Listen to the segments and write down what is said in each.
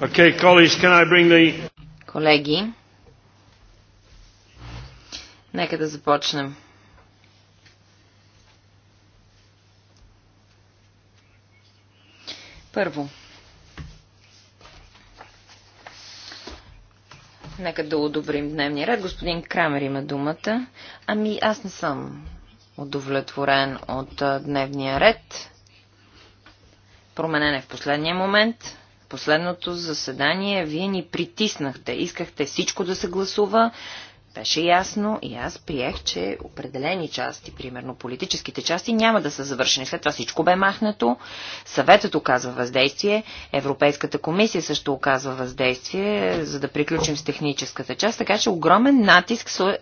Okay, colleagues, can I bring the... Колеги, нека да започнем. Първо, нека да одобрим дневния ред. Господин Крамер има думата. Ами аз не съм удовлетворен от дневния ред. Променен е в последния момент последното заседание вие ни притиснахте. Искахте всичко да се гласува. Беше ясно и аз приех, че определени части, примерно политическите части, няма да са завършени. След това всичко бе махнато. Съветът оказва въздействие. Европейската комисия също оказва въздействие, за да приключим с техническата част. Така че огромен натиск се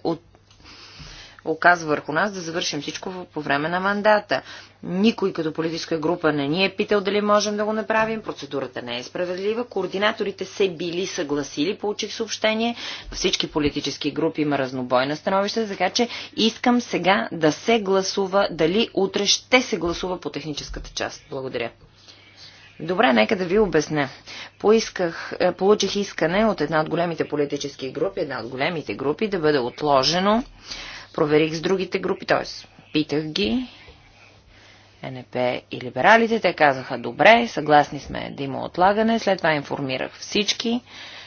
оказва върху нас да завършим всичко по време на мандата. Никой като политическа група не ни е питал дали можем да го направим, процедурата не е справедлива, координаторите се били съгласили, получих съобщение, всички политически групи има разнобойна становище, така че искам сега да се гласува, дали утре ще се гласува по техническата част. Благодаря. Добре, нека да ви обясня. Поисках, е, получих искане от една от големите политически групи, една от големите групи да бъде отложено Проверих с другите групи, т.е. питах ги, НП и либералите. Те казаха, добре, съгласни сме да има отлагане. След това информирах всички.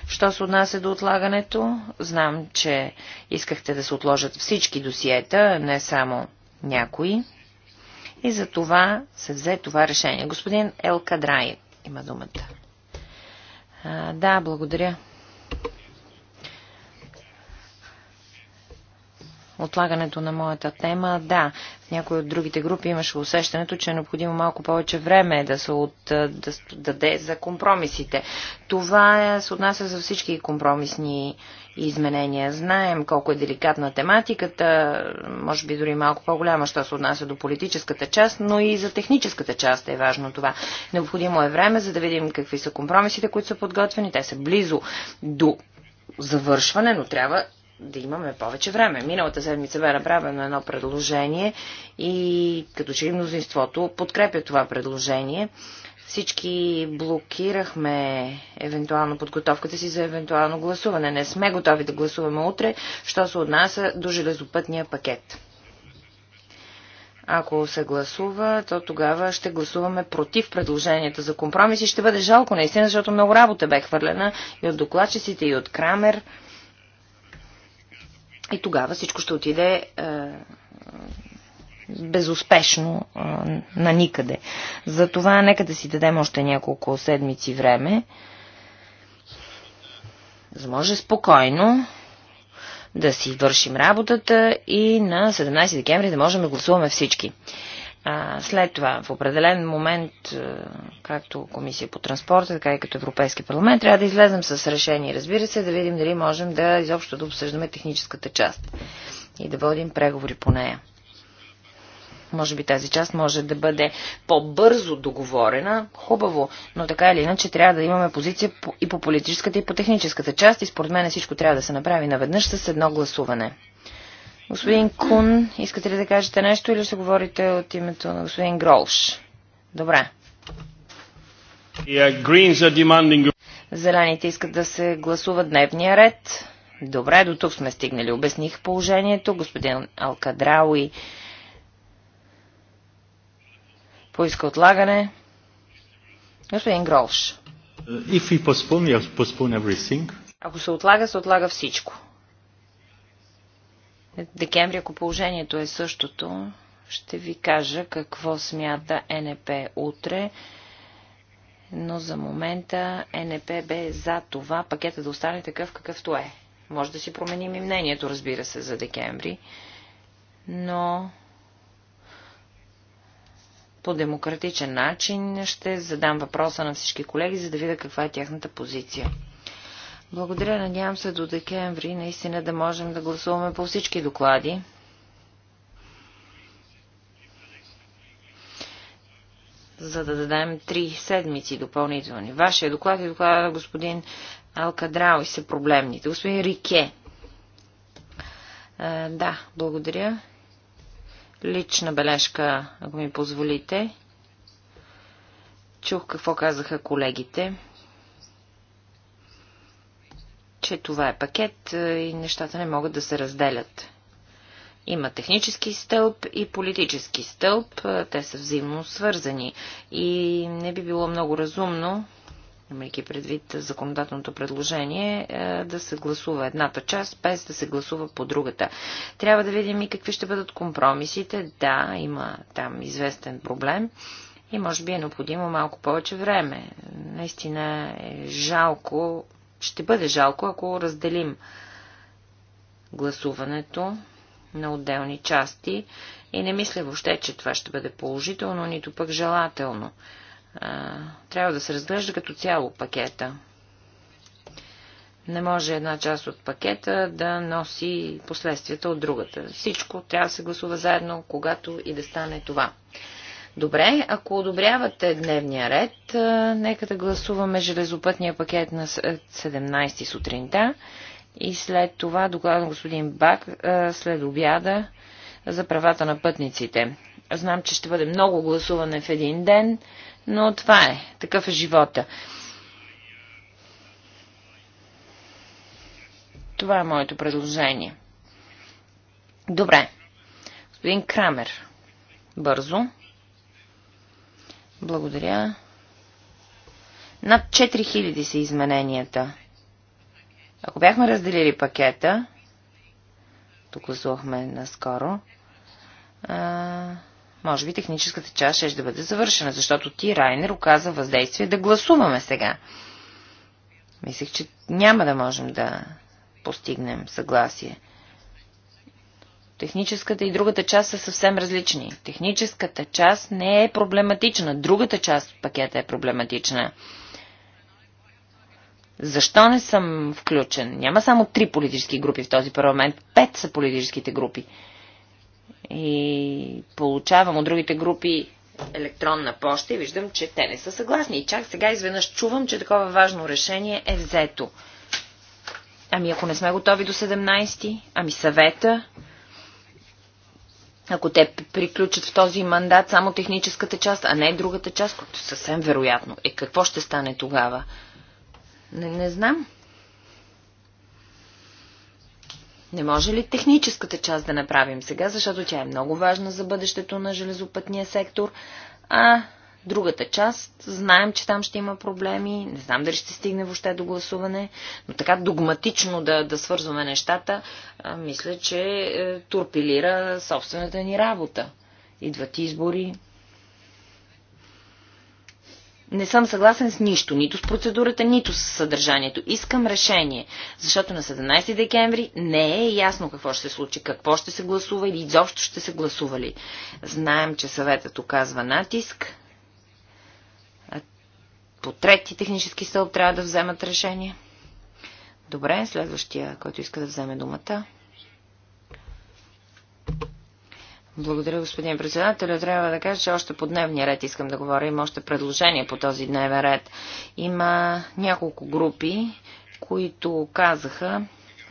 Що се отнася до отлагането, знам, че искахте да се отложат всички досиета, не само някои. И за това се взе това решение. Господин Ел Кадрай има думата. А, да, благодаря, отлагането на моята тема. Да, в някои от другите групи имаше усещането, че е необходимо малко повече време да се от, да, даде за компромисите. Това е, се отнася за всички компромисни изменения. Знаем колко е деликатна тематиката, може би дори малко по-голяма, що се отнася до политическата част, но и за техническата част е важно това. Необходимо е време, за да видим какви са компромисите, които са подготвени. Те са близо до завършване, но трябва да имаме повече време. Миналата седмица бе направено едно предложение и като че и мнозинството подкрепя това предложение. Всички блокирахме евентуално подготовката си за евентуално гласуване. Не сме готови да гласуваме утре, що се отнася до железопътния пакет. Ако се гласува, то тогава ще гласуваме против предложенията за компромис и ще бъде жалко наистина, защото много работа бе хвърлена и от докладчиците, и от Крамер. И тогава всичко ще отиде е, безуспешно е, на никъде. Затова нека да си дадем още няколко седмици време, за може спокойно да си вършим работата и на 17 декември да можем да гласуваме всички. А, след това, в определен момент, както Комисия по транспорта, така и като Европейски парламент, трябва да излезем с решение, разбира се, да видим дали можем да изобщо да обсъждаме техническата част и да водим преговори по нея. Може би тази част може да бъде по-бързо договорена, хубаво, но така или иначе трябва да имаме позиция и по политическата, и по техническата част и според мен всичко трябва да се направи наведнъж с едно гласуване. Господин Кун, искате ли да кажете нещо или ще говорите от името на господин Гролш? Добре. Зелените искат да се гласува дневния ред. Добре, до тук сме стигнали. Обясних положението. Господин Алкадрауи поиска отлагане. Господин Гролш. Postpone, postpone Ако се отлага, се отлага всичко декември, ако положението е същото, ще ви кажа какво смята НП утре, но за момента НП бе за това пакета да остане такъв какъвто е. Може да си променим и мнението, разбира се, за декември, но по демократичен начин ще задам въпроса на всички колеги, за да видя каква е тяхната позиция. Благодаря. Надявам се до декември наистина да можем да гласуваме по всички доклади. за да дадем три седмици допълнителни. Вашия доклад и е доклада на господин Алкадрал и са проблемните. Господин Рике. А, е, да, благодаря. Лична бележка, ако ми позволите. Чух какво казаха колегите че това е пакет е, и нещата не могат да се разделят. Има технически стълб и политически стълб. Е, те са взаимно свързани. И не би било много разумно, имайки предвид законодателното предложение, е, да се гласува едната част, без да се гласува по другата. Трябва да видим и какви ще бъдат компромисите. Да, има там известен проблем. И може би е необходимо малко повече време. Наистина е жалко ще бъде жалко, ако разделим гласуването на отделни части и не мисля въобще, че това ще бъде положително, нито пък желателно. А, трябва да се разглежда като цяло пакета. Не може една част от пакета да носи последствията от другата. Всичко трябва да се гласува заедно, когато и да стане това. Добре, ако одобрявате дневния ред, нека да гласуваме железопътния пакет на 17 сутринта и след това доклада на господин Бак след обяда за правата на пътниците. Знам, че ще бъде много гласуване в един ден, но това е. Такъв е живота. Това е моето предложение. Добре. Господин Крамер. Бързо. Благодаря. Над 4000 са измененията. Ако бяхме разделили пакета, тук гласувахме наскоро, а, може би техническата част ще да бъде завършена, защото ти, Райнер, оказа въздействие да гласуваме сега. Мислих, че няма да можем да постигнем съгласие. Техническата и другата част са съвсем различни. Техническата част не е проблематична. Другата част от пакета е проблематична. Защо не съм включен? Няма само три политически групи в този парламент. Пет са политическите групи. И получавам от другите групи електронна поща и виждам, че те не са съгласни. И чак сега изведнъж чувам, че такова важно решение е взето. Ами ако не сме готови до 17, ти ами съвета, ако те приключат в този мандат само техническата част, а не другата част, което съвсем вероятно. Е, какво ще стане тогава? Не, не знам. Не може ли техническата част да направим сега, защото тя е много важна за бъдещето на железопътния сектор, а Другата част, знаем, че там ще има проблеми, не знам дали ще стигне въобще до гласуване, но така догматично да, да свързваме нещата, а, мисля, че е, турпилира собствената ни работа. Идват избори. Не съм съгласен с нищо, нито с процедурата, нито с съдържанието. Искам решение, защото на 17 декември не е ясно какво ще се случи, какво ще се гласува или изобщо ще се гласува ли. Знаем, че съветът оказва натиск по трети технически стълб трябва да вземат решение. Добре, следващия, който иска да вземе думата. Благодаря, господин председател. Трябва да кажа, че още по дневния ред искам да говоря. Има още предложение по този дневен ред. Има няколко групи, които казаха,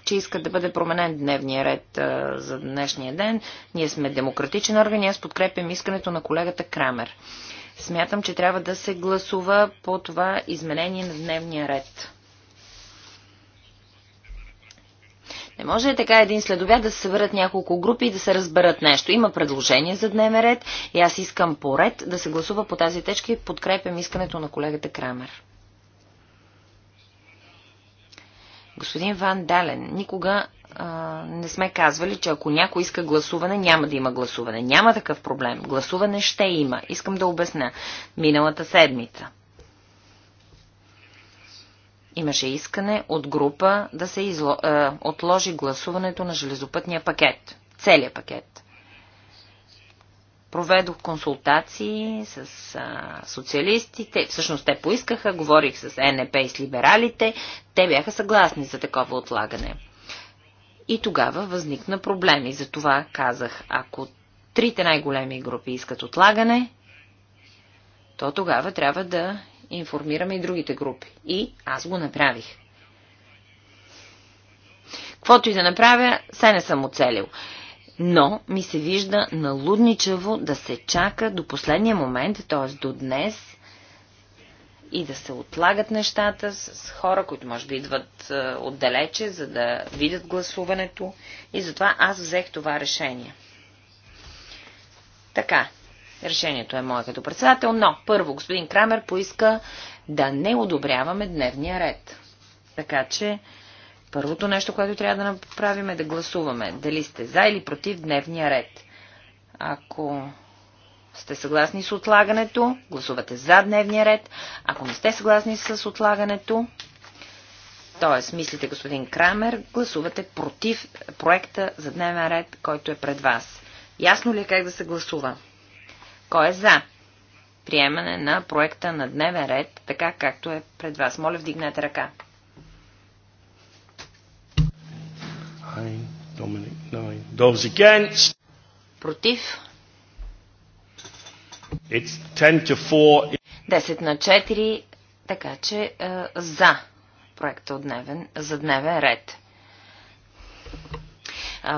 че искат да бъде променен дневния ред а, за днешния ден. Ние сме демократичен орган и аз подкрепям искането на колегата Крамер. Смятам, че трябва да се гласува по това изменение на дневния ред. Не може така един следобед да се съберат няколко групи и да се разберат нещо. Има предложение за дневен ред и аз искам поред да се гласува по тази течка и подкрепям искането на колегата Крамер. Господин Ван Дален, никога а, не сме казвали, че ако някой иска гласуване, няма да има гласуване. Няма такъв проблем. Гласуване ще има. Искам да обясня. Миналата седмица имаше искане от група да се изло, а, отложи гласуването на железопътния пакет. Целият пакет. Проведох консултации с а, социалистите, всъщност те поискаха, говорих с НП и с либералите, те бяха съгласни за такова отлагане. И тогава възникна проблем. И затова казах, ако трите най-големи групи искат отлагане, то тогава трябва да информираме и другите групи. И аз го направих. Квото и да направя, се не съм оцелил. Но ми се вижда налудничаво да се чака до последния момент, т.е. до днес, и да се отлагат нещата с хора, които може би идват е, отдалече, за да видят гласуването. И затова аз взех това решение. Така, решението е мое като председател, но първо господин Крамер поиска да не одобряваме дневния ред. Така че първото нещо, което трябва да направим е да гласуваме дали сте за или против дневния ред. Ако сте съгласни с отлагането, гласувате за дневния ред. Ако не сте съгласни с отлагането, т.е. мислите господин Крамер, гласувате против проекта за дневен ред, който е пред вас. Ясно ли е как да се гласува? Кой е за приемане на проекта на дневен ред, така както е пред вас? Моля, вдигнете ръка. Против It's 10 to 4. 10 на 4, така че е, за проекта от дневен, за дневен ред.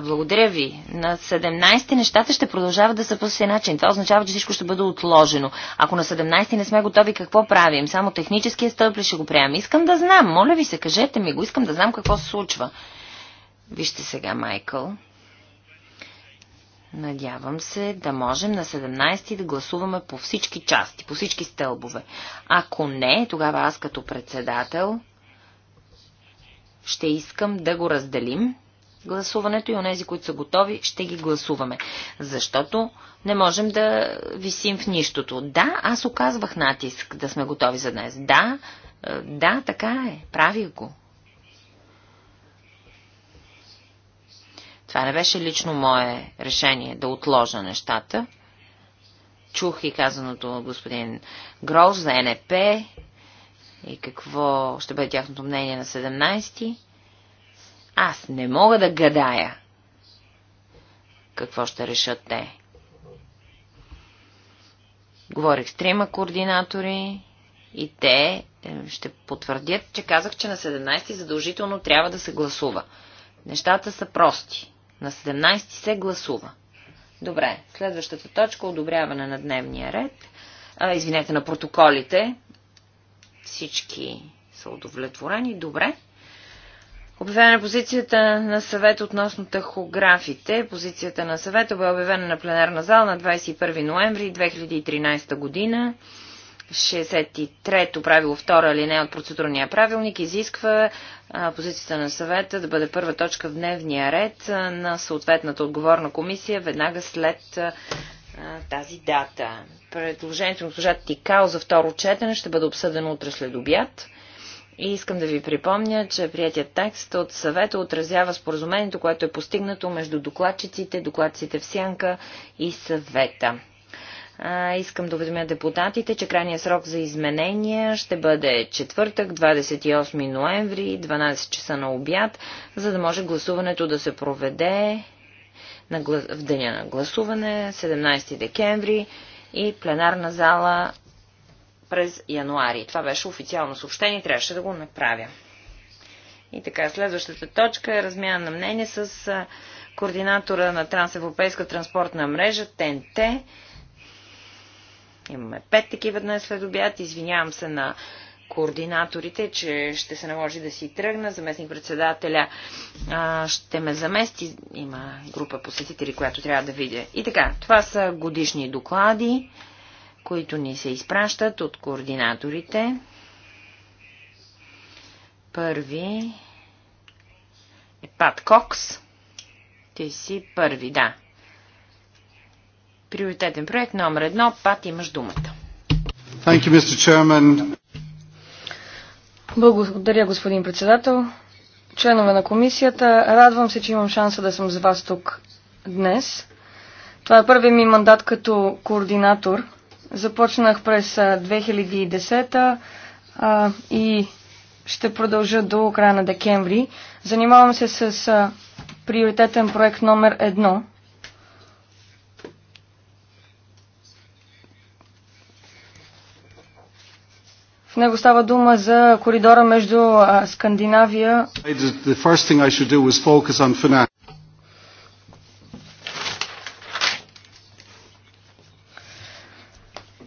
благодаря ви. На 17 нещата ще продължават да са по същия начин. Това означава, че всичко ще бъде отложено. Ако на 17 не сме готови, какво правим? Само техническия стълб ли ще го приемем? Искам да знам. Моля ви се, кажете ми го. Искам да знам какво се случва. Вижте сега, Майкъл. Надявам се да можем на 17 да гласуваме по всички части, по всички стълбове. Ако не, тогава аз като председател ще искам да го разделим гласуването и онези, които са готови, ще ги гласуваме. Защото не можем да висим в нищото. Да, аз оказвах натиск да сме готови за днес. Да, е, да, така е. Прави го. Това не беше лично мое решение да отложа нещата. Чух и казаното от господин Гроз за НП и какво ще бъде тяхното мнение на 17. Аз не мога да гадая какво ще решат те. Говорих с трима координатори и те е, ще потвърдят, че казах, че на 17 ти задължително трябва да се гласува. Нещата са прости. На 17 се гласува. Добре, следващата точка одобряване на дневния ред. А, извинете, на протоколите. Всички са удовлетворени. Добре. Обявена на е позицията на съвет относно тахографите. Позицията на съвета бе обявена на пленарна зала на 21 ноември 2013 година. 63-то правило, втора алинея от процедурния правилник изисква позицията на съвета да бъде първа точка в дневния ред на съответната отговорна комисия веднага след тази дата. Предложението на госпожа Тикао за второ четене ще бъде обсъдено утре след обяд. И искам да ви припомня, че приятият текст от съвета отразява споразумението, което е постигнато между докладчиците, докладците в сянка и съвета. Искам да уведомя депутатите, че крайният срок за изменения ще бъде четвъртък, 28 ноември, 12 часа на обяд, за да може гласуването да се проведе на, в деня на гласуване, 17 декември и пленарна зала през януари. Това беше официално съобщение, трябваше да го направя. И така, следващата точка е размяна на мнение с координатора на Трансевропейска транспортна мрежа ТНТ Имаме пет такива днес след обяд. Извинявам се на координаторите, че ще се наложи да си тръгна. Заместник председателя а, ще ме замести. Има група посетители, която трябва да видя. И така, това са годишни доклади, които ни се изпращат от координаторите. Първи е Пат Кокс. Ти си първи, да. Приоритетен проект номер едно. Пат имаш думата. Thank you, Mr. Chairman. Благодаря, господин председател. Членове на комисията, радвам се, че имам шанса да съм с вас тук днес. Това е първият ми мандат като координатор. Започнах през 2010 та и ще продължа до края на декември. Занимавам се с приоритетен проект номер едно. В него става дума за коридора между Скандинавия.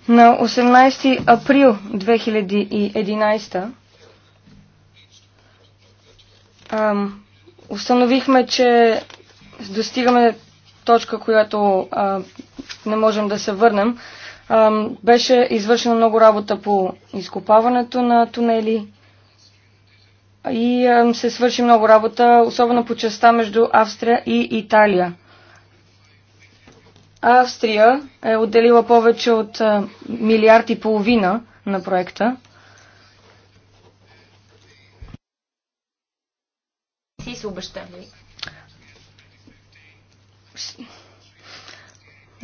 На 18 април 2011 ам, установихме, че достигаме точка, която а, не можем да се върнем беше извършена много работа по изкопаването на тунели и се свърши много работа, особено по частта между Австрия и Италия. Австрия е отделила повече от милиард и половина на проекта. Си се обещали.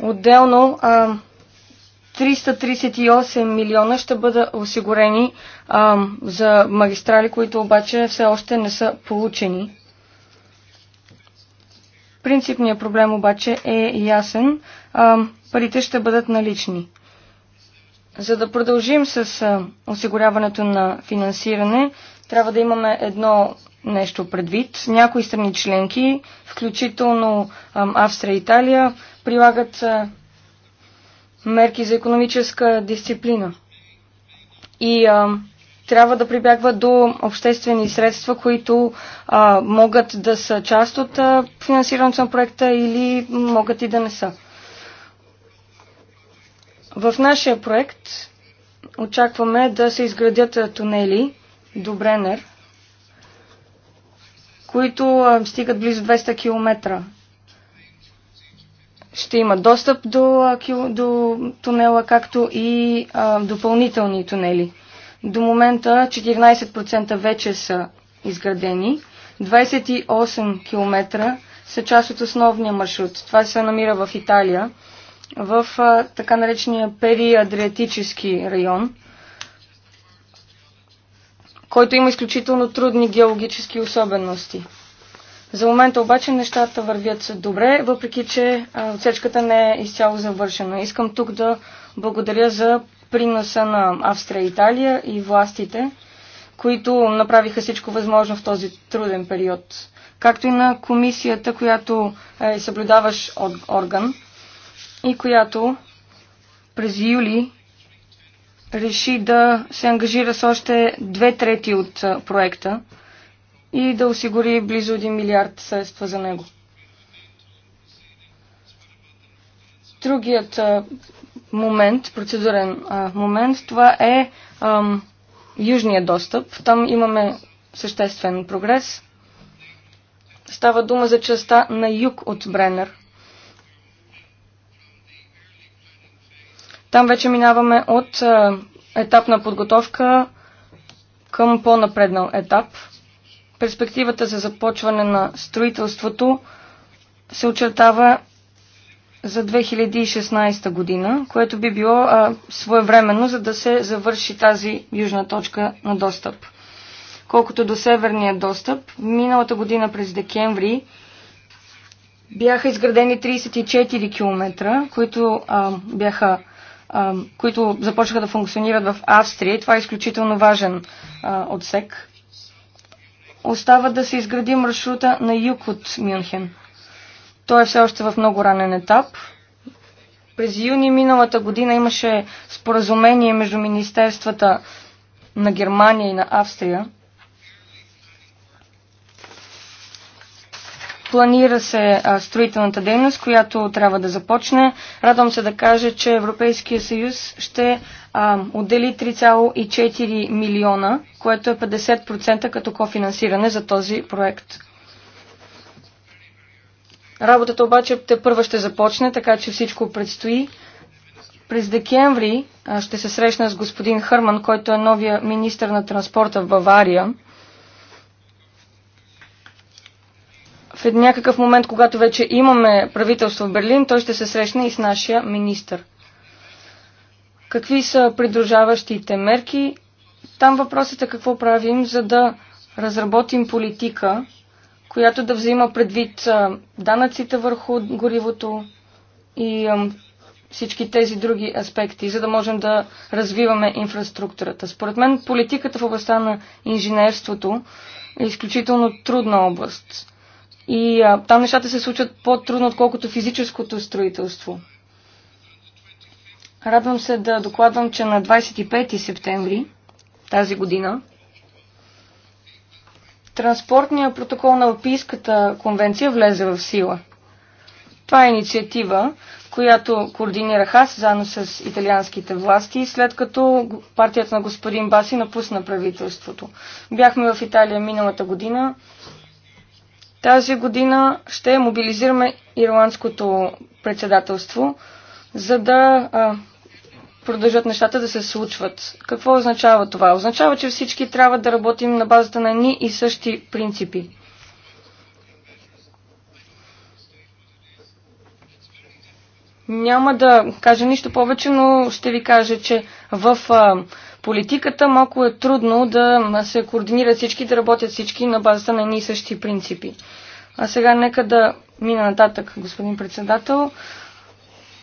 Отделно, а, 338 милиона ще бъдат осигурени а, за магистрали, които обаче все още не са получени. Принципният проблем обаче е ясен. А, парите ще бъдат налични. За да продължим с а, осигуряването на финансиране, трябва да имаме едно нещо предвид. Някои страни членки, включително Австрия и Италия, прилагат мерки за економическа дисциплина. И а, трябва да прибягва до обществени средства, които а, могат да са част от а, финансирането на проекта или могат и да не са. В нашия проект очакваме да се изградят тунели до Бренер, които а, стигат близо 200 км ще има достъп до, до тунела, както и а, допълнителни тунели. До момента 14% вече са изградени, 28 км са част от основния маршрут. Това се намира в Италия, в а, така наречения периадриатически район, който има изключително трудни геологически особености. За момента обаче нещата вървят добре, въпреки че отсечката не е изцяло завършена. Искам тук да благодаря за приноса на Австрия и Италия и властите, които направиха всичко възможно в този труден период. Както и на комисията, която е съблюдаваш от орган и която през юли реши да се ангажира с още две трети от проекта и да осигури близо 1 милиард средства за него. Другият а, момент, процедурен а, момент, това е ам, южния достъп. Там имаме съществен прогрес. Става дума за частта на юг от Бренер. Там вече минаваме от а, етап на подготовка към по-напреднал етап – перспективата за започване на строителството се очертава за 2016 година, което би било а, своевременно, за да се завърши тази южна точка на достъп. Колкото до северния достъп, миналата година през декември бяха изградени 34 км, които, а, бяха, а, които започнаха да функционират в Австрия. Това е изключително важен а, отсек остава да се изгради маршрута на юг от Мюнхен. Той е все още в много ранен етап. През юни миналата година имаше споразумение между министерствата на Германия и на Австрия Планира се а, строителната дейност, която трябва да започне. Радвам се да кажа, че Европейския съюз ще а, отдели 3,4 милиона, което е 50% като кофинансиране за този проект. Работата обаче те първа ще започне, така че всичко предстои. През декември ще се срещна с господин Хърман, който е новия министр на транспорта в Бавария. в някакъв момент, когато вече имаме правителство в Берлин, той ще се срещне и с нашия министр. Какви са придружаващите мерки? Там въпросът е какво правим, за да разработим политика, която да взима предвид данъците върху горивото и всички тези други аспекти, за да можем да развиваме инфраструктурата. Според мен политиката в областта на инженерството е изключително трудна област и а, там нещата се случват по-трудно, отколкото физическото строителство. Радвам се да докладвам, че на 25 септември тази година транспортният протокол на Алпийската конвенция влезе в сила. Това е инициатива, която координирах аз заедно с италианските власти, след като партията на господин Баси напусна правителството. Бяхме в Италия миналата година тази година ще мобилизираме ирландското председателство, за да а, продължат нещата да се случват. Какво означава това? Означава, че всички трябва да работим на базата на едни и същи принципи. Няма да кажа нищо повече, но ще ви кажа, че в а, политиката, малко е трудно да се координират всички, да работят всички на базата на едни и същи принципи. А сега нека да мина нататък, господин председател.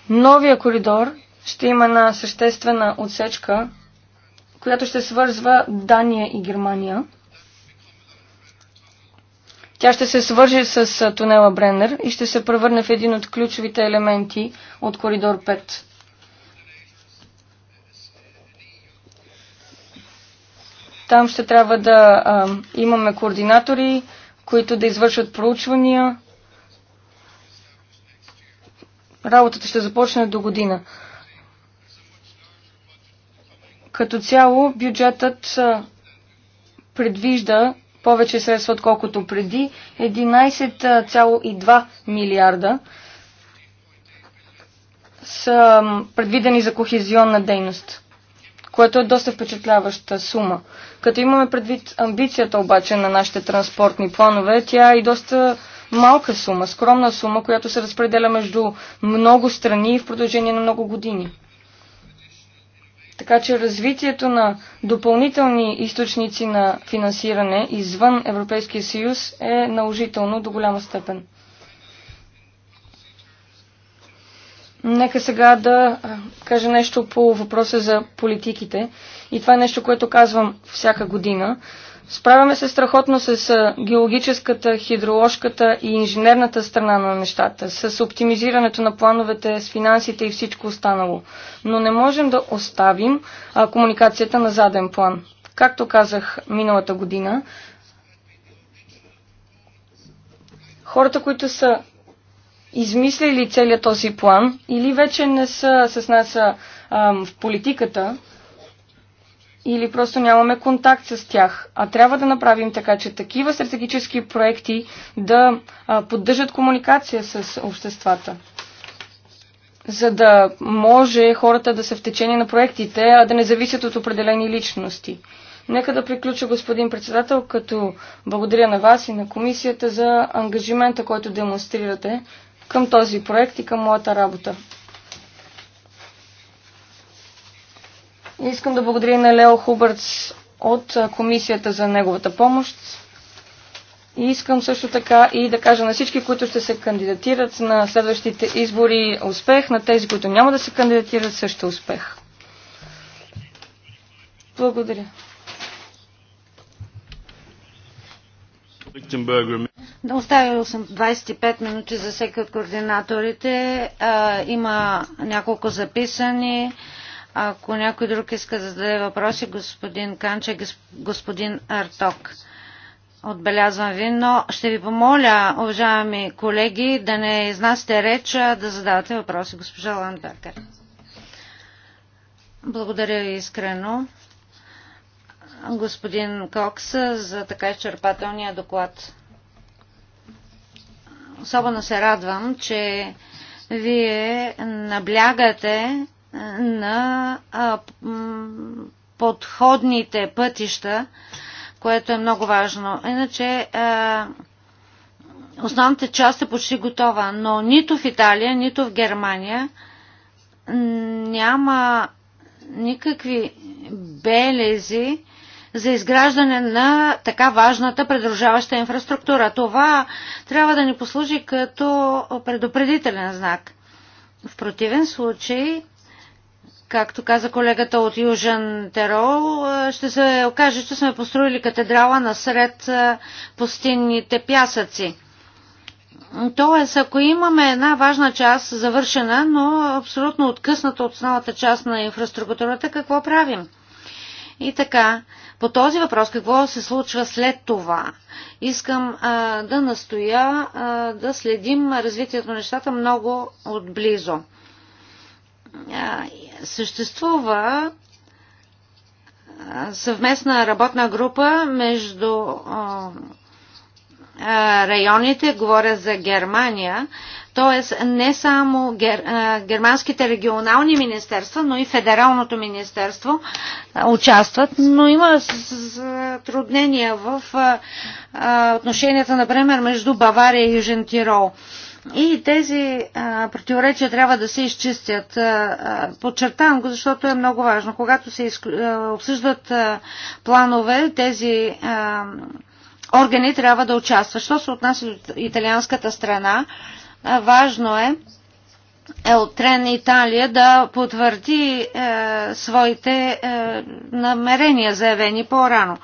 Новия коридор ще има една съществена отсечка, която ще свързва Дания и Германия. Тя ще се свържи с тунела Бренер и ще се превърне в един от ключовите елементи от коридор Там ще трябва да а, имаме координатори, които да извършат проучвания. Работата ще започне до година. Като цяло бюджетът предвижда повече средства, отколкото преди 11,2 милиарда са предвидени за кохезионна дейност което е доста впечатляваща сума. Като имаме предвид амбицията обаче на нашите транспортни планове, тя е и доста малка сума, скромна сума, която се разпределя между много страни в продължение на много години. Така че развитието на допълнителни източници на финансиране извън Европейския съюз е наложително до голяма степен. Нека сега да кажа нещо по въпроса за политиките. И това е нещо, което казвам всяка година. Справяме се страхотно с геологическата, хидроложката и инженерната страна на нещата, с оптимизирането на плановете, с финансите и всичко останало. Но не можем да оставим а, комуникацията на заден план. Както казах миналата година, хората, които са измислили целият този план или вече не са с нас а, в политиката, или просто нямаме контакт с тях. А трябва да направим така, че такива стратегически проекти да а, поддържат комуникация с обществата. За да може хората да са в течение на проектите, а да не зависят от определени личности. Нека да приключа, господин председател, като благодаря на вас и на комисията за ангажимента, който демонстрирате към този проект и към моята работа. Искам да благодаря на Лео Хубърц от комисията за неговата помощ. И искам също така и да кажа на всички, които ще се кандидатират на следващите избори успех, на тези, които няма да се кандидатират също успех. Благодаря. Да оставил съм 25 минути за всеки от координаторите. А, има няколко записани. Ако някой друг иска да зададе въпроси, господин Канче, господин Арток. Отбелязвам ви, но ще ви помоля, уважаеми колеги, да не изнасяте реч, а да задавате въпроси. Госпожа Ландбекер. Благодаря ви искрено господин Кокс за така изчерпателния доклад. Особено се радвам, че вие наблягате на подходните пътища, което е много важно. Иначе основната част е почти готова, но нито в Италия, нито в Германия няма никакви белези за изграждане на така важната предружаваща инфраструктура. Това трябва да ни послужи като предупредителен знак. В противен случай, както каза колегата от Южен Терол, е, ще се окаже, че сме построили катедрала насред е, пустинните пясъци. Тоест, ако имаме една важна част завършена, но абсолютно откъсната от основната част на инфраструктурата, какво правим? И така, по този въпрос какво се случва след това? Искам а, да настоя а, да следим развитието на нещата много отблизо. А, съществува а, съвместна работна група между а, районите, говоря за Германия, Тоест не само гер, а, германските регионални министерства, но и федералното министерство а, участват, но има затруднения в а, отношенията, например, между Бавария и Южен Тирол. И тези а, противоречия трябва да се изчистят. А, подчертавам го, защото е много важно. Когато се изклю... а, обсъждат а, планове, тези а, органи трябва да участват. Що се отнася до италианската страна, а, Важно е Елтрен Италия да потвърди е, своите е, намерения, заявени по-рано.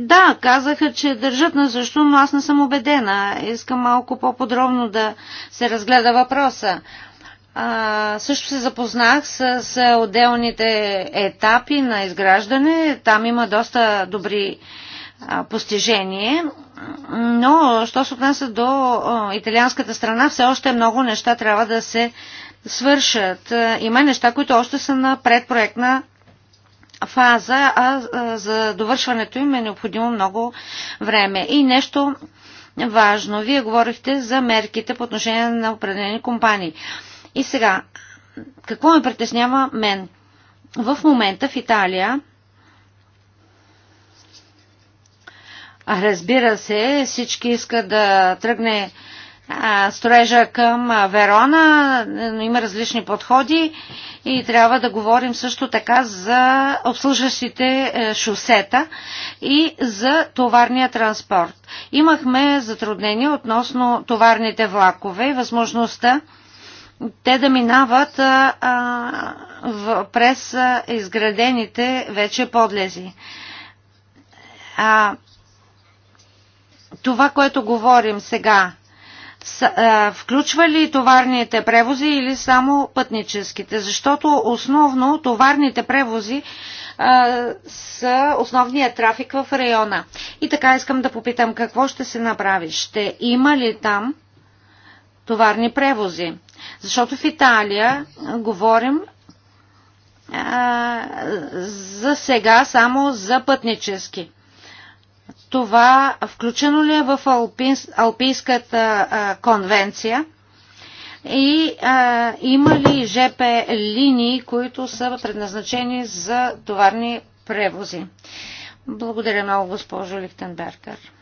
Да, казаха, че държат на защо, но аз не съм убедена. Искам малко по-подробно да се разгледа въпроса. А, също се запознах с, с отделните етапи на изграждане. Там има доста добри а, постижения но, що се отнася до италианската страна, все още много неща трябва да се свършат. Има неща, които още са на предпроектна фаза, а за довършването им е необходимо много време. И нещо важно. Вие говорихте за мерките по отношение на определени компании. И сега, какво ме притеснява мен? В момента в Италия Разбира се, всички искат да тръгне строежа към Верона, но има различни подходи и трябва да говорим също така за обслужващите е, шосета и за товарния транспорт. Имахме затруднения относно товарните влакове и възможността те да минават а, в, през а, изградените вече подлези. А, това, което говорим сега, е, включва ли товарните превози или само пътническите? Защото основно товарните превози е, са основния трафик в района. И така искам да попитам какво ще се направи. Ще има ли там товарни превози? Защото в Италия е, говорим а, за сега само за пътнически това включено ли е в Алпийската а, конвенция и а, има ли ЖП линии, които са предназначени за товарни превози? Благодаря много, госпожо Лихтенбергер.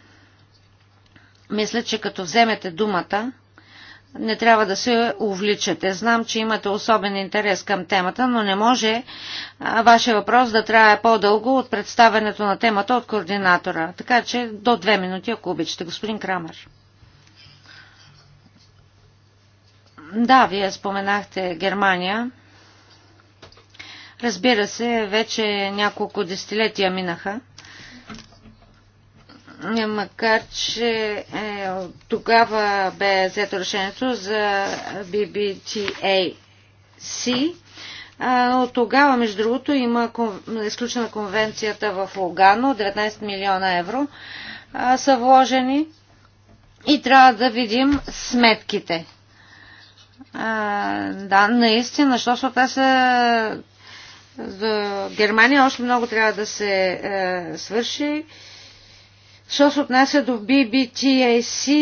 Мисля, че като вземете думата, не трябва да се увличате. Знам, че имате особен интерес към темата, но не може вашия въпрос да трае по-дълго от представенето на темата от координатора. Така че до две минути, ако обичате. Господин Крамер. Да, вие споменахте Германия. Разбира се, вече няколко десетилетия минаха макар че е, тогава бе взето решението за BBTAC. От тогава, между другото, има изключена конвенцията в Лугано, 19 милиона евро а, са вложени и трябва да видим сметките. А, да, наистина, защото те са за Германия, още много трябва да се е, свърши. Що се отнася до BBTAC,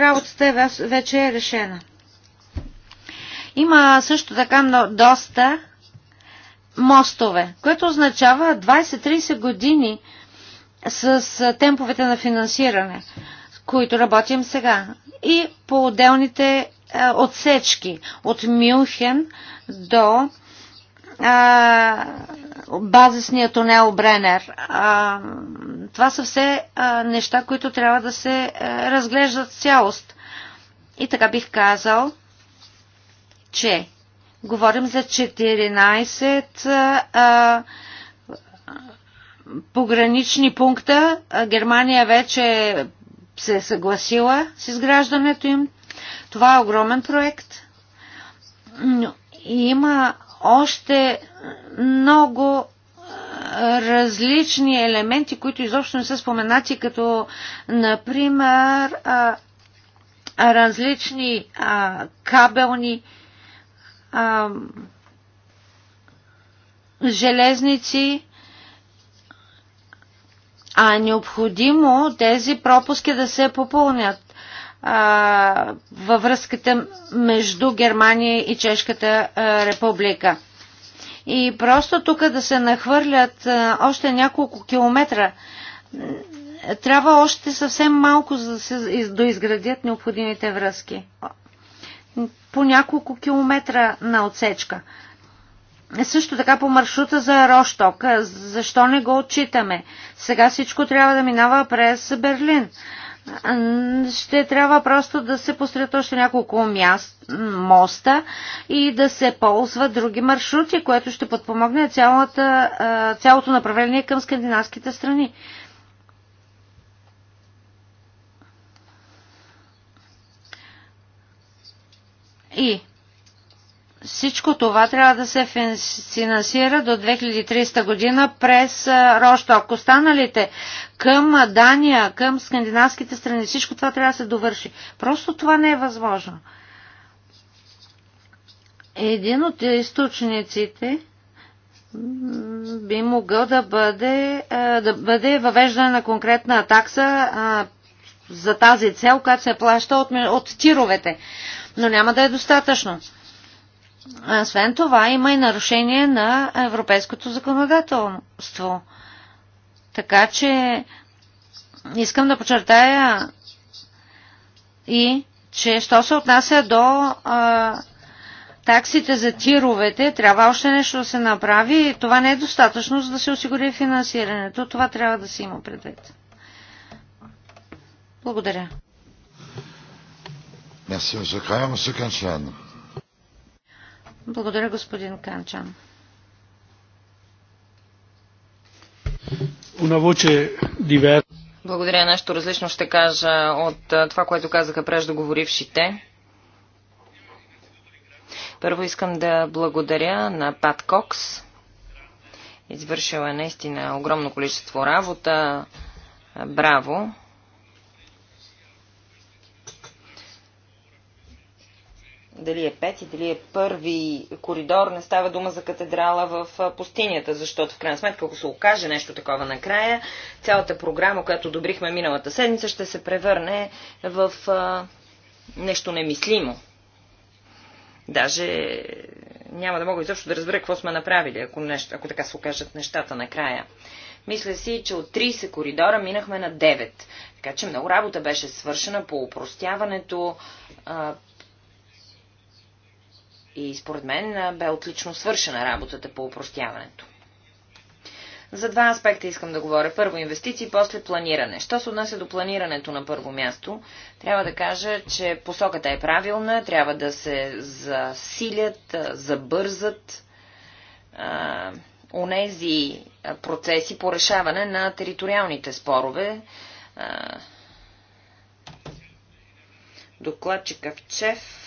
работата е вече е решена. Има също така доста мостове, което означава 20-30 години с темповете на финансиране, които работим сега. И по отделните отсечки от Мюнхен до а, базисния тунел Бренер. А, това са все а, неща, които трябва да се а, разглеждат цялост. И така бих казал, че говорим за 14 а, а, погранични пункта. А, Германия вече се е съгласила с изграждането им. Това е огромен проект. и има още много различни елементи, които изобщо не са споменати, като, например, различни кабелни железници, а е необходимо тези пропуски да се попълнят във връзката между Германия и Чешката република. И просто тук да се нахвърлят още няколко километра. Трябва още съвсем малко за да се доизградят необходимите връзки. По няколко километра на отсечка. Също така по маршрута за Рошток. Защо не го отчитаме? Сега всичко трябва да минава през Берлин ще трябва просто да се построят още няколко мяст, моста и да се ползват други маршрути, което ще подпомогне цялата, цялото направление към скандинавските страни. И всичко това трябва да се финансира до 2300 година през Рошто. Ако останалите към Дания, към скандинавските страни, всичко това трябва да се довърши. Просто това не е възможно. Един от източниците би могъл да бъде, да бъде въвеждане на конкретна такса за тази цел, която се плаща от, от тировете. Но няма да е достатъчно. Освен това, има и нарушение на европейското законодателство. Така че искам да подчертая и, че що се отнася до а, таксите за тировете, трябва още нещо да се направи. Това не е достатъчно, за да се осигури финансирането. Това трябва да се има предвид. Благодаря. Merci, monsieur Kramer. Monsieur благодаря, господин Канчан. Благодаря. Нещо различно ще кажа от това, което казаха преждоговорившите. Първо искам да благодаря на Пат Кокс. Извършила е наистина огромно количество работа. Браво! дали е пети, дали е първи коридор, не става дума за катедрала в пустинята, защото в крайна сметка, ако се окаже нещо такова накрая, цялата програма, която добрихме миналата седмица, ще се превърне в а, нещо немислимо. Даже няма да мога изобщо да разбера какво сме направили, ако, нещо, ако така се окажат нещата накрая. Мисля си, че от 30 коридора минахме на 9. Така че много работа беше свършена по упростяването, и според мен бе отлично свършена работата по упростяването. За два аспекта искам да говоря. Първо инвестиции, после планиране. Що се отнася до планирането на първо място, трябва да кажа, че посоката е правилна, трябва да се засилят, забързат а, онези процеси по решаване на териториалните спорове. А, в ЧЕФ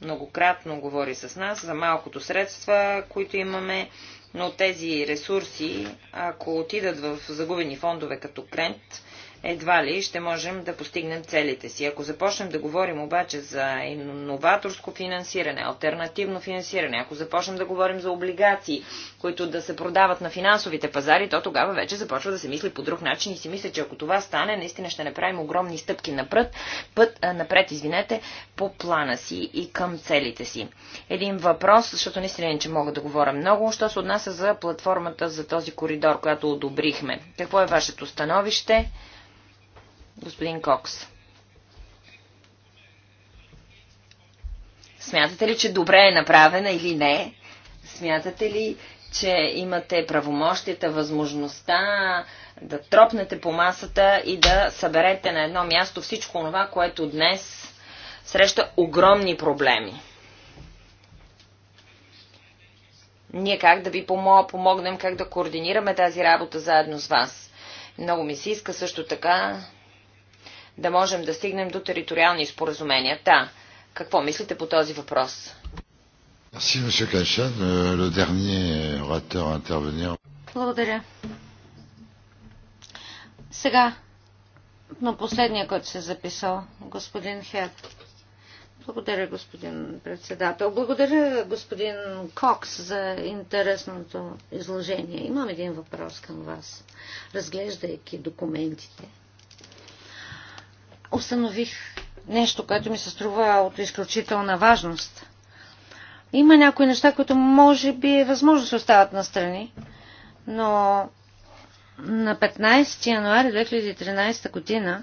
многократно говори с нас за малкото средства, които имаме, но тези ресурси, ако отидат в загубени фондове като крент, едва ли ще можем да постигнем целите си. Ако започнем да говорим обаче за новаторско финансиране, альтернативно финансиране, ако започнем да говорим за облигации, които да се продават на финансовите пазари, то тогава вече започва да се мисли по друг начин и си мисля, че ако това стане, наистина ще направим огромни стъпки напред, път, напред, извинете, по плана си и към целите си. Един въпрос, защото наистина не че мога да говоря много, що се отнася за платформата за този коридор, която одобрихме. Какво е вашето становище? Господин Кокс. Смятате ли, че добре е направена или не? Смятате ли, че имате правомощията, възможността да тропнете по масата и да съберете на едно място всичко това, което днес среща огромни проблеми? Ние как да ви помогнем, как да координираме тази работа заедно с вас? Много ми се иска също така да можем да стигнем до териториални споразумения. Та, какво мислите по този въпрос? Euh, Благодаря. Сега, на последния, който се е записал, господин Хед. Благодаря, господин председател. Благодаря, господин Кокс, за интересното изложение. Имам един въпрос към вас. Разглеждайки документите, установих нещо, което ми се струва от изключителна важност. Има някои неща, които може би е възможно да се остават настрани, но на 15 януари 2013 година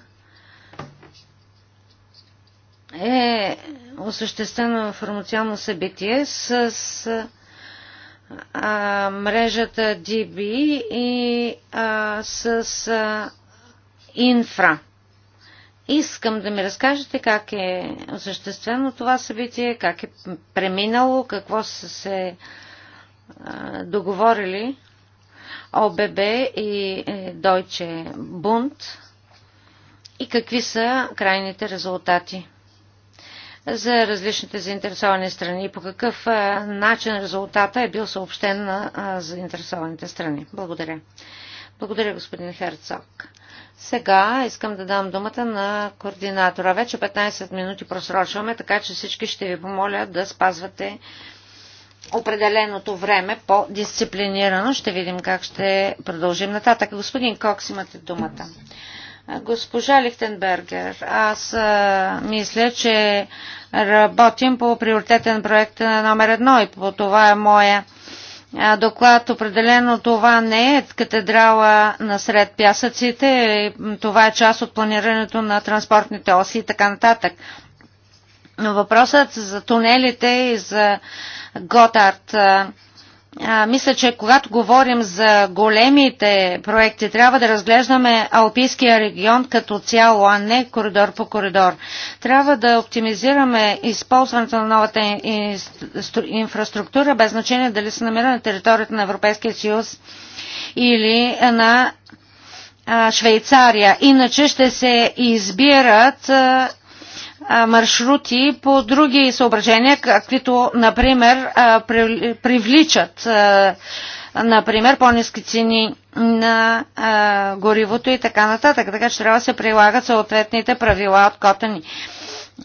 е осъществено информационно събитие с а, мрежата DB и а, с а, инфра. Искам да ми разкажете как е осъществено това събитие, как е преминало, какво са се договорили ОББ и Дойче бунт, и какви са крайните резултати за различните заинтересовани страни и по какъв начин резултата е бил съобщен на заинтересованите страни. Благодаря. Благодаря, господин Херцог. Сега искам да дам думата на координатора. Вече 15 минути просрочваме, така че всички ще ви помоля да спазвате определеното време по-дисциплинирано. Ще видим как ще продължим нататък. Господин Кокс, имате думата. Госпожа Лихтенбергер, аз а, мисля, че работим по приоритетен проект номер едно и по това е моя доклад. Определено това не е катедрала насред пясъците. Е, това е част от планирането на транспортните оси и така нататък. Но въпросът за тунелите и за Готард а, мисля, че когато говорим за големите проекти, трябва да разглеждаме Алпийския регион като цяло, а не коридор по коридор. Трябва да оптимизираме използването на новата инфраструктура, без значение дали се намира на територията на Европейския съюз или на Швейцария. Иначе ще се избират маршрути по други съображения, каквито, например, привличат например, по-низки цени на а, горивото и така нататък. Така че трябва да се прилагат съответните правила от Котани.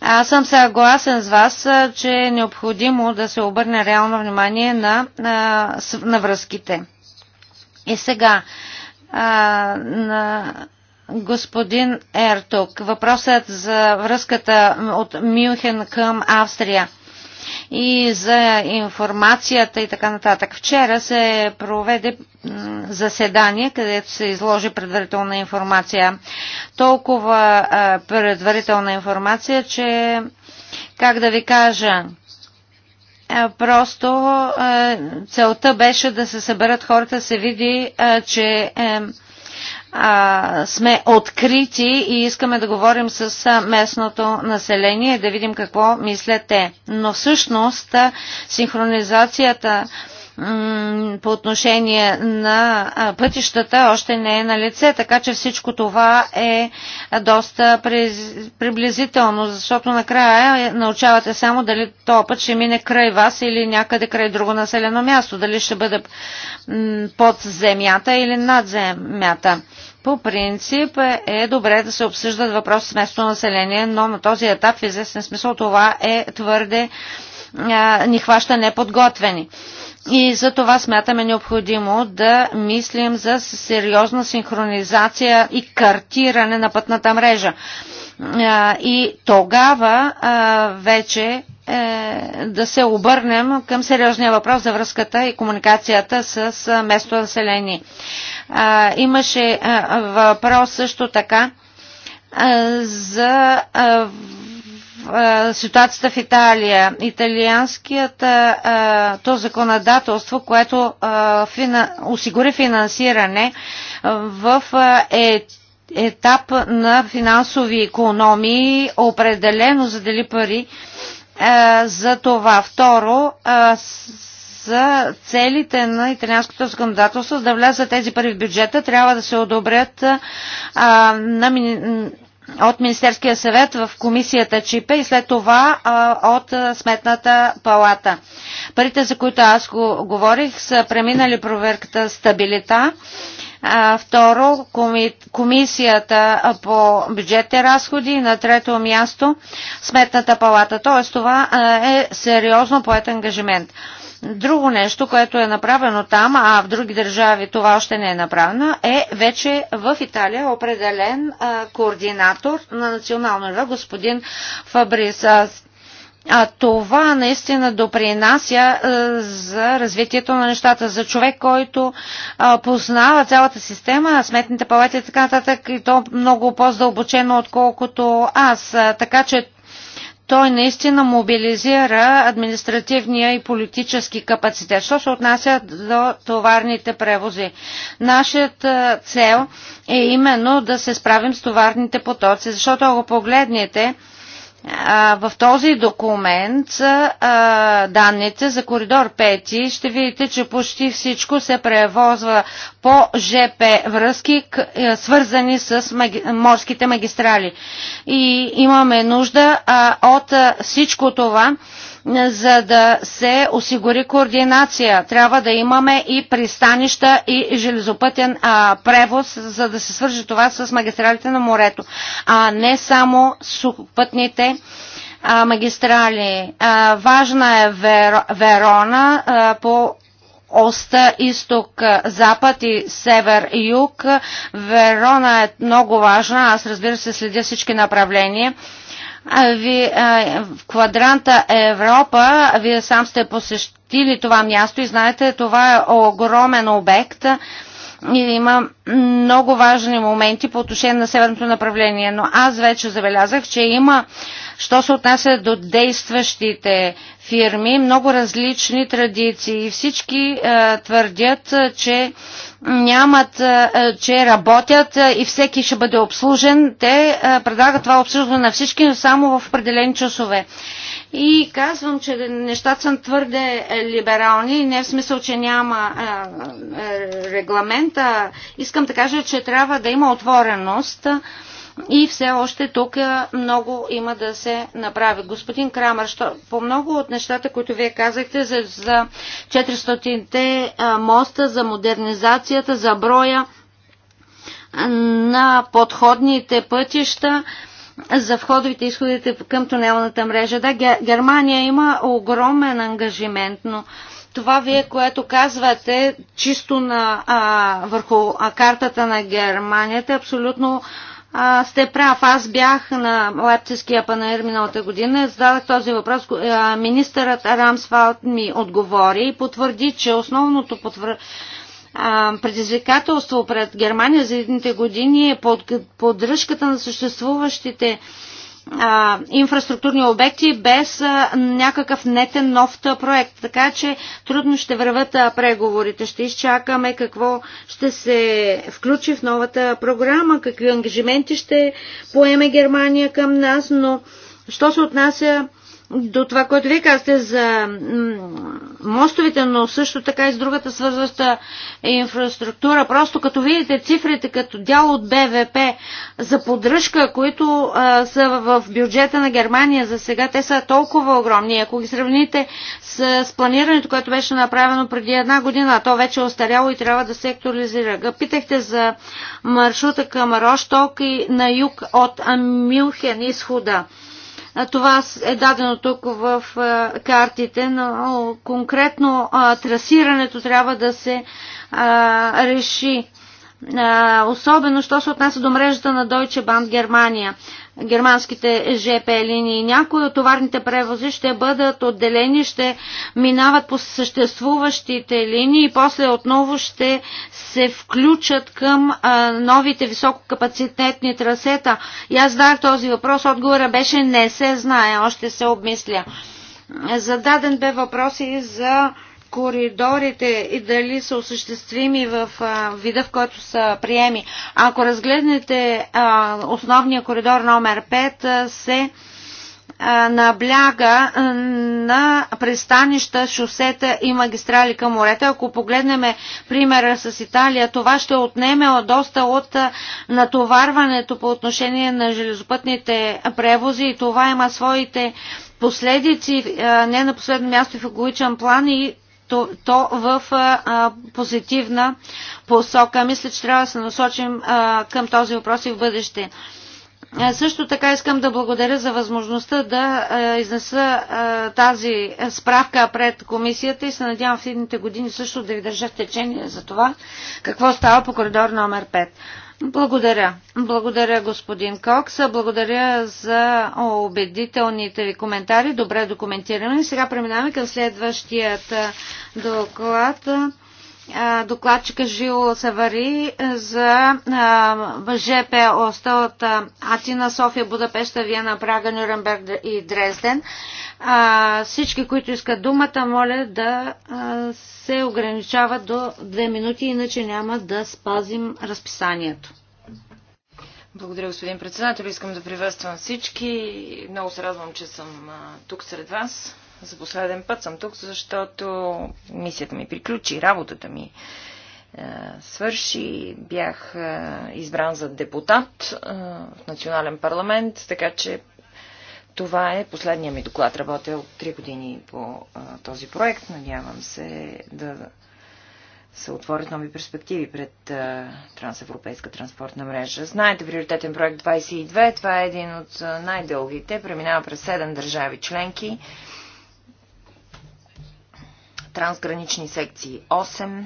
Аз съм съгласен с вас, а, че е необходимо да се обърне реално внимание на, на, на връзките. И сега, а, на, господин Ертук. Въпросът за връзката от Мюнхен към Австрия и за информацията и така нататък. Вчера се проведе заседание, където се изложи предварителна информация. Толкова предварителна информация, че как да ви кажа, просто целта беше да се съберат хората, да се види, че а, сме открити и искаме да говорим с местното население и да видим какво мислят те. Но всъщност синхронизацията по отношение на пътищата още не е на лице, така че всичко това е доста приблизително, защото накрая научавате само дали то път ще мине край вас или някъде край друго населено място, дали ще бъде под земята или над земята по принцип е, е добре да се обсъждат въпроси с местно население, но на този етап в известен смисъл това е твърде а, ни хваща неподготвени. И за това смятаме необходимо да мислим за сериозна синхронизация и картиране на пътната мрежа. и тогава вече е, да се обърнем към сериозния въпрос за връзката и комуникацията с е, местното население. Имаше е, въпрос също така за ситуацията в Италия. Italianският то законодателство, което осигури финансиране в е, етап на финансови економии, определено задели пари е, за това. Второ, е, за целите на италианското законодателство, за да влязат тези пари в бюджета, трябва да се одобрят а, е, на, от Министерския съвет в комисията ЧИПЕ и след това а, от Сметната палата. Парите, за които аз го говорих, са преминали проверката стабилита второ комисията по бюджетни разходи, на трето място сметната палата. Тоест това е сериозно поет ангажимент. Друго нещо, което е направено там, а в други държави това още не е направено, е вече в Италия определен а, координатор на национално ниво, господин Фабрис. Аз а това наистина допринася е, за развитието на нещата. За човек, който познава цялата система, сметните палати и така нататък, и то много по-здълбочено, отколкото аз. Така че той наистина мобилизира административния и политически капацитет. Що се отнася до товарните превози? Нашият цел е именно да се справим с товарните потоци, защото ако погледнете, в този документ данните за коридор 5 ще видите, че почти всичко се превозва по ЖП връзки, е, свързани с морските магистрали. И имаме нужда от всичко това за да се осигури координация. Трябва да имаме и пристанища и железопътен а, превоз, за да се свържи това с магистралите на морето, а не само сухопътните а, магистрали. А, важна е Вер, Верона а, по Оста, изток, запад и север, юг. Верона е много важна. Аз разбира се следя всички направления ви, в квадранта Европа, вие сам сте посещили това място и знаете, това е огромен обект и има много важни моменти по отношение на северното направление, но аз вече забелязах, че има, що се отнася до действащите фирми, много различни традиции. Всички е, твърдят, че нямат, че работят и всеки ще бъде обслужен. Те предлагат това обслужване на всички, но само в определени часове. И казвам, че нещата са твърде е, либерални, не в смисъл, че няма регламента. Искам да кажа, че трябва да има отвореност и все още тук е, много има да се направи. Господин Крамър, що, по много от нещата, които вие казахте за, за 400-те е, моста, за модернизацията, за броя на подходните пътища, за входовите и изходите към тунелната мрежа. Да, Германия има огромен ангажимент, но това вие, което казвате чисто на, а, върху а, картата на Германията, е абсолютно а, а, сте прав. Аз бях на Лепцевския панер миналата година. Зададах този въпрос. А, министърът Рамсфалт ми отговори и потвърди, че основното потвър... а, предизвикателство пред Германия за едните години е под... поддръжката на съществуващите а, а, инфраструктурни обекти без а, някакъв нетен нов проект. Така че трудно ще върват преговорите. Ще изчакаме какво ще се включи в новата програма, какви ангажименти ще поеме Германия към нас, но що се отнася до това, което вие казахте за мостовете, но също така и с другата свързваща инфраструктура. Просто като видите цифрите като дял от БВП за поддръжка, които а, са в бюджета на Германия за сега, те са толкова огромни. Ако ги сравните с, с планирането, което беше направено преди една година, то вече е остаряло и трябва да се актуализира. Питахте за маршрута към Рошток и на юг от Мюнхен изхода. Това е дадено тук в картите, но конкретно трасирането трябва да се реши особено, що се отнася до мрежата на Deutsche Bahn Германия, германските ЖП линии. Някои от товарните превози ще бъдат отделени, ще минават по съществуващите линии и после отново ще се включат към новите висококапацитетни трасета. И аз знах този въпрос, отговора беше не се знае, още се обмисля. Зададен бе въпрос и за коридорите и дали са осъществими в а, вида, в който са приеми. Ако разгледнете а, основния коридор номер 5, се а, набляга а, на пристанища, шосета и магистрали към морета. Ако погледнем примера с Италия, това ще отнеме доста от а, натоварването по отношение на железопътните превози и това има своите последици, не на последно място в екологичен план и то в а, позитивна посока. Мисля, че трябва да се насочим а, към този въпрос и в бъдеще. Също така искам да благодаря за възможността да изнеса тази справка пред комисията и се надявам в следните години също да ви държа в течение за това какво става по коридор номер 5. Благодаря. Благодаря, господин Кокс. Благодаря за убедителните ви коментари. Добре документирани. Сега преминаваме към следващият доклад докладчика Жил Савари за ЖП Оста от Атина, София, Будапешта, Виена, Прага, Нюрнберг и Дрезден. Всички, които искат думата, моля да се ограничават до две минути, иначе няма да спазим разписанието. Благодаря, господин председател. Искам да приветствам всички. Много се радвам, че съм тук сред вас. За последен път съм тук, защото мисията ми приключи, работата ми е, свърши. Бях е, избран за депутат е, в Национален парламент, така че това е последния ми доклад. Работя от 3 години по този проект. Надявам се да се отворят нови перспективи пред а, трансевропейска транспортна мрежа. Знаете, приоритетен проект 22, това е един от най-дългите, преминава през 7 държави членки трансгранични секции 8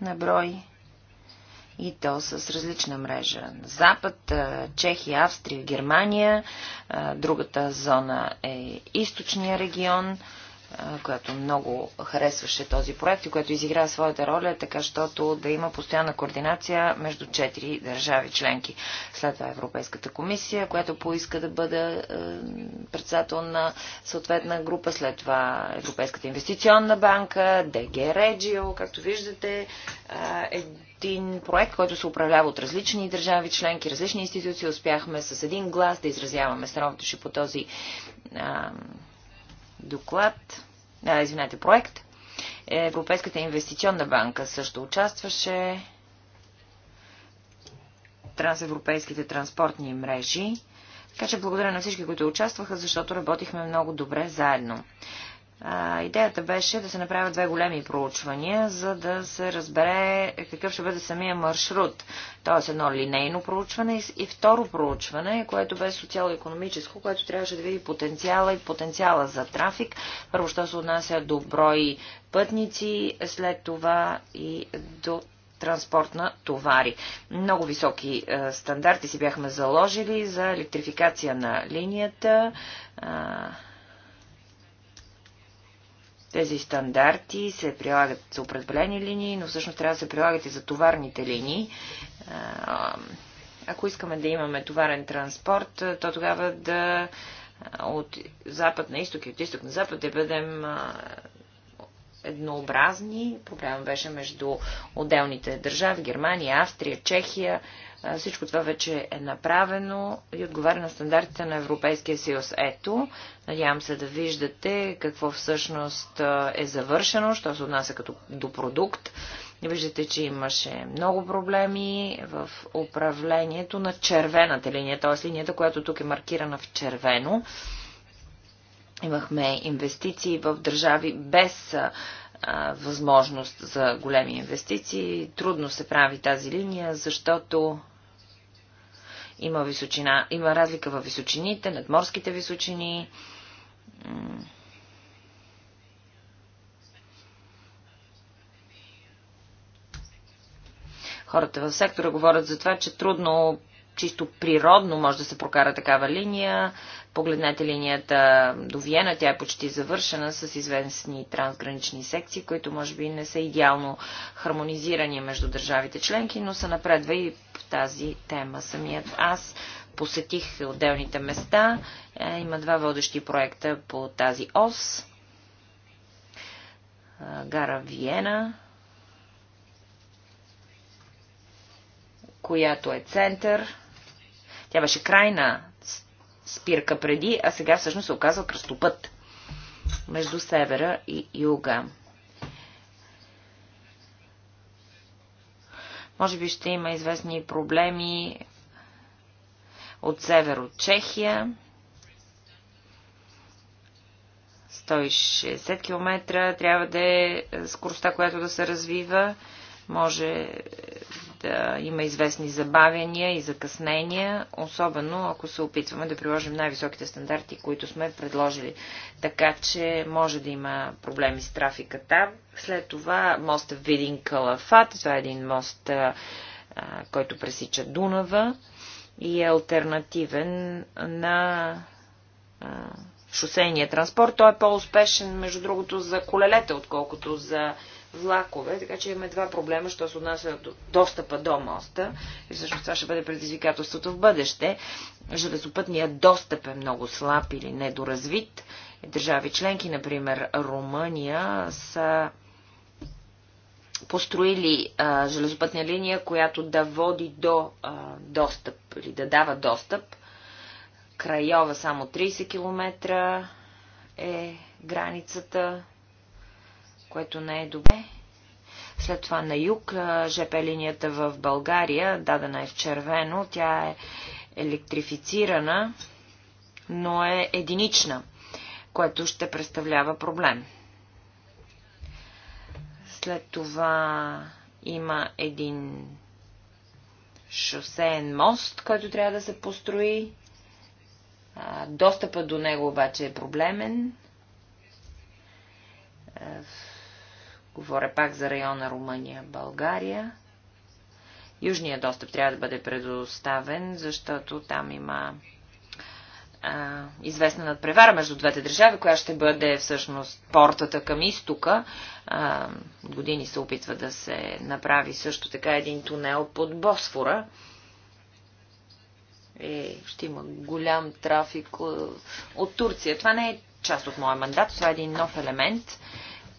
на брой и то с различна мрежа. Запад, Чехия, Австрия, Германия. Другата зона е източния регион, която много харесваше този проект и която изигра своята роля, така щото да има постоянна координация между четири държави членки. След това Европейската комисия, която поиска да бъде председател на съответна група, след това Европейската инвестиционна банка, ДГ Реджио, както виждате, един проект, който се управлява от различни държави членки, различни институции. Успяхме с един глас да изразяваме становището си по този а, доклад, а, извинете, проект. Европейската инвестиционна банка също участваше трансевропейските транспортни мрежи така че благодаря на всички, които участваха, защото работихме много добре заедно. А, идеята беше да се направят две големи проучвания, за да се разбере какъв ще бъде самия маршрут. Тоест едно линейно проучване и второ проучване, което бе социално-економическо, което трябваше да види потенциала и потенциала за трафик. Първо, що се отнася до брой пътници, след това и до транспорт на товари. Много високи е, стандарти си бяхме заложили за електрификация на линията. тези стандарти се прилагат за определени линии, но всъщност трябва да се прилагат и за товарните линии. ако искаме да имаме товарен транспорт, е, то тогава да от запад на изток и от изток на запад да бъдем еднообразни. Проблемът беше между отделните държави, Германия, Австрия, Чехия. Всичко това вече е направено и отговаря на стандартите на Европейския съюз. Ето, надявам се да виждате какво всъщност е завършено, що се отнася като до продукт. Виждате, че имаше много проблеми в управлението на червената линия, т.е. линията, която тук е маркирана в червено. Имахме инвестиции в държави без възможност за големи инвестиции. Трудно се прави тази линия, защото има, височина, има разлика във височините, надморските височини. Хората в сектора говорят за това, че трудно, чисто природно може да се прокара такава линия. Погледнете линията до Виена, тя е почти завършена с известни трансгранични секции, които може би не са идеално хармонизирани между държавите членки, но се напредва и в тази тема. Самият аз посетих отделните места. Е, има два водещи проекта по тази ОС. Е, гара Виена, която е център. Тя беше крайна спирка преди, а сега всъщност се оказва кръстопът между севера и юга. Може би ще има известни проблеми от север от Чехия. 160 км трябва да е скоростта, която да се развива. Може да има известни забавяния и закъснения, особено ако се опитваме да приложим най-високите стандарти, които сме предложили. Така че може да има проблеми с трафика там. След това моста Видин Калафат, това е един мост, който пресича Дунава и е альтернативен на шосейния транспорт. Той е по-успешен, между другото, за колелета, отколкото за влакове, така че имаме два проблема, що се отнася до достъпа до моста и всъщност това ще бъде предизвикателството в бъдеще. Железопътният достъп е много слаб или недоразвит. Държави членки, например Румъния, са построили а, железопътна линия, която да води до а, достъп или да дава достъп. Крайова само 30 км е границата което не е добре. След това на юг ЖП линията в България, дадена е в червено, тя е електрифицирана, но е единична, което ще представлява проблем. След това има един шосеен мост, който трябва да се построи. Достъпът до него обаче е проблемен. Говоря пак за района Румъния, България. Южният достъп трябва да бъде предоставен, защото там има а, известна надпревара между двете държави, която ще бъде всъщност портата към изтока. А, години се опитва да се направи също така един тунел под Босфора. Е, ще има голям трафик от Турция. Това не е част от моя мандат, това е един нов елемент. А,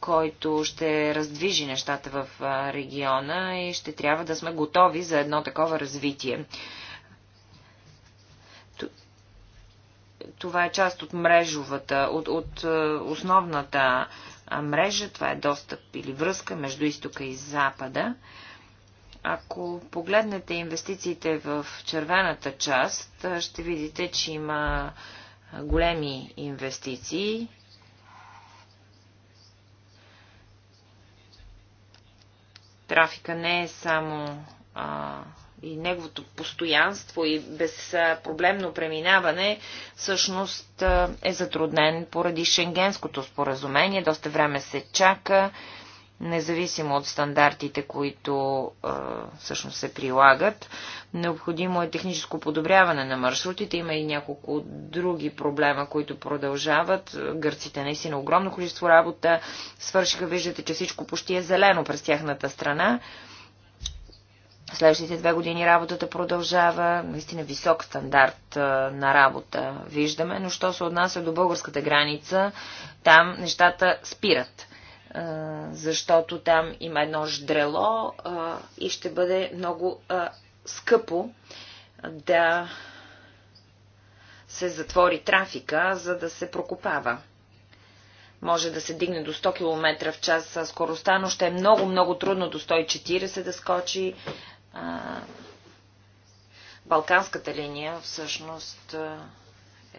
който ще раздвижи нещата в региона и ще трябва да сме готови за едно такова развитие. Това е част от мрежовата, от, от основната мрежа, това е достъп или връзка между изтока и запада. Ако погледнете инвестициите в червената част, ще видите, че има големи инвестиции трафика не е само а, и неговото постоянство и безпроблемно преминаване всъщност е затруднен поради Шенгенското споразумение. Доста време се чака независимо от стандартите, които а, всъщност се прилагат. Необходимо е техническо подобряване на маршрутите. Има и няколко други проблема, които продължават. Гърците наистина огромно количество работа свършиха. Виждате, че всичко почти е зелено през тяхната страна. Следващите две години работата продължава. Наистина висок стандарт а, на работа виждаме. Но що се отнася до българската граница, там нещата спират защото там има едно ждрело и ще бъде много скъпо да се затвори трафика, за да се прокопава. Може да се дигне до 100 км в час скоростта, но ще е много, много трудно до 140 да скочи. Балканската линия всъщност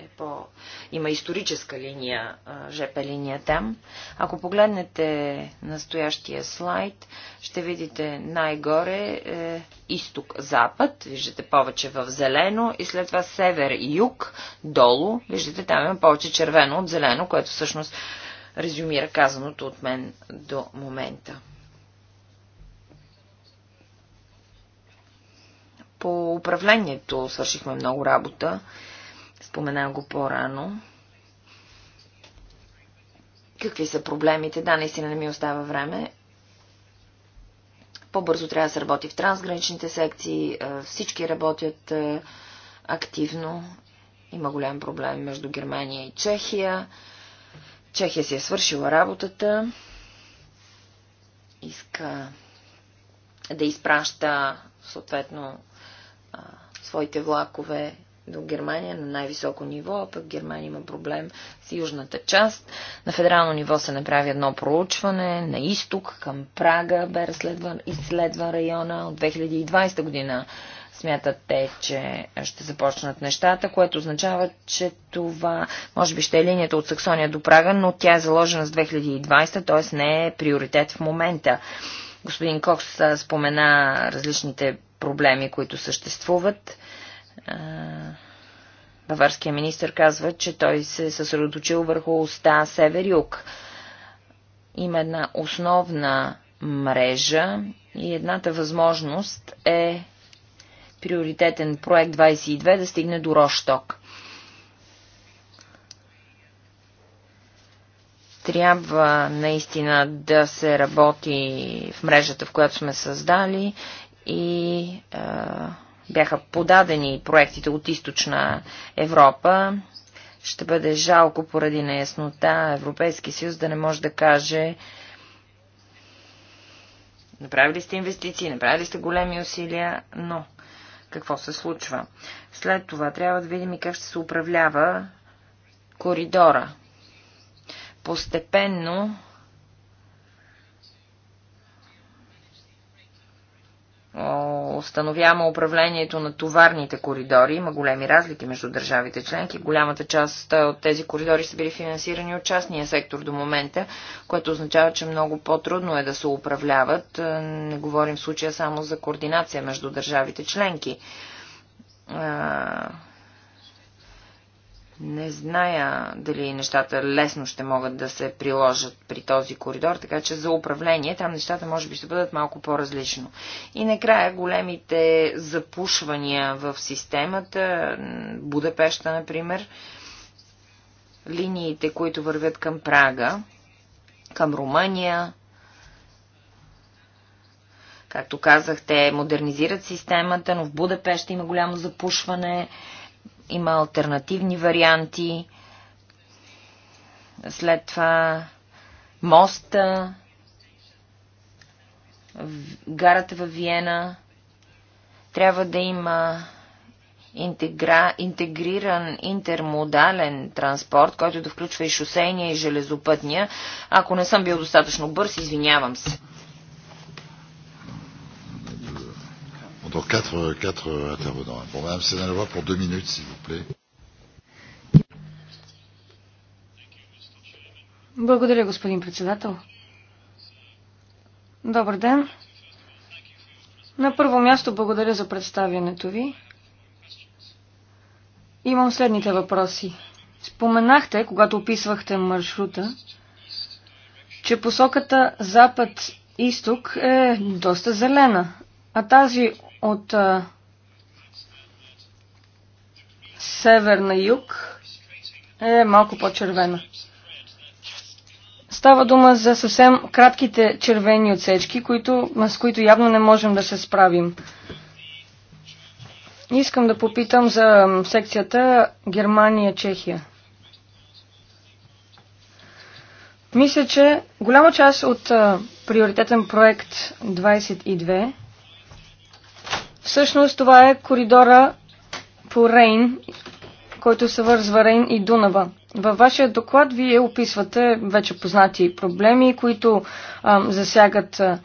е по... има историческа линия, ЖП линия там. Ако погледнете настоящия слайд, ще видите най-горе е, изток-запад, виждате повече в зелено и след това север-юг, долу, виждате там има повече червено от зелено, което всъщност резюмира казаното от мен до момента. По управлението свършихме много работа спомена го по-рано. Какви са проблемите? Да, наистина не ми остава време. По-бързо трябва да се работи в трансграничните секции. Е, всички работят е, активно. Има голям проблем между Германия и Чехия. Чехия си е свършила работата. Иска да изпраща съответно своите влакове до Германия на най-високо ниво, а пък Германия има проблем с южната част. На федерално ниво се направи едно проучване на изток към Прага, бе разследва изследва района от 2020 година. Смятат те, че ще започнат нещата, което означава, че това може би ще е линията от Саксония до Прага, но тя е заложена с 2020, т.е. не е приоритет в момента. Господин Кокс спомена различните проблеми, които съществуват Баварския министр казва, че той се е съсредоточил върху уста север-юг. Има една основна мрежа и едната възможност е приоритетен проект 22 да стигне до Рошток. Трябва наистина да се работи в мрежата, в която сме създали и е, бяха подадени проектите от източна Европа, ще бъде жалко поради неяснота Европейски съюз да не може да каже направили сте инвестиции, направили сте големи усилия, но какво се случва? След това трябва да видим и как ще се управлява коридора. Постепенно установяваме управлението на товарните коридори. Има големи разлики между държавите членки. Голямата част от тези коридори са били финансирани от частния сектор до момента, което означава, че много по-трудно е да се управляват. Не говорим в случая само за координация между държавите членки не зная дали нещата лесно ще могат да се приложат при този коридор, така че за управление там нещата може би ще бъдат малко по-различно. И накрая големите запушвания в системата, Будапешта, например, линиите, които вървят към Прага, към Румъния, както казах, те модернизират системата, но в Будапешта има голямо запушване има альтернативни варианти. След това моста, гарата във Виена. Трябва да има интегра, интегриран интермодален транспорт, който да включва и шосейния, и железопътния. Ако не съм бил достатъчно бърз, извинявам се. Donc quatre, quatre euh, intervenants. Bon, Madame Sénalova, pour deux minutes, s'il vous plaît. Благодаря, господин председател. Добър ден. На първо място благодаря за представянето ви. Имам следните въпроси. Споменахте, когато описвахте маршрута, че посоката запад-исток е доста зелена, а тази от а, север на юг е малко по-червена. Става дума за съвсем кратките червени отсечки, които, с които явно не можем да се справим. Искам да попитам за секцията Германия-Чехия. Мисля, че голяма част от а, приоритетен проект 22 Всъщност това е коридора по Рейн, който съвързва Рейн и Дунава. Във вашия доклад вие описвате вече познати проблеми, които а, засягат а,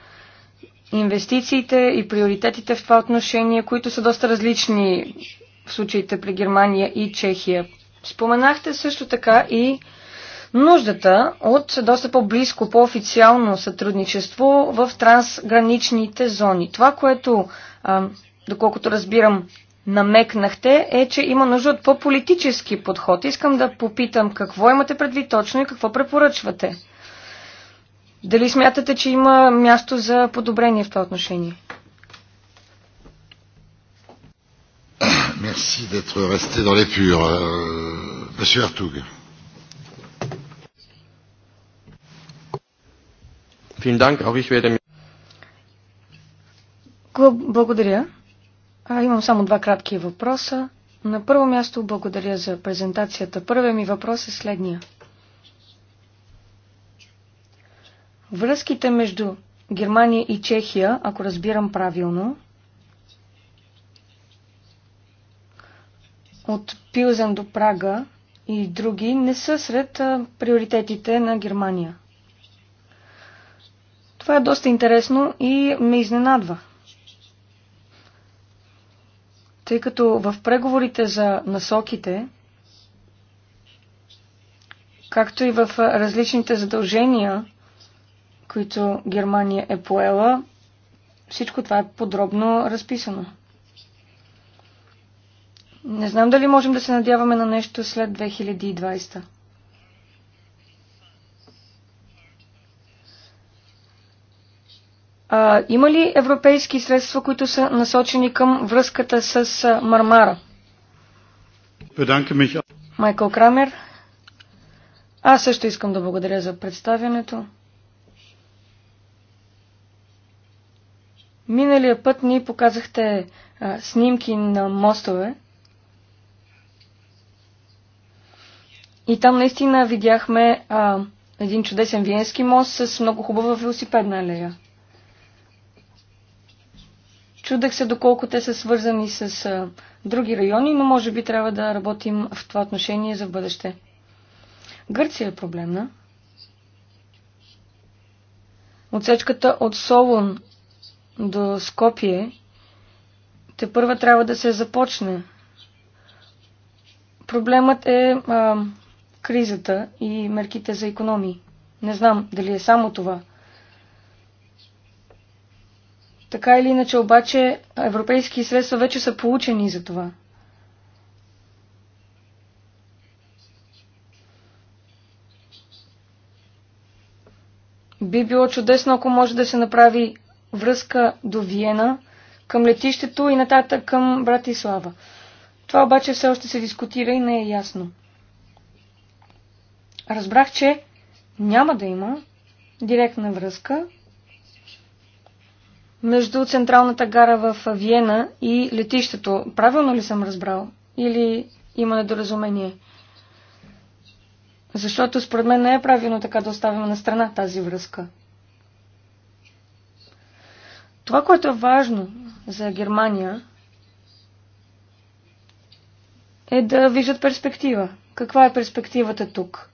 инвестициите и приоритетите в това отношение, които са доста различни в случаите при Германия и Чехия. Споменахте също така и нуждата от доста по-близко, по-официално сътрудничество в трансграничните зони. Това, което а, доколкото разбирам, намекнахте, е, че има нужда от по-политически подход. Искам да попитам какво имате предвид точно и какво препоръчвате. Дали смятате, че има място за подобрение в това отношение? Merci d'être resté dans les purs. Euh, Monsieur Vielen Dank, auch ich werde... Благодаря. А, имам само два кратки въпроса. На първо място благодаря за презентацията. Първият ми въпрос е следния. Връзките между Германия и Чехия, ако разбирам правилно, от Пилзен до Прага и други не са сред приоритетите на Германия. Това е доста интересно и ме изненадва тъй като в преговорите за насоките, както и в различните задължения, които Германия е поела, всичко това е подробно разписано. Не знам дали можем да се надяваме на нещо след 2020. А, има ли европейски средства, които са насочени към връзката с Мармара? Майкъл Крамер. Аз също искам да благодаря за представянето. Миналия път ни показахте а, снимки на мостове. И там наистина видяхме а, един чудесен виенски мост с много хубава велосипедна алея. Чудех се доколко те са свързани с а, други райони, но може би трябва да работим в това отношение за бъдеще. Гърция е проблемна. Отсечката от Солон до Скопие те първа трябва да се започне. Проблемът е а, кризата и мерките за економии. Не знам дали е само това – така или иначе обаче европейски средства вече са получени за това. Би било чудесно, ако може да се направи връзка до Виена, към летището и нататък към Братислава. Това обаче все още се дискутира и не е ясно. Разбрах, че няма да има директна връзка между централната гара в Виена и летището. Правилно ли съм разбрал? Или има недоразумение? Защото според мен не е правилно така да оставяме на страна тази връзка. Това, което е важно за Германия, е да виждат перспектива. Каква е перспективата тук?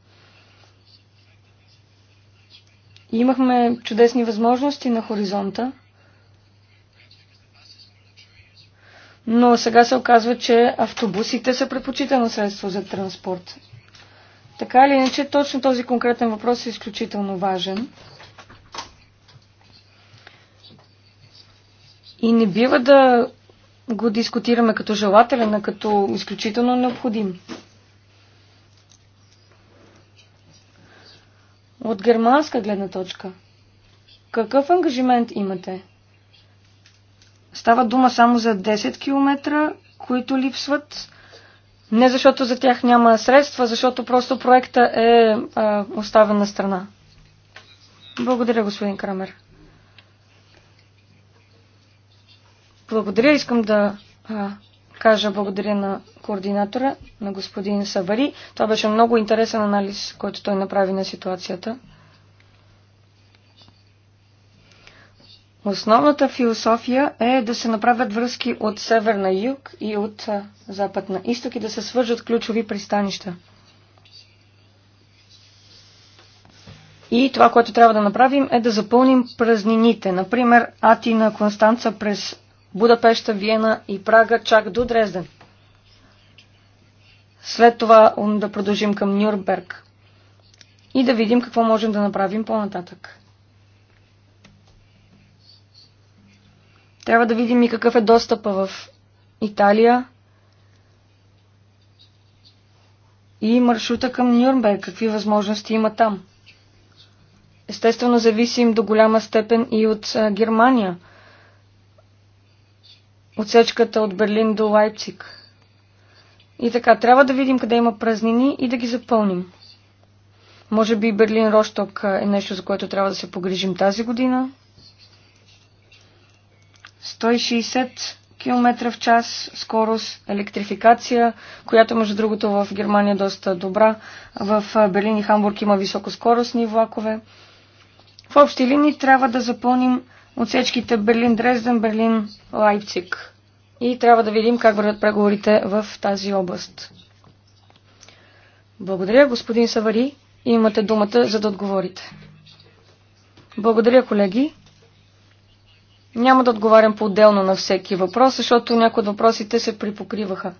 И имахме чудесни възможности на хоризонта – но сега се оказва, че автобусите са предпочитано средство за транспорт. Така или иначе, точно този конкретен въпрос е изключително важен. И не бива да го дискутираме като желателен, а като изключително необходим. От германска гледна точка, какъв ангажимент имате? Става дума само за 10 км, които липсват. Не защото за тях няма средства, защото просто проекта е а, оставен на страна. Благодаря, господин Крамер. Благодаря. Искам да а, кажа благодаря на координатора, на господин Савари. Това беше много интересен анализ, който той направи на ситуацията. Основната философия е да се направят връзки от север на юг и от запад на изток и да се свържат ключови пристанища. И това, което трябва да направим е да запълним празнините. Например, Атина, Констанца през Будапеща, Виена и Прага, чак до Дрезден. След това да продължим към Нюрнберг и да видим какво можем да направим по-нататък. Трябва да видим и какъв е достъпа в Италия и маршрута към Нюрнберг, какви възможности има там. Естествено, зависим до голяма степен и от Германия. Отсечката от Берлин до Лайпциг. И така, трябва да видим къде има празнини и да ги запълним. Може би Берлин-Рошток е нещо, за което трябва да се погрижим тази година. 160 км в час скорост, електрификация, която между другото в Германия е доста добра. В Берлин и Хамбург има високоскоростни влакове. В общи линии трябва да запълним отсечките Берлин-Дрезден, Берлин-Лайпциг. И трябва да видим как вървят преговорите в тази област. Благодаря, господин Савари. Имате думата, за да отговорите. Благодаря, колеги. Няма да отговарям по-отделно на всеки въпрос, защото някои от въпросите се припокриваха.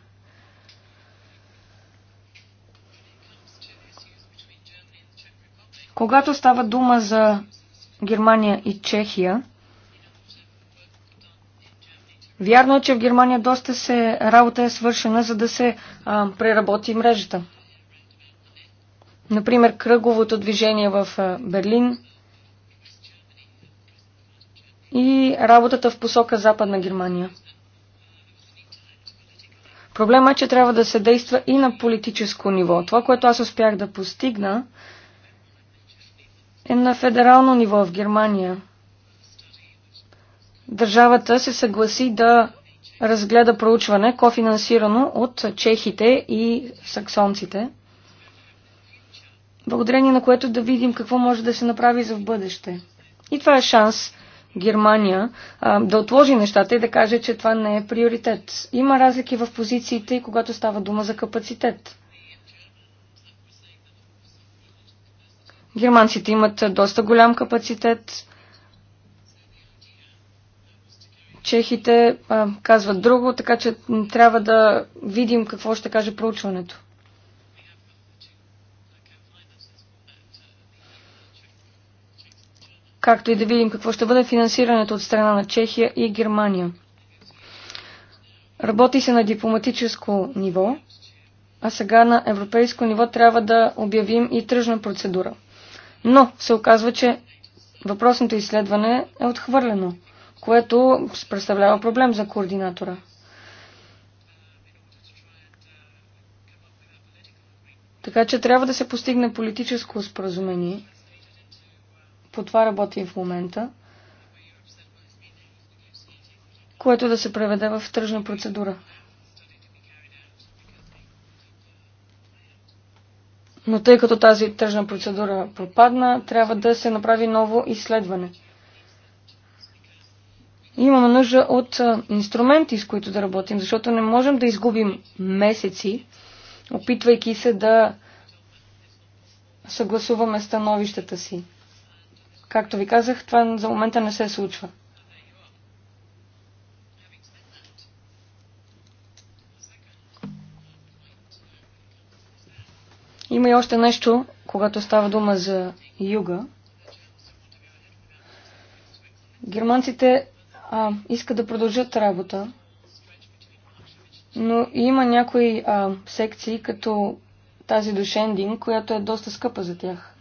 Когато става дума за Германия и Чехия, вярно е, че в Германия доста се работа е свършена, за да се а, преработи мрежата. Например, кръговото движение в Берлин – и работата в посока Западна Германия. Проблема е, че трябва да се действа и на политическо ниво. Това, което аз успях да постигна, е на федерално ниво в Германия. Държавата се съгласи да разгледа проучване, кофинансирано от чехите и саксонците, благодарение на което да видим какво може да се направи за в бъдеще. И това е шанс Германия да отложи нещата и да каже, че това не е приоритет. Има разлики в позициите и когато става дума за капацитет. Германците имат доста голям капацитет. Чехите а, казват друго, така че трябва да видим какво ще каже проучването. както и да видим какво ще бъде финансирането от страна на Чехия и Германия. Работи се на дипломатическо ниво, а сега на европейско ниво трябва да обявим и тръжна процедура. Но се оказва, че въпросното изследване е отхвърлено, което представлява проблем за координатора. Така че трябва да се постигне политическо споразумение – по това работим в момента, което да се преведе в тръжна процедура. Но тъй като тази тръжна процедура пропадна, трябва да се направи ново изследване. Имаме нужда от инструменти, с които да работим, защото не можем да изгубим месеци, опитвайки се да съгласуваме становищата си. Както ви казах, това за момента не се случва. Има и още нещо, когато става дума за юга. Германците а, искат да продължат работа, но има някои а, секции, като тази до Шендин, която е доста скъпа за тях.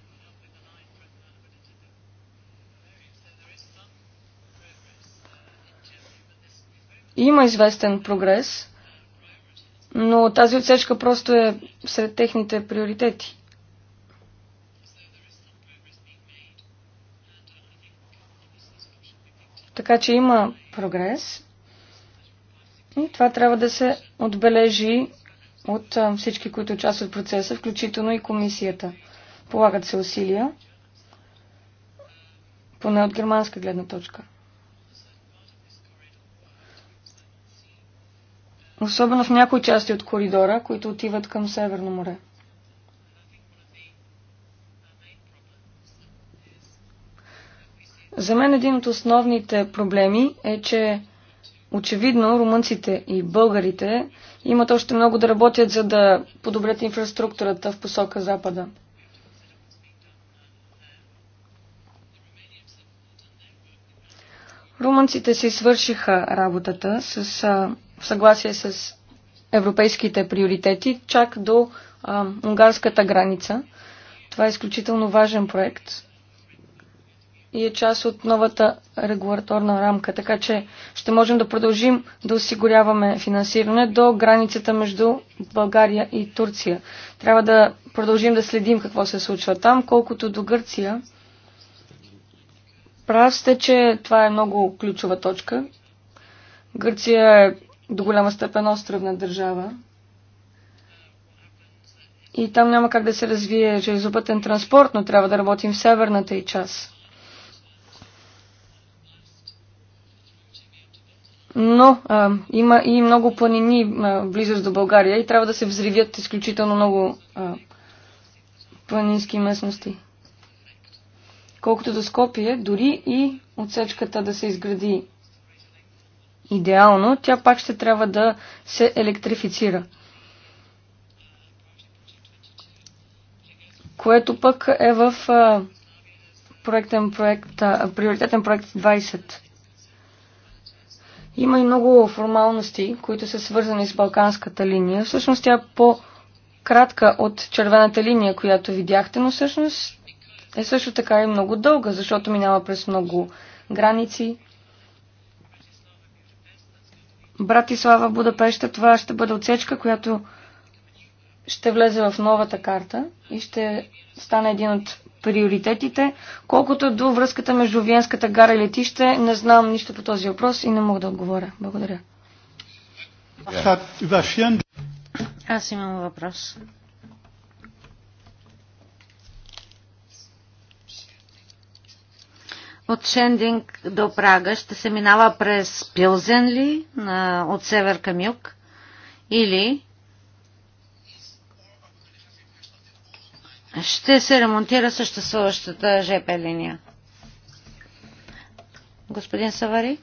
Има известен прогрес, но тази отсечка просто е сред техните приоритети. Така че има прогрес и това трябва да се отбележи от всички, които участват в процеса, включително и комисията. Полагат се усилия, поне от германска гледна точка. Особено в някои части от коридора, които отиват към Северно море. За мен един от основните проблеми е, че очевидно румънците и българите имат още много да работят, за да подобрят инфраструктурата в посока Запада. Румънците си свършиха работата с в съгласие с европейските приоритети, чак до а, унгарската граница. Това е изключително важен проект и е част от новата регулаторна рамка, така че ще можем да продължим да осигуряваме финансиране до границата между България и Турция. Трябва да продължим да следим какво се случва там, колкото до Гърция. Прав сте, че това е много ключова точка. Гърция е до голяма степен островна държава. И там няма как да се развие железопътен транспорт, но трябва да работим в северната и част. Но а, има и много планини а, близост до България и трябва да се взривят изключително много а, планински местности. Колкото до Скопие, дори и отсечката да се изгради идеално, тя пак ще трябва да се електрифицира. Което пък е в проектен проект, приоритетен проект 20. Има и много формалности, които са свързани с Балканската линия. Всъщност тя е по-кратка от червената линия, която видяхте, но всъщност е също така и много дълга, защото минава през много граници, Братислава Будапеща, това ще бъде отсечка, която ще влезе в новата карта и ще стане един от приоритетите. Колкото до връзката между Виенската гара и летище, не знам нищо по този въпрос и не мога да отговоря. Благодаря. Аз имам въпрос. От Шендинг до Прага ще се минава през Пилзен ли на, от север към юг или ще се ремонтира съществуващата ЖП линия. Господин Савари?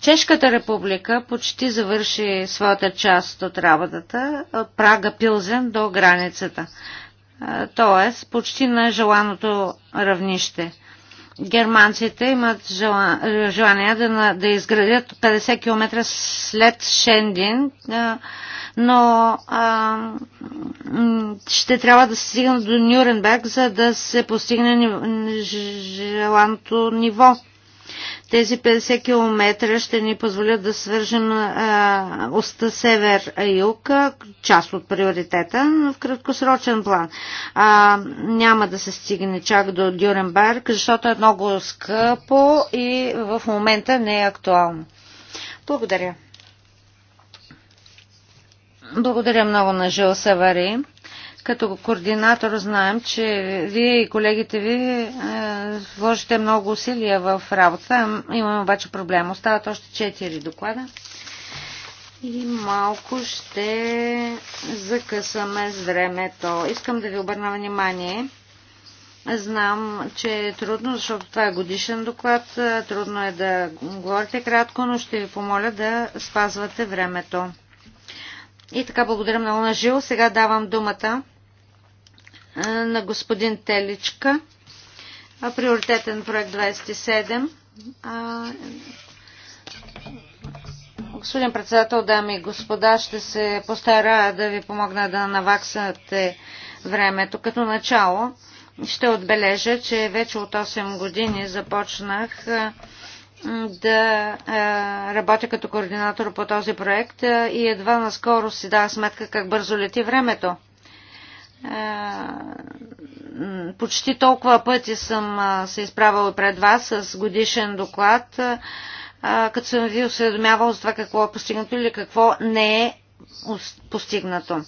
Чешката република почти завърши своята част от работата от Прага Пилзен до границата, т.е. почти на желаното равнище германците имат желание да, да изградят 50 км след Шендин, но а, ще трябва да се стигнат до Нюрнберг, за да се постигне желаното ниво. Тези 50 км ще ни позволят да свържем оста север-юг, част от приоритета, но в краткосрочен план. А, няма да се стигне чак до Дюренберг, защото е много скъпо и в момента не е актуално. Благодаря. Благодаря много на Жил Савари. Като координатор знаем, че вие и колегите ви е, вложите много усилия в работа. Имаме обаче проблем. Остават още 4 доклада. И малко ще закъсаме с времето. Искам да ви обърна внимание. Знам, че е трудно, защото това е годишен доклад. Трудно е да говорите кратко, но ще ви помоля да спазвате времето. И така, благодаря много на Жил. Сега давам думата на господин Теличка. Приоритетен проект 27. Господин председател, дами и господа, ще се постара да ви помогна да наваксате времето. Като начало ще отбележа, че вече от 8 години започнах да работя като координатор по този проект и едва наскоро си дава сметка как бързо лети времето почти толкова пъти съм се изправила пред вас с годишен доклад, като съм ви осведомявал за това какво е постигнато или какво не е постигнато.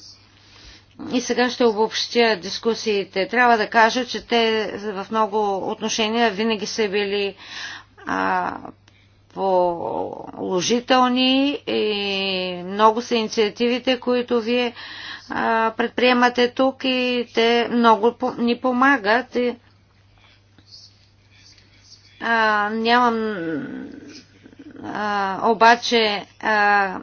И сега ще обобщя дискусиите. Трябва да кажа, че те в много отношения винаги са били положителни и много са инициативите, които вие предприемате тук и те много ни помагат. А, нямам а, обаче а,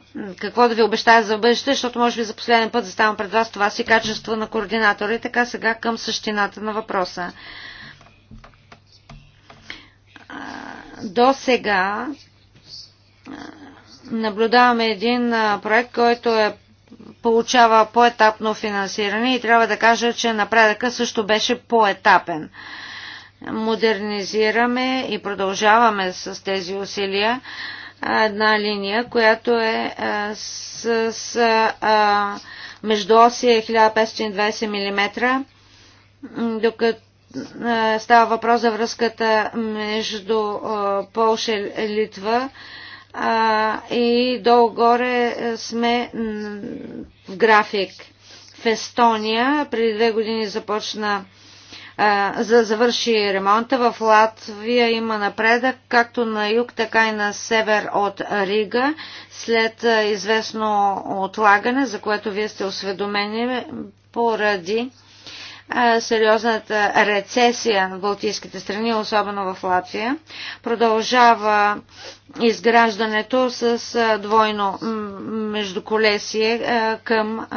какво да ви обещая за бъдеще, защото може би за последен път заставам пред вас това си качество на координатор. И така сега към същината на въпроса. А, До сега наблюдаваме един проект, който е получава по-етапно финансиране и трябва да кажа, че напредъка също беше по-етапен. Модернизираме и продължаваме с тези усилия една линия, която е с, с а, между оси 1520 мм, докато е, става въпрос за връзката между е, Полша и Литва и долу-горе е, сме в график. В Естония преди две години започна за завърши ремонта. В Латвия има напредък, както на юг, така и на север от Рига, след известно отлагане, за което вие сте осведомени поради сериозната рецесия на балтийските страни, особено в Латвия. Продължава изграждането с двойно междуколесие към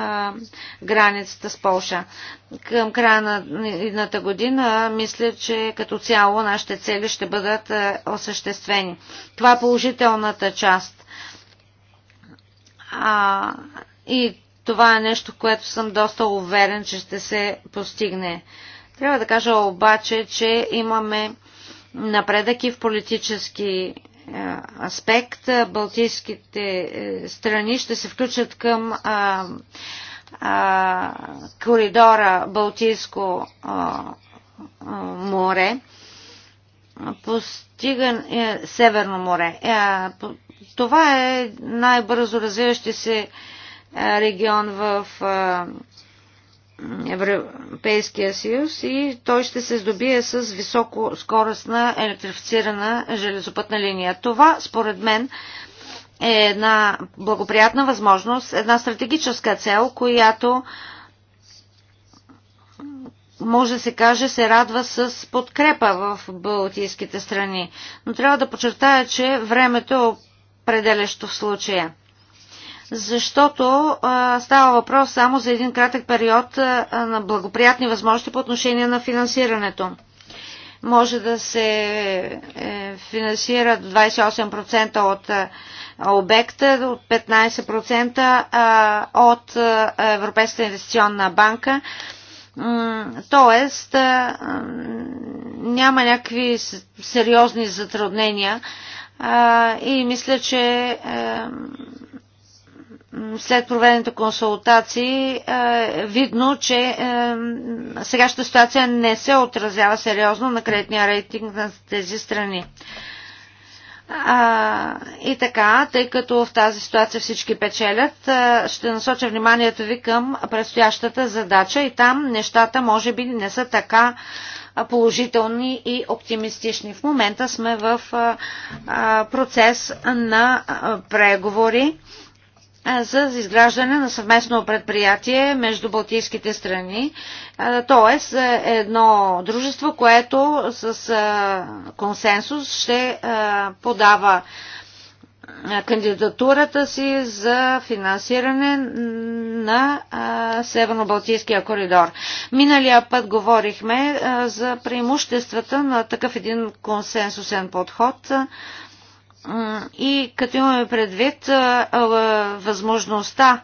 границата с Полша. Към края на едната година мисля, че като цяло нашите цели ще бъдат осъществени. Това е положителната част. А, и това е нещо, което съм доста уверен, че ще се постигне. Трябва да кажа обаче, че имаме напредък и в политически е, аспект. Балтийските е, страни ще се включат към а, е, а, коридора Балтийско а, море, постиган е, Северно море. това е най-бързо развиващи се регион в Европейския съюз и той ще се здобие с високоскоростна електрифицирана железопътна линия. Това, според мен, е една благоприятна възможност, една стратегическа цел, която може да се каже, се радва с подкрепа в балтийските страни. Но трябва да подчертая, че времето е определящо в случая защото а, става въпрос само за един кратък период а, на благоприятни възможности по отношение на финансирането. Може да се е, финансират 28% от а, обекта, от 15% а, от а, Европейската инвестиционна банка. Тоест, а, няма някакви сериозни затруднения а, и мисля, че а, след проведените консултации е видно, че е, сегашната ситуация не се отразява сериозно на кредитния рейтинг на тези страни. А, и така, тъй като в тази ситуация всички печелят, е, ще насоча вниманието ви към предстоящата задача и там нещата може би не са така положителни и оптимистични. В момента сме в е, е, процес на преговори за изграждане на съвместно предприятие между балтийските страни, т.е. едно дружество, което с консенсус ще подава кандидатурата си за финансиране на Северно-Балтийския коридор. Миналия път говорихме за преимуществата на такъв един консенсусен подход и като имаме предвид възможността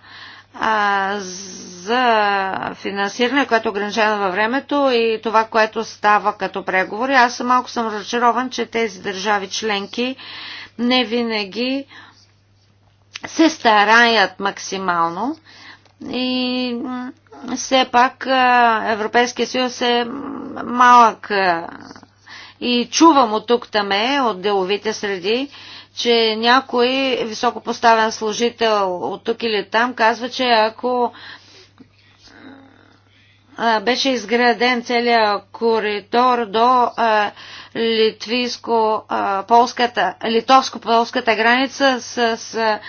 за финансиране, което е ограничено във времето и това, което става като преговори. Аз малко съм разочарован, че тези държави членки не винаги се стараят максимално и все пак Европейския съюз е малък и чувам от тук-таме, от деловите среди, че някой високопоставен служител от тук или там казва, че ако беше изграден целият коридор до литовско-полската литовско граница с, двойна,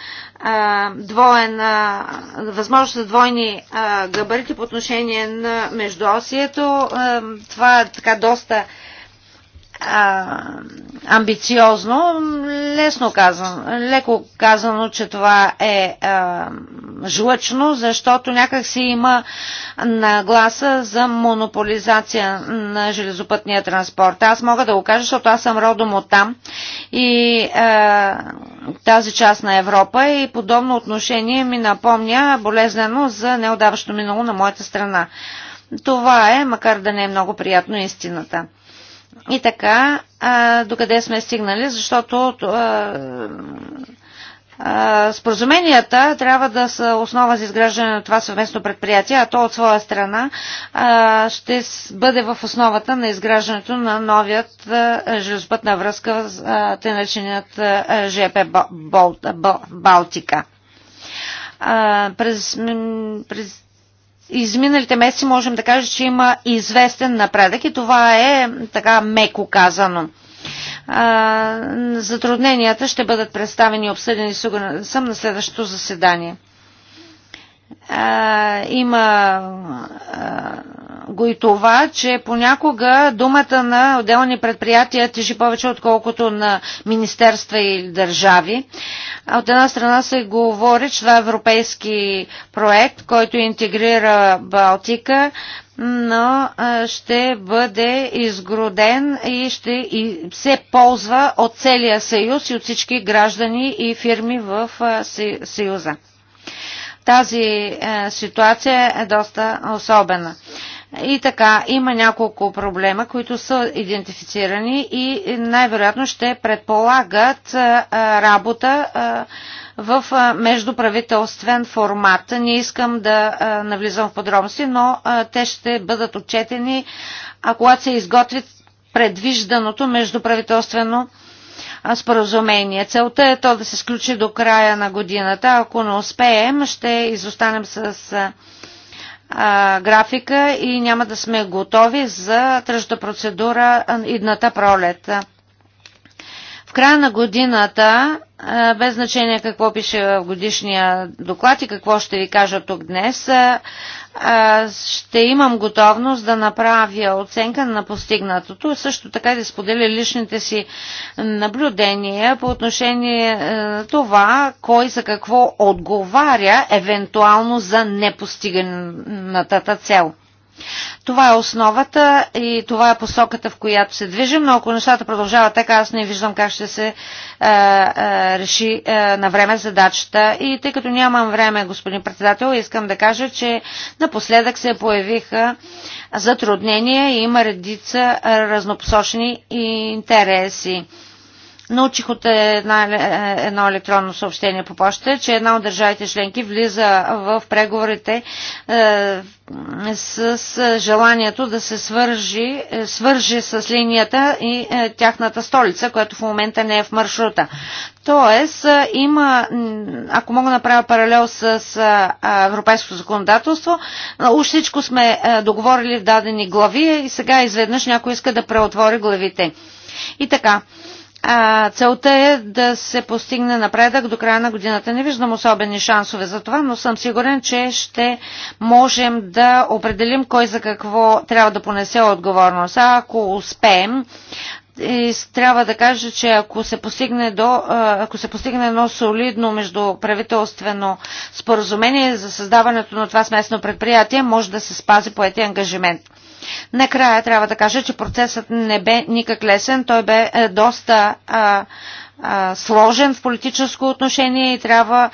а, двоен, а, възможност за двойни а, габарити по отношение на междуосието. А, това е така доста амбициозно, лесно казано, леко казано, че това е а, жлъчно, защото някак си има нагласа за монополизация на железопътния транспорт. Аз мога да го кажа, защото аз съм родом от там и а, тази част на Европа и подобно отношение ми напомня болезнено за неодаващо минало на моята страна. Това е, макар да не е много приятно, истината. И така, докъде сме стигнали, защото споразуменията трябва да са основа за изграждане на това съвместно предприятие, а то от своя страна ще бъде в основата на изграждането на новият железопътна връзка, те нареченият ЖП е Балтика. през, през изминалите месеци можем да кажем, че има известен напредък и това е така меко казано. Затрудненията ще бъдат представени и обсъдени съм на следващото заседание а, има а, го и това, че понякога думата на отделни предприятия тежи повече отколкото на министерства или държави. От една страна се говори, че това е европейски проект, който интегрира Балтика, но ще бъде изграден и ще и се ползва от целия съюз и от всички граждани и фирми в съюза. Тази е, ситуация е доста особена. И така, има няколко проблема, които са идентифицирани и най-вероятно ще предполагат е, работа е, в междуправителствен формат. Не искам да навлизам в подробности, но те ще бъдат отчетени, а когато се изготвят предвижданото междуправителствено споразумение. Целта е то да се сключи до края на годината. Ако не успеем, ще изостанем с а, графика и няма да сме готови за тръжната процедура идната пролет. В края на годината, без значение какво пише в годишния доклад и какво ще ви кажа тук днес, ще имам готовност да направя оценка на постигнатото, също така да споделя личните си наблюдения по отношение на е, това, кой за какво отговаря, евентуално за непостигнатата цел. Това е основата и това е посоката, в която се движим, но ако нещата продължават така, аз не виждам как ще се е, е, реши е, на време задачата. И тъй като нямам време, господин председател, искам да кажа, че напоследък се появиха затруднения и има редица разнопосочни интереси. Научих от една, е, едно електронно съобщение по почта, че една от държавите членки влиза в преговорите е, с, желанието да се свържи, е, свържи с линията и е, тяхната столица, която в момента не е в маршрута. Тоест, е, има, ако мога да направя паралел с е, европейското законодателство, уж всичко сме договорили в дадени глави и сега изведнъж някой иска да преотвори главите. И така, а, целта е да се постигне напредък до края на годината. Не виждам особени шансове за това, но съм сигурен, че ще можем да определим кой за какво трябва да понесе отговорност. А ако успеем, и трябва да кажа, че ако се постигне, до, ако се постигне едно солидно междуправителствено споразумение за създаването на това сместно предприятие, може да се спази поети ангажимент. Накрая трябва да кажа, че процесът не бе никак лесен, той бе е, доста а, а, сложен в политическо отношение и трябва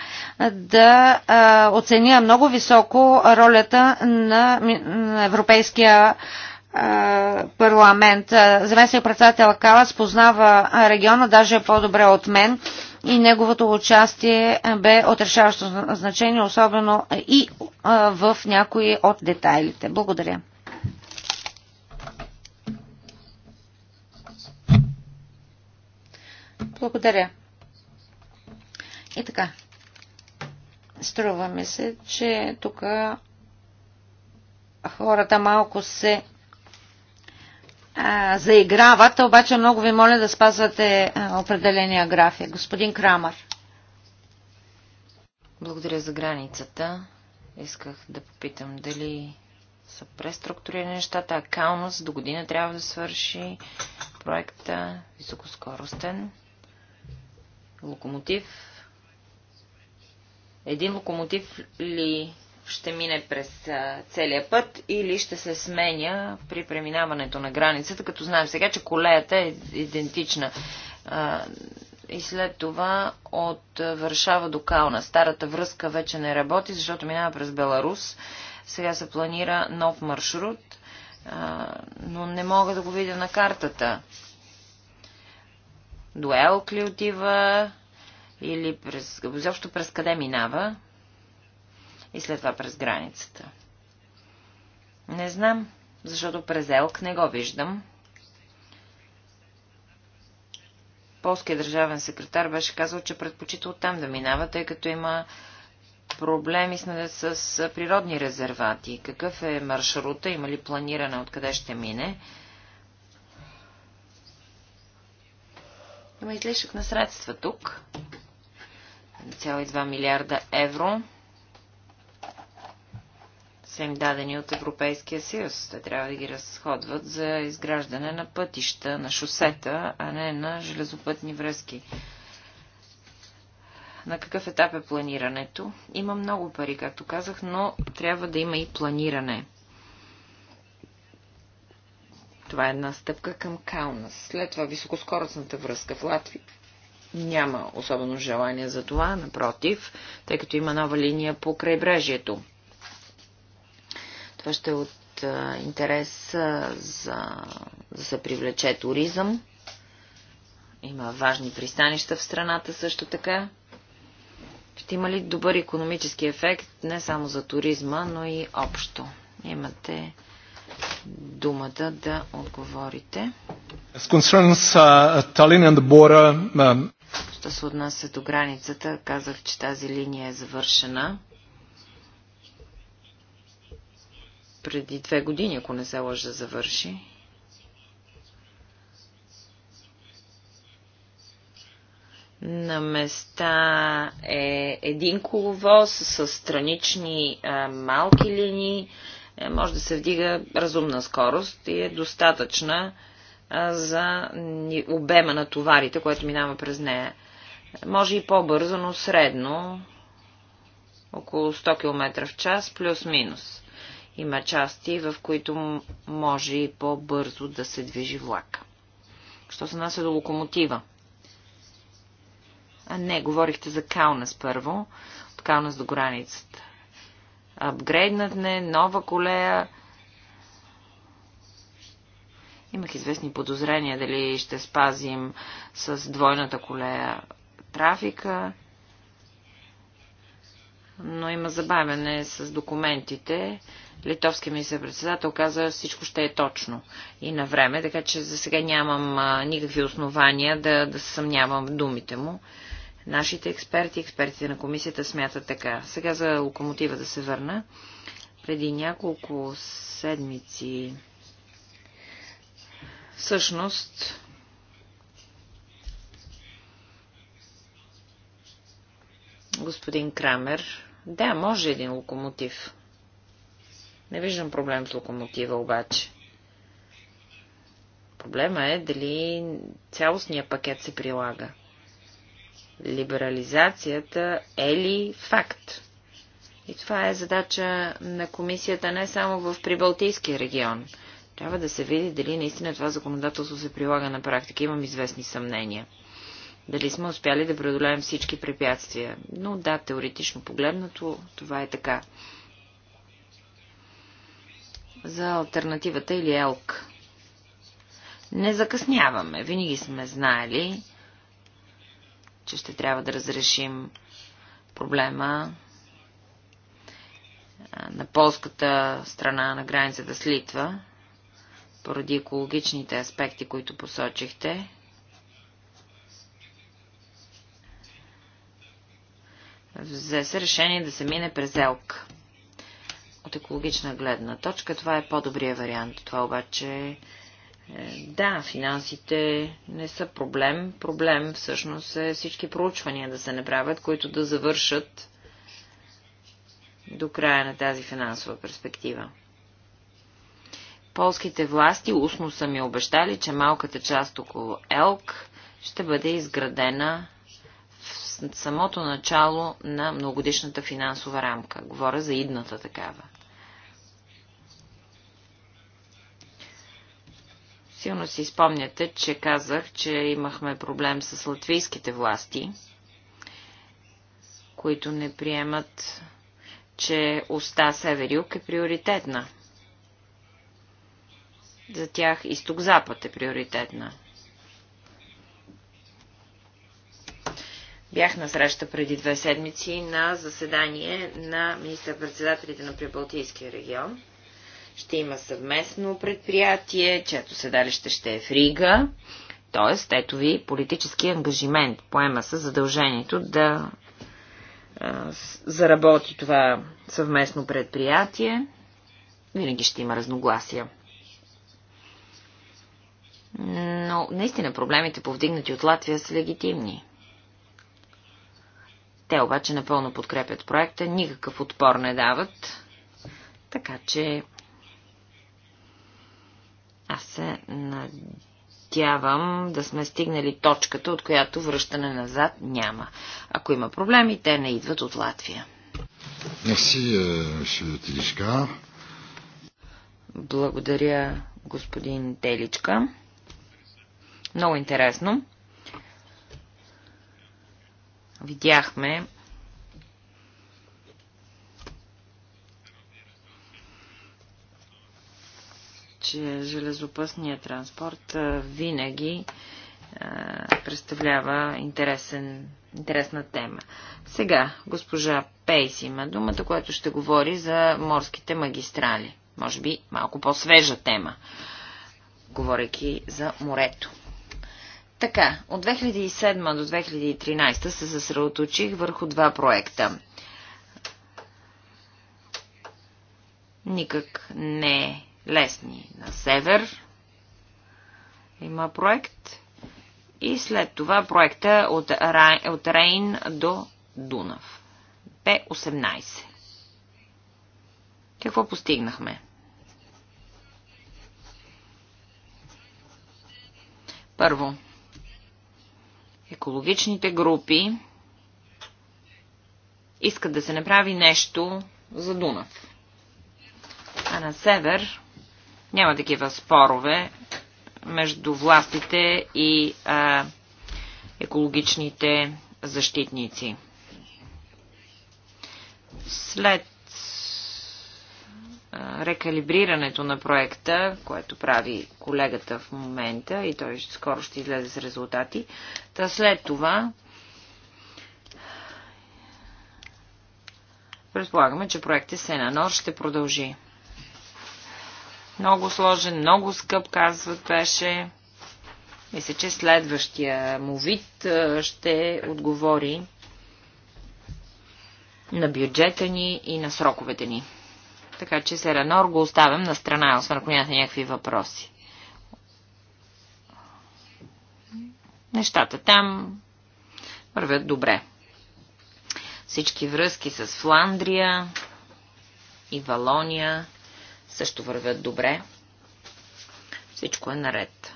да а, оценя много високо ролята на, на Европейския парламент. Заместник председател Калас познава региона даже по-добре от мен и неговото участие бе от решаващо значение, особено и в някои от детайлите. Благодаря. Благодаря. И така. Струва ми се, че тук хората малко се а, заиграват, обаче много ви моля да спазвате а, определения график. Господин Крамър. Благодаря за границата. Исках да попитам дали са преструктурирани нещата. Акаунус до година трябва да свърши проекта високоскоростен локомотив. Един локомотив ли ще мине през целия път или ще се сменя при преминаването на границата, като знаем сега, че колеята е идентична. И след това от Варшава до Кална. Старата връзка вече не работи, защото минава през Беларус. Сега се планира нов маршрут, но не мога да го видя на картата. До Елк ли отива? Или през, защо през къде минава? И след това през границата. Не знам, защото през Елк не го виждам. Полският държавен секретар беше казал, че предпочита оттам да минава, тъй като има проблеми с природни резервати. Какъв е маршрута? Има ли планиране откъде ще мине? Има излишък на средства тук. 1,2 милиарда евро са им дадени от Европейския съюз. Те трябва да ги разходват за изграждане на пътища, на шосета, а не на железопътни връзки. На какъв етап е планирането? Има много пари, както казах, но трябва да има и планиране. Това е една стъпка към Каунас. След това високоскоростната връзка в Латвия. Няма особено желание за това, напротив, тъй като има нова линия по крайбрежието. Това ще е от а, интерес а, за да се привлече туризъм. Има важни пристанища в страната също така. Ще има ли добър економически ефект не само за туризма, но и общо? Имате думата да отговорите. Uh, um, Що се отнася до границата, казах, че тази линия е завършена. Преди две години, ако не се лъжа, завърши. На места е един коловоз с странични а, малки линии е, може да се вдига разумна скорост и е достатъчна за обема на товарите, което минава през нея. Може и по-бързо, но средно, около 100 км в час, плюс-минус. Има части, в които може и по-бързо да се движи влак. Що се нася до локомотива? А не, говорихте за Каунас първо, от Каунас до границата апгрейднатне, нова колея. Имах известни подозрения дали ще спазим с двойната колея трафика, но има забавяне с документите. Литовския се председател каза, всичко ще е точно и на време, така че за сега нямам никакви основания да, да съмнявам думите му. Нашите експерти, експертите на комисията смятат така. Сега за локомотива да се върна. Преди няколко седмици всъщност господин Крамер. Да, може един локомотив. Не виждам проблем с локомотива обаче. Проблема е дали цялостния пакет се прилага. Либерализацията е ли факт? И това е задача на комисията не само в Прибалтийския регион. Трябва да се види дали наистина това законодателство се прилага на практика. Имам известни съмнения. Дали сме успяли да преодолеем всички препятствия. Но да, теоретично погледнато, това е така. За альтернативата или елк. Не закъсняваме. Винаги сме знаели, че ще трябва да разрешим проблема на полската страна на границата с Литва, поради екологичните аспекти, които посочихте. Взе се решение да се мине през Елк. От екологична гледна точка това е по-добрия вариант. Това обаче е, да, финансите не са проблем. Проблем всъщност е всички проучвания да се направят, които да завършат до края на тази финансова перспектива. Полските власти устно са ми обещали, че малката част около Елк ще бъде изградена в самото начало на многодишната финансова рамка. Говоря за идната такава. Силно си спомняте, че казах, че имахме проблем с латвийските власти, които не приемат, че уста Северюк е приоритетна. За тях изток-запад е приоритетна. Бях на среща преди две седмици на заседание на министър-председателите на Прибалтийския регион – ще има съвместно предприятие, чето седалище ще е в Рига. Тоест, ето ви политически ангажимент. Поема се задължението да а, заработи това съвместно предприятие. Винаги ще има разногласия. Но наистина проблемите, повдигнати от Латвия, са легитимни. Те обаче напълно подкрепят проекта, никакъв отпор не дават, така че аз се надявам да сме стигнали точката, от която връщане назад няма. Ако има проблеми, те не идват от Латвия. Мерси, Теличка. Благодаря, господин Теличка. Много интересно. Видяхме че железопътният транспорт винаги представлява интересен, интересна тема. Сега госпожа Пейс има думата, която ще говори за морските магистрали. Може би малко по-свежа тема, говорейки за морето. Така, от 2007 до 2013 се съсредоточих върху два проекта. Никак не е лесни. На север има проект и след това проекта от, Рай, от Рейн до Дунав. П-18. Какво постигнахме? Първо, екологичните групи искат да се направи нещо за Дунав. А на север няма такива спорове между властите и а, екологичните защитници. След рекалибрирането на проекта, което прави колегата в момента и той скоро ще излезе с резултати. Та след това предполагаме, че проектът Сенанор ще продължи. Много сложен, много скъп, казват, беше. Мисля, че следващия му вид ще отговори на бюджета ни и на сроковете ни. Така че Серанор го оставям на страна, освен ако нямате някакви въпроси. Нещата там вървят добре. Всички връзки с Фландрия и Валония също вървят добре. Всичко е наред.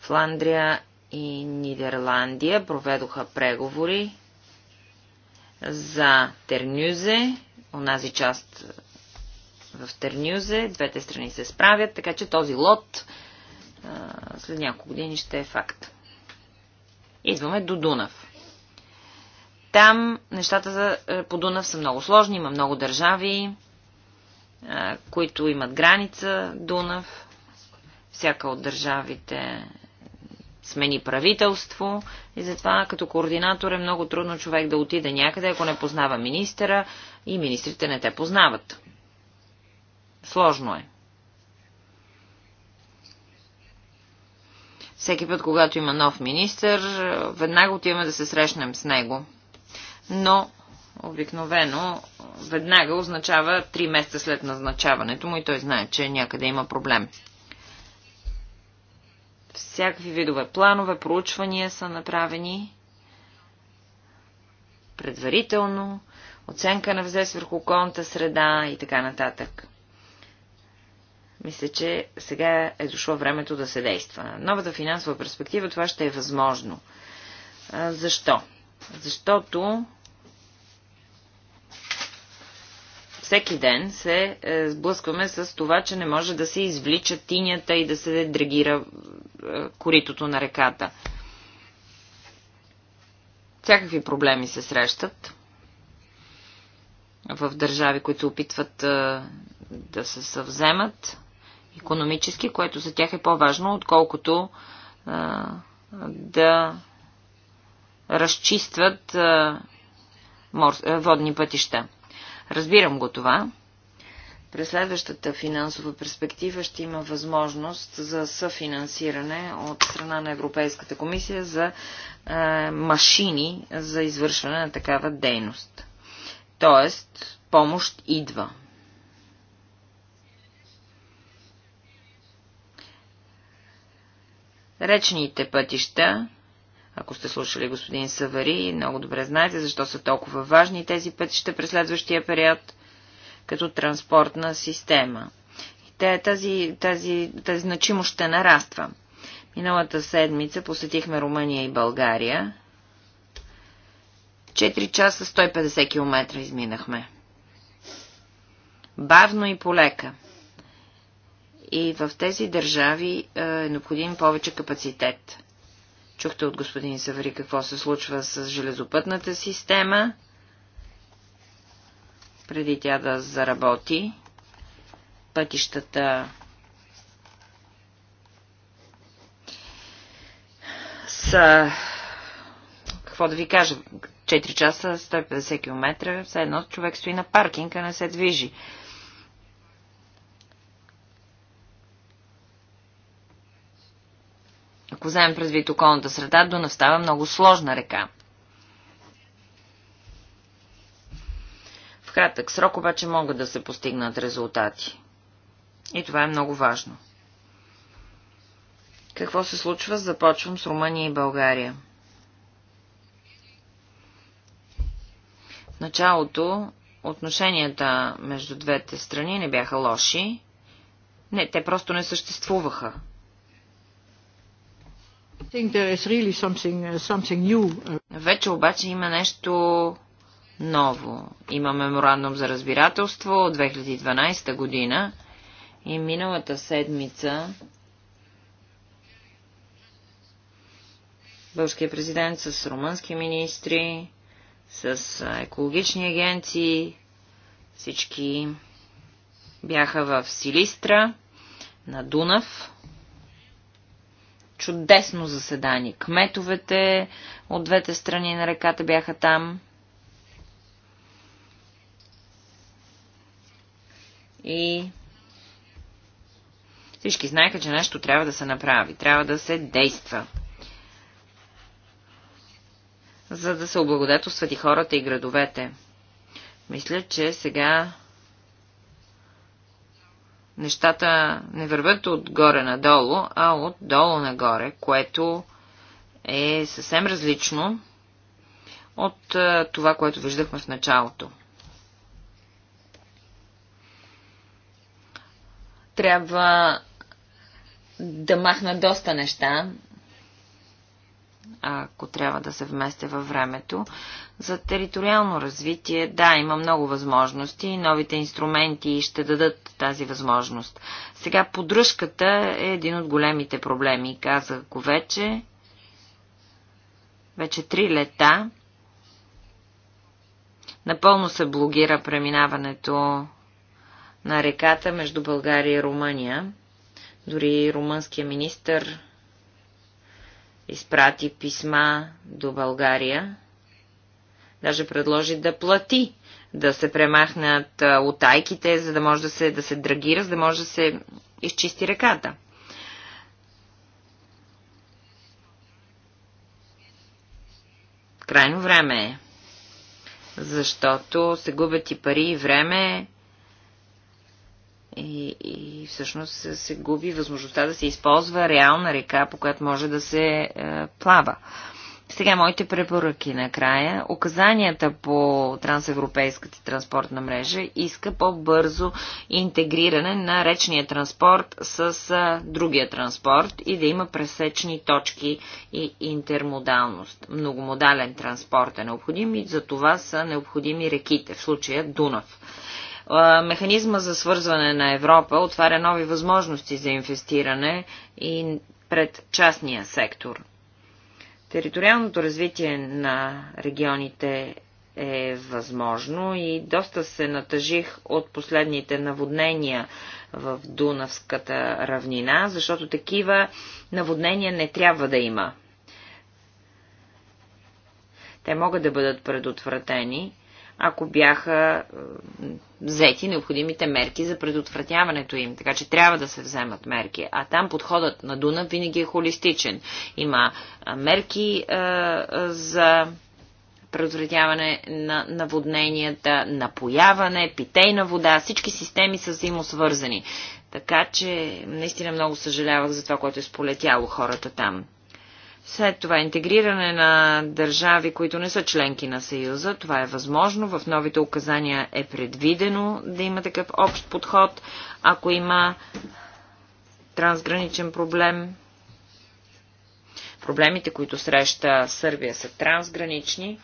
Фландрия и Нидерландия проведоха преговори за Тернюзе, онази част в Тернюзе. Двете страни се справят, така че този лот а, след няколко години ще е факт. Идваме до Дунав. Там нещата по Дунав са много сложни, има много държави, които имат граница Дунав. Всяка от държавите смени правителство и затова като координатор е много трудно човек да отиде някъде, ако не познава министъра и министрите не те познават. Сложно е. Всеки път, когато има нов министър, веднага отиваме да се срещнем с него. Но обикновено веднага означава 3 месеца след назначаването му и той знае, че някъде има проблем. Всякакви видове планове, проучвания са направени предварително, оценка на взес върху околната среда и така нататък. Мисля, че сега е дошло времето да се действа. Новата финансова перспектива това ще е възможно. Защо? Защото всеки ден се е, сблъскваме с това, че не може да се извлича тинята и да се дрегира е, коритото на реката. Всякакви проблеми се срещат в държави, които опитват е, да се съвземат економически, което за тях е по-важно, отколкото да разчистват водни пътища. Разбирам го това. През следващата финансова перспектива ще има възможност за съфинансиране от страна на Европейската комисия за е, машини за извършване на такава дейност. Тоест, помощ идва. Речните пътища ако сте слушали господин Савари, много добре знаете защо са толкова важни тези пътища през следващия период като транспортна система. И тази, тази, тази значимост ще нараства. Миналата седмица посетихме Румъния и България. 4 часа 150 км изминахме. Бавно и полека. И в тези държави е, е необходим повече капацитет. Чухте от господин Саври какво се случва с железопътната система, преди тя да заработи. Пътищата са, какво да ви кажа, 4 часа, 150 км, все едно човек стои на паркинга, не се движи. Ако вземем предвид околната среда, Дунав става много сложна река. В кратък срок обаче могат да се постигнат резултати. И това е много важно. Какво се случва? Започвам с Румъния и България. В началото отношенията между двете страни не бяха лоши. Не, те просто не съществуваха. Really something, uh, something uh. Вече обаче има нещо ново. Има меморандум за разбирателство от 2012 година и миналата седмица българския президент с румънски министри, с екологични агенции, всички бяха в Силистра, на Дунав, чудесно заседание. Кметовете от двете страни на реката бяха там. И всички знаеха, че нещо трябва да се направи, трябва да се действа. За да се облагодетелстват и хората и градовете. Мисля, че сега Нещата не върват отгоре надолу, а отдолу нагоре, което е съвсем различно от това, което виждахме в началото. Трябва да махна доста неща, ако трябва да се вместе във времето. За териториално развитие, да, има много възможности и новите инструменти ще дадат тази възможност. Сега поддръжката е един от големите проблеми. Казах го вече. Вече три лета. Напълно се блогира преминаването на реката между България и Румъния. Дори румънския министр изпрати писма до България. Даже предложи да плати, да се премахнат отайките, за да може да се, да се драгира, за да може да се изчисти реката. Крайно време е, защото се губят и пари и време е, и, и всъщност се губи възможността да се използва реална река, по която може да се е, плава. Сега моите препоръки накрая. Оказанията по трансевропейската транспортна мрежа иска по-бързо интегриране на речния транспорт с е, другия транспорт и да има пресечни точки и интермодалност. Многомодален транспорт е необходим и за това са необходими реките, в случая Дунав. Механизма за свързване на Европа отваря нови възможности за инвестиране и пред частния сектор. Териториалното развитие на регионите е възможно и доста се натъжих от последните наводнения в Дунавската равнина, защото такива наводнения не трябва да има. Те могат да бъдат предотвратени ако бяха взети необходимите мерки за предотвратяването им. Така че трябва да се вземат мерки. А там подходът на Дуна винаги е холистичен. Има мерки за предотвратяване на наводненията, напояване, питейна вода. Всички системи са взаимосвързани. Така че наистина много съжалявах за това, което е сполетяло хората там. След това интегриране на държави, които не са членки на Съюза, това е възможно. В новите указания е предвидено да има такъв общ подход, ако има трансграничен проблем. Проблемите, които среща Сърбия, са трансгранични,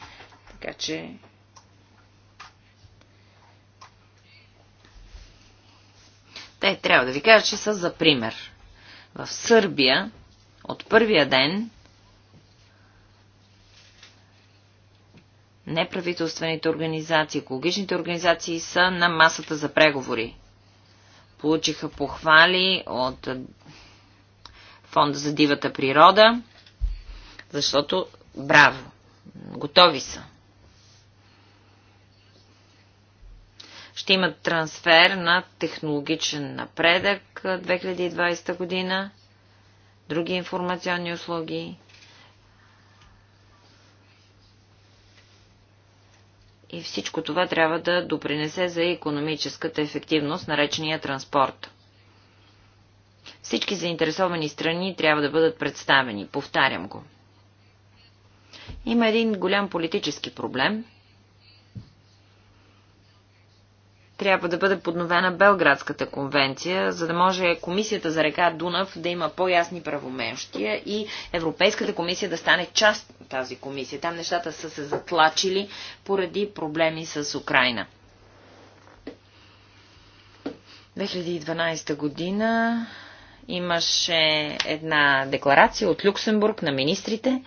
така че Те трябва да ви кажа, че са за пример. В Сърбия от първия ден неправителствените организации, екологичните организации са на масата за преговори. Получиха похвали от Фонда за дивата природа, защото браво, готови са. Ще имат трансфер на технологичен напредък 2020 година, други информационни услуги И всичко това трябва да допринесе за економическата ефективност на речния транспорт. Всички заинтересовани страни трябва да бъдат представени. Повтарям го. Има един голям политически проблем – трябва да бъде подновена Белградската конвенция, за да може Комисията за река Дунав да има по-ясни правомещия и Европейската комисия да стане част от тази комисия. Там нещата са се затлачили поради проблеми с Украина. 2012 година имаше една декларация от Люксембург на министрите,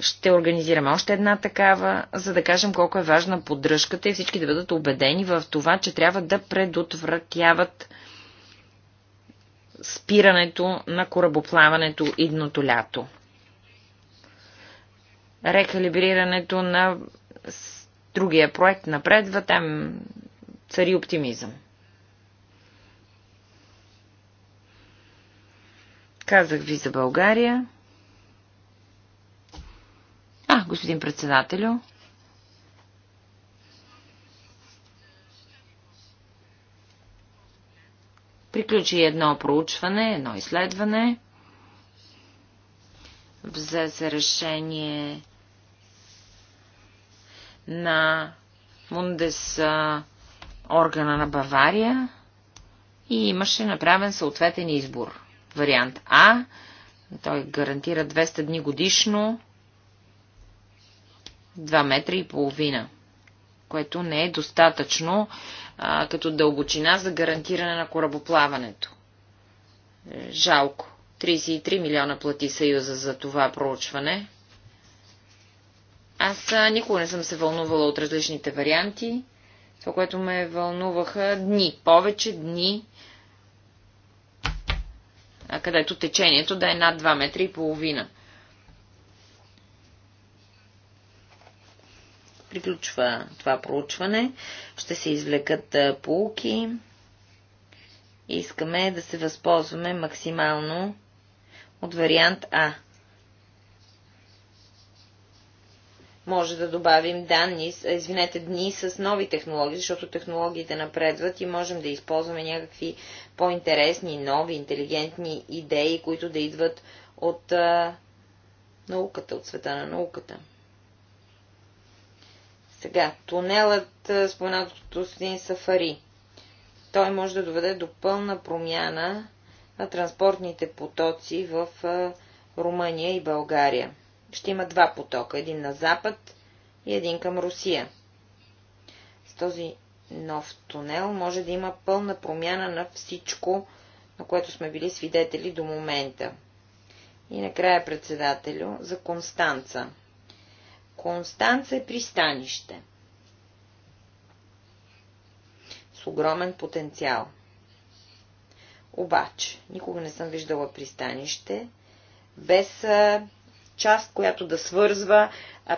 ще организираме още една такава, за да кажем колко е важна поддръжката и всички да бъдат убедени в това, че трябва да предотвратяват спирането на корабоплаването идното лято. Рекалибрирането на другия проект напредва, там цари оптимизъм. Казах ви за България. А, господин председателю. Приключи едно проучване, едно изследване. Взе се решение на Мундес органа на Бавария и имаше направен съответен избор. Вариант А. Той гарантира 200 дни годишно 2 метра и половина, което не е достатъчно а, като дълбочина за гарантиране на корабоплаването. Жалко. 33 милиона плати Съюза за това проучване. Аз никога не съм се вълнувала от различните варианти. Това, което ме вълнуваха дни, повече дни, където течението да е над 2 метра и половина. приключва това проучване, ще се извлекат полуки. Искаме да се възползваме максимално от вариант А. Може да добавим данни, извинете, дни с нови технологии, защото технологиите напредват и можем да използваме някакви по-интересни, нови, интелигентни идеи, които да идват от а, науката, от света на науката. Сега, тунелът, споменат от господин Сафари, той може да доведе до пълна промяна на транспортните потоци в Румъния и България. Ще има два потока, един на запад и един към Русия. С този нов тунел може да има пълна промяна на всичко, на което сме били свидетели до момента. И накрая председателю за Констанца. Констанца е пристанище с огромен потенциал. Обаче, никога не съм виждала пристанище без част, която да свързва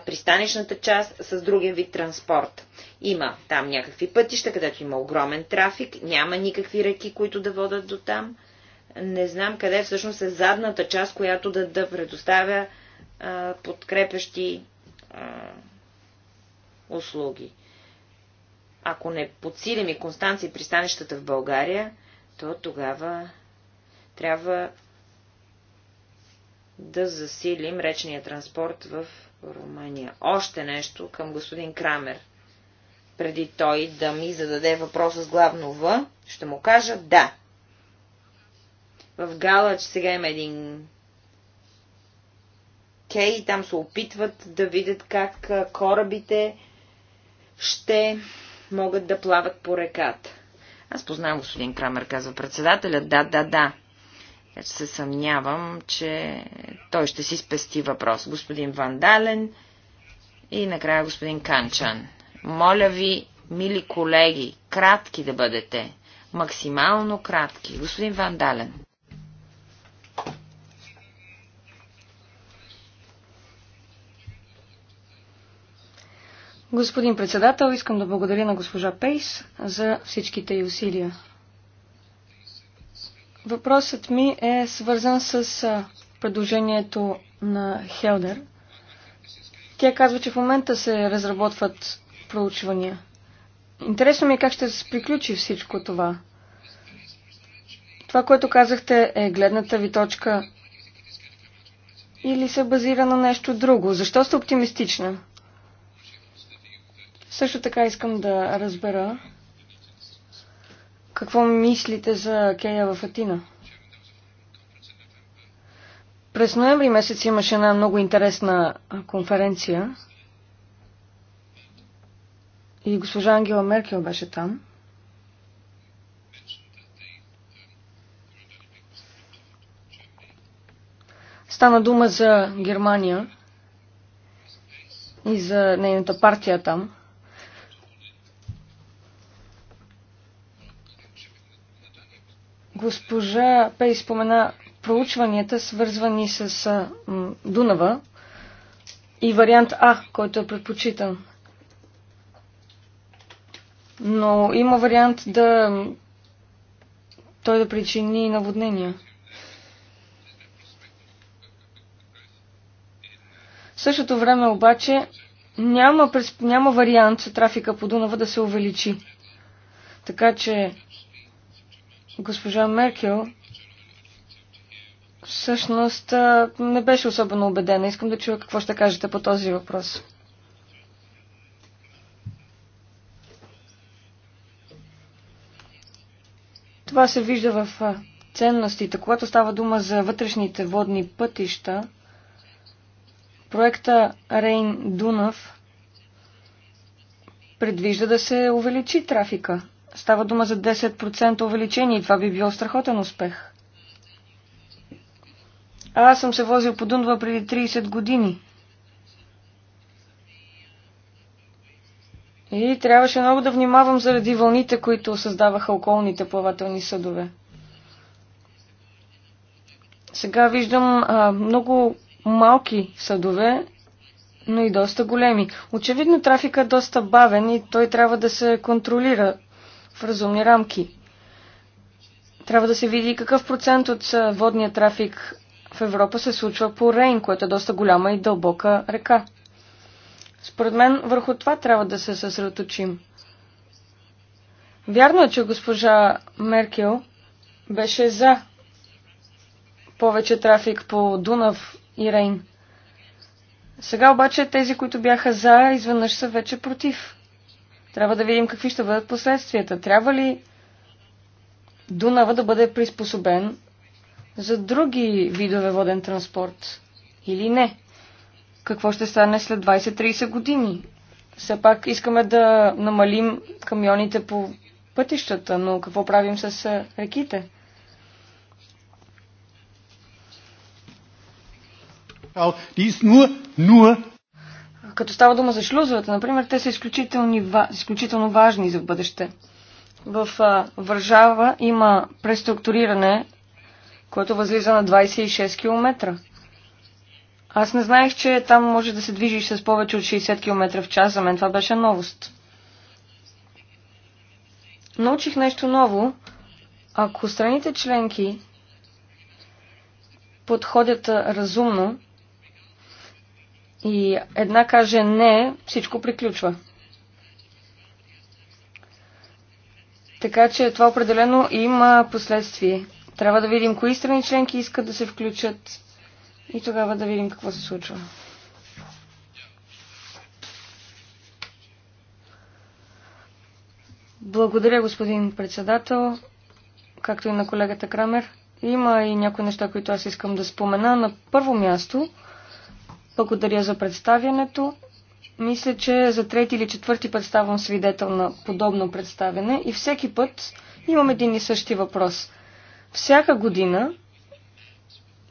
пристанищната част с другия вид транспорт. Има там някакви пътища, където има огромен трафик, няма никакви реки, които да водат до там. Не знам къде всъщност е задната част, която да, да предоставя а, подкрепящи услуги. Ако не подсилим и Констанция пристанищата в България, то тогава трябва да засилим речния транспорт в Румъния. Още нещо към господин Крамер. Преди той да ми зададе въпроса с главно В, ще му кажа да. В Галач сега има един Кей. Там се опитват да видят как корабите ще могат да плават по реката. Аз познавам господин Крамер, казва председателя. Да, да, да. Така е, се съмнявам, че той ще си спести въпрос. Господин Вандален и накрая господин Канчан. Моля ви, мили колеги, кратки да бъдете. Максимално кратки. Господин Вандален. Господин председател, искам да благодаря на госпожа Пейс за всичките й усилия. Въпросът ми е свързан с предложението на Хелдер. Тя казва, че в момента се разработват проучвания. Интересно ми е как ще се приключи всичко това. Това, което казахте е гледната ви точка или се базира на нещо друго. Защо сте оптимистична? Също така искам да разбера какво мислите за Кея в Атина. През ноември месец имаше една много интересна конференция и госпожа Ангела Меркел беше там. Стана дума за Германия и за нейната партия там. Госпожа Пей спомена проучванията, свързвани с Дунава и вариант А, който е предпочитан. Но има вариант да той да причини наводнения. В същото време обаче няма, няма вариант трафика по Дунава да се увеличи. Така че Госпожа Меркел всъщност не беше особено убедена. Искам да чуя какво ще кажете по този въпрос. Това се вижда в ценностите. Когато става дума за вътрешните водни пътища, проекта Рейн Дунав предвижда да се увеличи трафика Става дума за 10% увеличение и това би било страхотен успех. А аз съм се возил по Дундва преди 30 години. И трябваше много да внимавам заради вълните, които създаваха околните плавателни съдове. Сега виждам а, много малки съдове, но и доста големи. Очевидно трафикът е доста бавен и той трябва да се контролира в разумни рамки. Трябва да се види какъв процент от водния трафик в Европа се случва по Рейн, което е доста голяма и дълбока река. Според мен върху това трябва да се съсредоточим. Вярно е, че госпожа Меркел беше за повече трафик по Дунав и Рейн. Сега обаче тези, които бяха за, изведнъж са вече против. Трябва да видим какви ще бъдат последствията. Трябва ли Дунава да бъде приспособен за други видове воден транспорт или не? Какво ще стане след 20-30 години? Все пак искаме да намалим камионите по пътищата, но какво правим с реките? ти си nur, nur като става дума за шлюзовете, например, те са изключително важни за бъдеще. В Вържава има преструктуриране, което възлиза на 26 км. Аз не знаех, че там може да се движиш с повече от 60 км в час. За мен това беше новост. Научих нещо ново. Ако страните членки подходят разумно, и една каже не, всичко приключва. Така че това определено има последствие. Трябва да видим кои страни членки искат да се включат и тогава да видим какво се случва. Благодаря, господин председател, както и на колегата Крамер. Има и някои неща, които аз искам да спомена. На първо място, благодаря за представянето. Мисля, че за трети или четвърти път ставам свидетел на подобно представяне и всеки път имам един и същи въпрос. Всяка година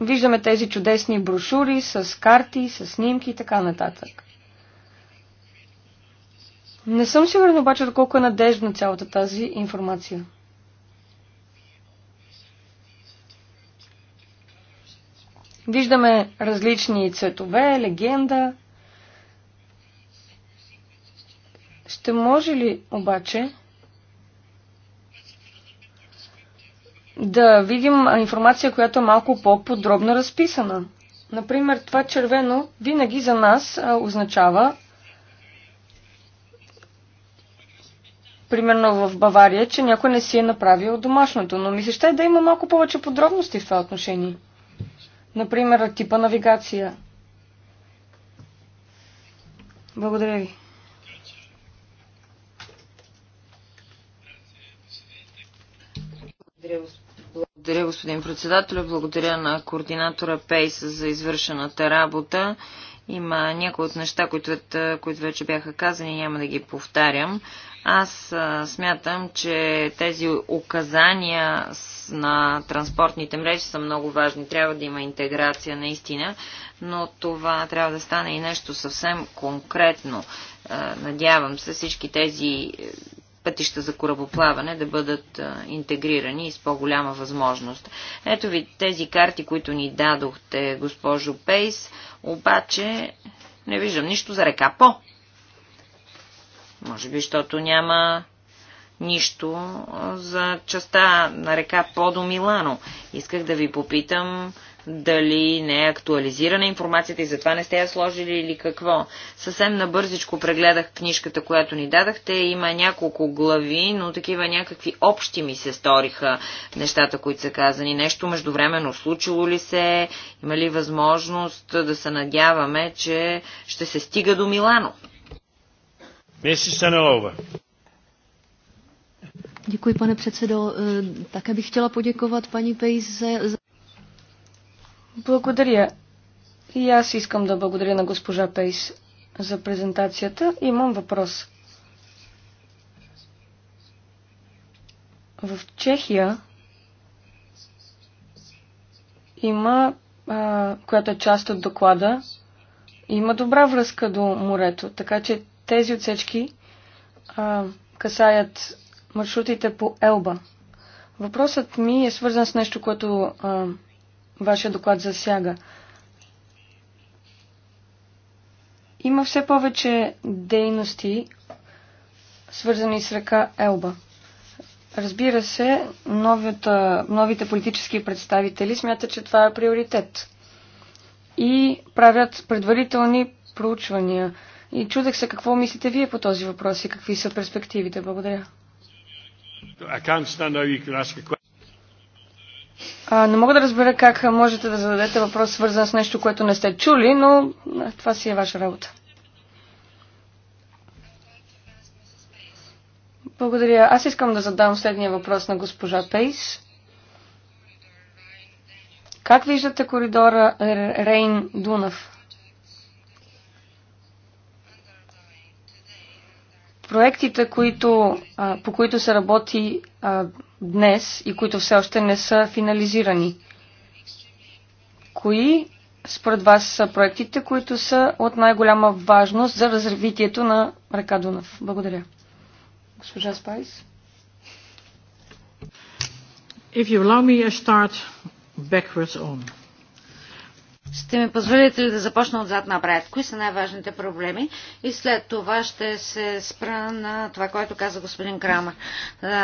виждаме тези чудесни брошури с карти, с снимки и така нататък. Не съм сигурен обаче доколко е надежна цялата тази информация. Виждаме различни цветове, легенда. Ще може ли обаче да видим информация, която е малко по-подробно разписана? Например, това червено винаги за нас означава примерно в Бавария, че някой не си е направил домашното, но ми се ще е да има малко повече подробности в това отношение. Например, типа навигация. Благодаря ви. Благодаря, господин председател. Благодаря на координатора Пейс за извършената работа. Има някои от неща, които, които вече бяха казани, няма да ги повтарям. Аз смятам, че тези указания на транспортните мрежи са много важни. Трябва да има интеграция наистина, но това трябва да стане и нещо съвсем конкретно. Надявам се всички тези е, пътища за корабоплаване да бъдат интегрирани и с по-голяма възможност. Ето ви тези карти, които ни дадохте, госпожо Пейс, обаче не виждам нищо за река По. Може би, защото няма нищо за частта на река Подо Милано. Исках да ви попитам дали не е актуализирана информацията и затова не сте я сложили или какво. Съвсем набързичко прегледах книжката, която ни дадахте. Има няколко глави, но такива някакви общи ми се сториха нещата, които са казани. Нещо междувременно случило ли се? Има ли възможност да се надяваме, че ще се стига до Милано? Děkuji, pane předsedo. Eh, také bych chtěla poděkovat paní Pejs за... Благодаря. И аз искам да благодаря на госпожа Пейс за презентацията. Имам въпрос. В Чехия има, а, която е част от доклада, има добра връзка до морето, така че тези отсечки а, касаят маршрутите по Елба. Въпросът ми е свързан с нещо, което а, вашия доклад засяга. Има все повече дейности, свързани с река Елба. Разбира се, новата, новите политически представители смятат, че това е приоритет. И правят предварителни проучвания. И чудех се какво мислите вие по този въпрос и какви са перспективите. Благодаря. А, не мога да разбера как можете да зададете въпрос, свързан с нещо, което не сте чули, но това си е ваша работа. Благодаря. Аз искам да задам следния въпрос на госпожа Пейс. Как виждате коридора Рейн-Дунав? Проектите, които, по които се работи днес и които все още не са финализирани. Кои според вас са проектите, които са от най-голяма важност за развитието на река Дунав? Благодаря. Госпожа Спайс. If you allow me, I start backwards on. Ще ми позволите ли да започна отзад напред? Кои са най-важните проблеми? И след това ще се спра на това, което каза господин Крамер.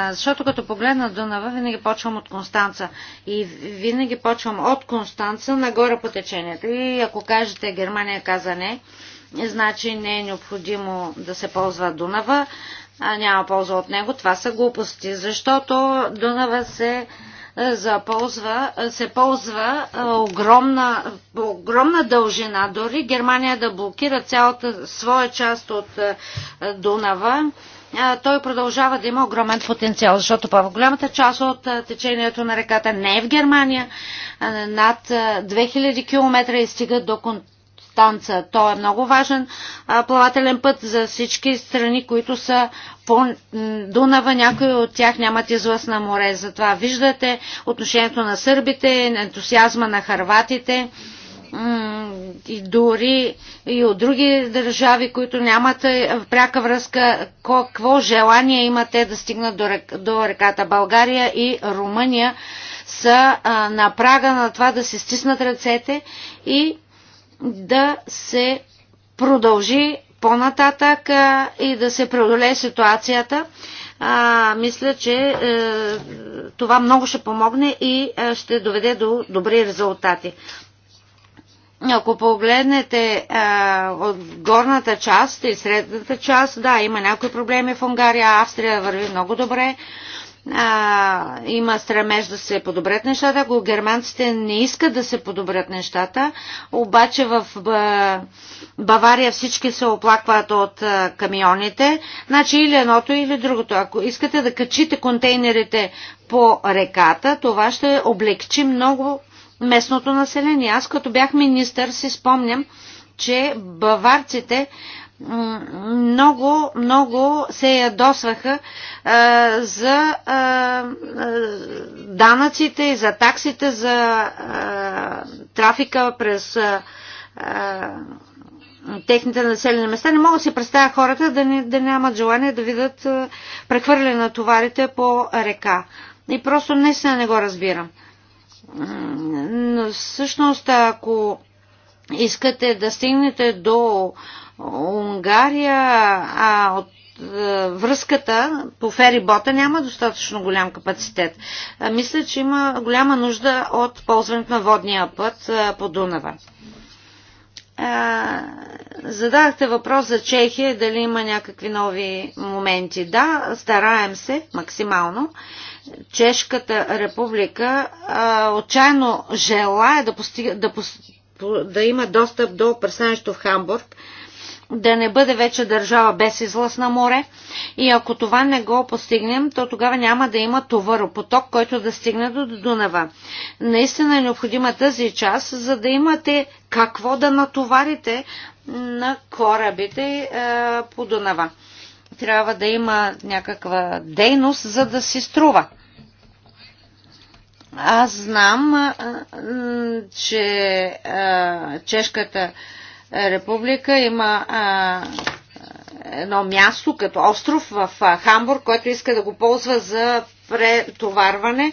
Защото като погледна Дунава, винаги почвам от Констанца. И винаги почвам от Констанца нагоре по течението. И ако кажете Германия каза не, значи не е необходимо да се ползва Дунава, а няма полза от него. Това са глупости, защото Дунава се е, за ползва, е, се ползва е, огромна, огромна дължина. Дори Германия да блокира цялата своя част от Дунава, той продължава да има огромен потенциал, защото по голямата част от течението на реката не е в Германия, над 2000 км и стига до танца. Той е много важен плавателен път за всички страни, които са по Дунава. Някои от тях нямат излъз на море. Затова виждате отношението на сърбите, ентусиазма на харватите и дори и от други държави, които нямат е, пряка връзка, какво желание имат те да стигнат до, рек, до реката България и Румъния са а, на прага на това да се стиснат ръцете и да се продължи по-нататък и да се преодолее ситуацията. А, мисля, че е, това много ще помогне и е, ще доведе до добри резултати. Ако погледнете е, от горната част и средната част, да, има някои проблеми в Унгария, Австрия върви много добре, а, има стремеж да се подобрят нещата. Ако германците не искат да се подобрят нещата, обаче в Бавария всички се оплакват от камионите, значи или едното, или другото. Ако искате да качите контейнерите по реката, това ще облегчи много местното население. Аз като бях министър си спомням, че баварците много, много се ядосваха а, за а, а, данъците, за таксите, за а, трафика през а, а, техните населени места. Не мога да си представя хората да, не, да нямат желание да видят а, прехвърляне на товарите по река. И просто наистина не го разбирам. Но всъщност, ако искате да стигнете до а, Унгария а, от е, връзката по ферибота няма достатъчно голям капацитет. Мисля, че има голяма нужда от ползването на водния път е, по Дунава. Задахте въпрос за Чехия, дали има някакви нови моменти. Да, стараем се максимално. Чешката република отчаяно желая да, постига, да, да има достъп до пресанището в Хамбург да не бъде вече държава без излъз на море и ако това не го постигнем, то тогава няма да има товаропоток, който да стигне до Дунава. Наистина е необходима тази част, за да имате какво да натоварите на корабите е, по Дунава. Трябва да има някаква дейност, за да си струва. Аз знам, е, че е, чешката е, република има а, едно място като остров в Хамбург, който иска да го ползва за претоварване,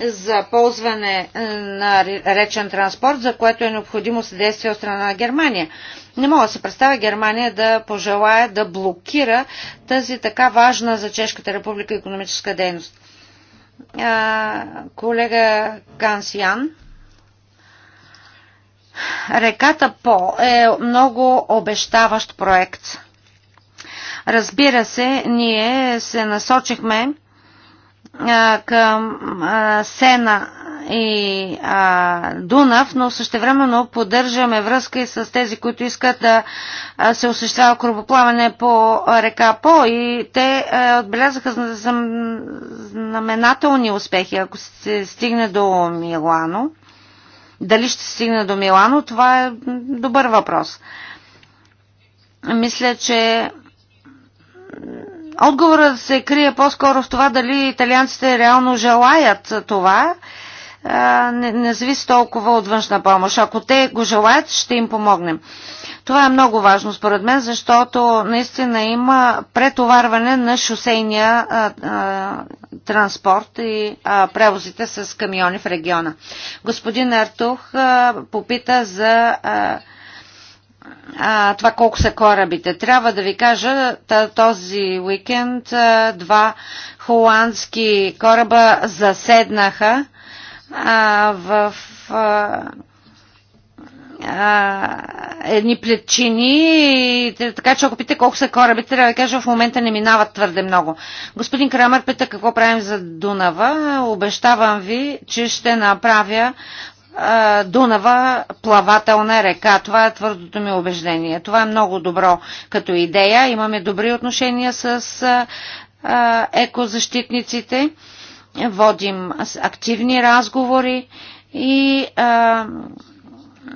за ползване на речен транспорт, за което е необходимо съдействие от страна на Германия. Не мога да се представя Германия да пожелая да блокира тази така важна за Чешката република економическа дейност. А, колега Кансиан Реката По е много обещаващ проект. Разбира се, ние се насочихме а, към а, Сена и а, Дунав, но същевременно поддържаме връзка и с тези, които искат да се осъществява кръвоплаване по река По и те а, отбелязаха знаменателни успехи. Ако се стигне до Милано, дали ще стигне до Милано, това е добър въпрос. Мисля, че отговорът се крие по-скоро в това дали италианците реално желаят това, не, не зависи толкова от външна помощ. Ако те го желаят, ще им помогнем. Това е много важно според мен, защото наистина има претоварване на шосейния а, а, транспорт и а, превозите с камиони в региона. Господин Артух а, попита за а, а, това колко са корабите. Трябва да ви кажа, този уикенд а, два холандски кораба заседнаха а, в. А, едни плечини. така че ако питате колко са кораби, трябва да кажа, в момента не минават твърде много. Господин Крамер пита какво правим за Дунава. Обещавам ви, че ще направя а, Дунава плавателна река. Това е твърдото ми убеждение. Това е много добро като идея. Имаме добри отношения с а, екозащитниците. Водим активни разговори и а,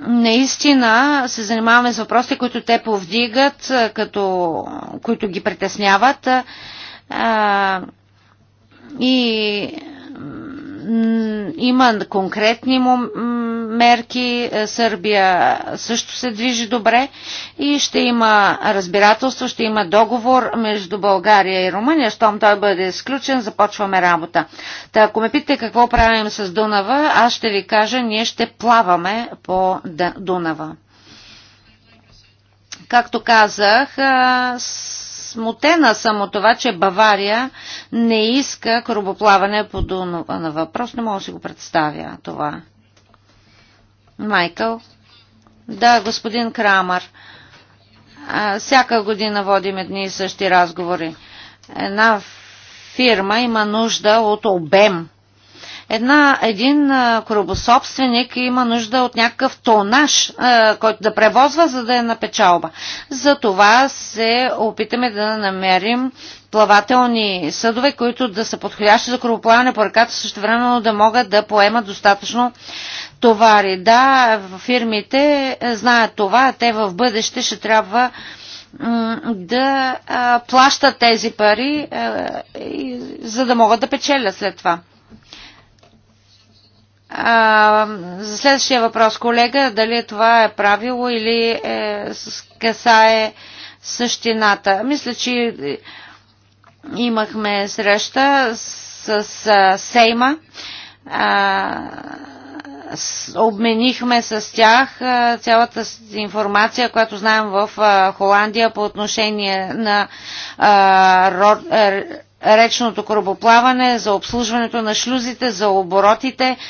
наистина се занимаваме с въпросите, които те повдигат, като, които ги притесняват. А, и има конкретни мерки. Е, Сърбия също се движи добре и ще има разбирателство, ще има договор между България и Румъния. Щом той бъде изключен, започваме работа. Та, ако ме питате какво правим с Дунава, аз ще ви кажа, ние ще плаваме по Дунава. Както казах, е, с Смутена съм от това, че Бавария не иска кръбоплаване по Дунова на въпрос. Не мога да си го представя това. Майкъл? Да, господин Крамър. А, всяка година водим едни и същи разговори. Една фирма има нужда от обем Една, един корабособственик има нужда от някакъв тонаж, който да превозва, за да е на печалба. За това се опитаме да намерим плавателни съдове, които да са подходящи за корабоплаване по реката, също време да могат да поемат достатъчно товари. Да, фирмите е, знаят това, те в бъдеще ще трябва да плащат тези пари, е, за да могат да печелят след това. За следващия въпрос, колега, дали това е правило или е, касае същината. Мисля, че имахме среща с, с а, Сейма. А, с, обменихме с тях а, цялата информация, която знаем в а, Холандия по отношение на а, а, е, речното корабоплаване, за обслужването на шлюзите, за оборотите. А,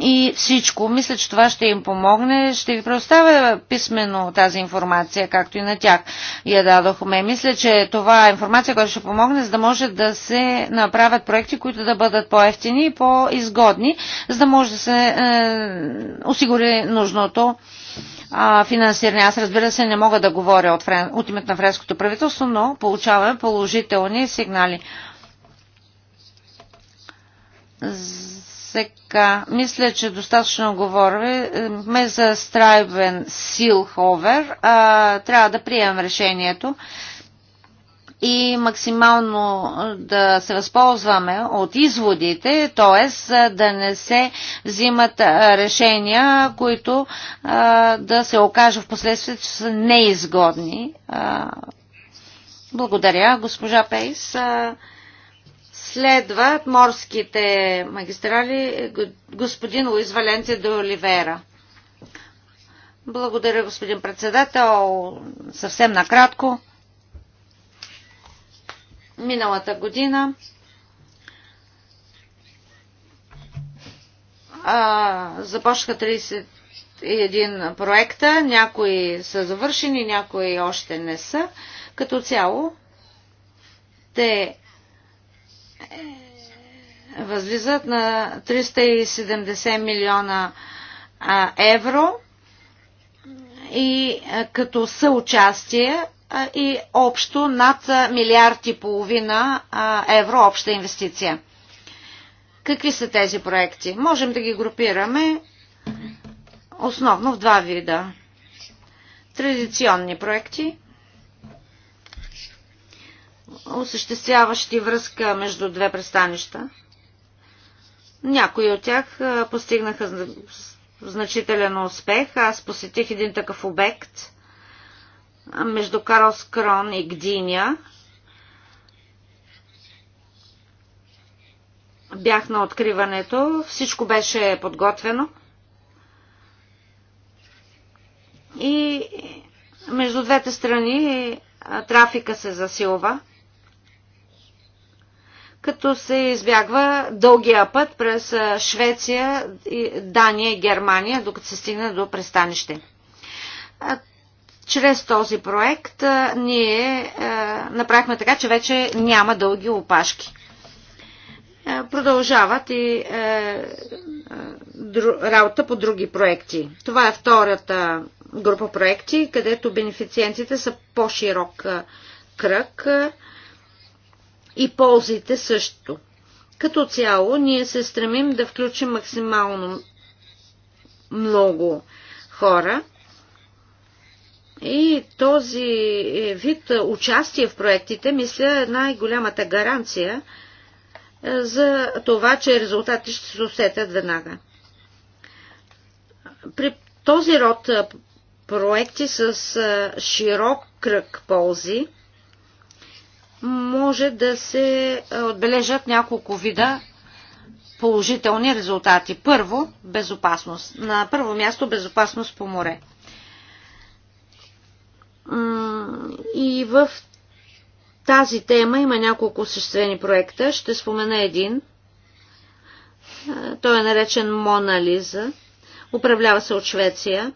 и всичко. Мисля, че това ще им помогне. Ще ви предоставя писменно тази информация, както и на тях я дадохме. Мисля, че това е информация, която ще помогне, за да може да се направят проекти, които да бъдат по-ефтини и по-изгодни, за да може да се е, осигури нужното а, финансиране. Аз разбира се не мога да говоря от, френ... от името на френското правителство, но получаваме положителни сигнали сега, мисля, че достатъчно говорихме за Страйбен Силховер. А, трябва да приемем решението и максимално да се възползваме от изводите, т.е. да не се взимат решения, които а, да се окажат в последствие, че са неизгодни. А, благодаря, госпожа Пейс. А, следват морските магистрали господин Луис Валенци до Оливера. Благодаря, господин председател. Съвсем накратко. Миналата година а, започнаха 31 проекта. Някои са завършени, някои още не са. Като цяло те възлизат на 370 милиона евро и като съучастие и общо над милиард и половина евро обща инвестиция. Какви са тези проекти? Можем да ги групираме основно в два вида. Традиционни проекти, осъществяващи връзка между две пристанища. Някои от тях постигнаха значителен успех. Аз посетих един такъв обект между Карлс Крон и Гдиня. Бях на откриването. Всичко беше подготвено. И между двете страни трафика се засилва като се избягва дългия път през Швеция, Дания и Германия, докато се стигне до пристанище. Чрез този проект ние направихме така, че вече няма дълги опашки. Продължават и работа по други проекти. Това е втората група проекти, където бенефициентите са по-широк кръг и ползите също. Като цяло, ние се стремим да включим максимално много хора и този е, вид е, участие в проектите, мисля, е най-голямата гаранция е, за това, че резултатите ще се усетят веднага. При този род проекти с широк кръг ползи, може да се е, отбележат няколко вида положителни резултати. Първо, безопасност. На първо място безопасност по море. И в тази тема има няколко съществени проекта. Ще спомена един. Е, той е наречен Мона Лиза. Управлява се от Швеция.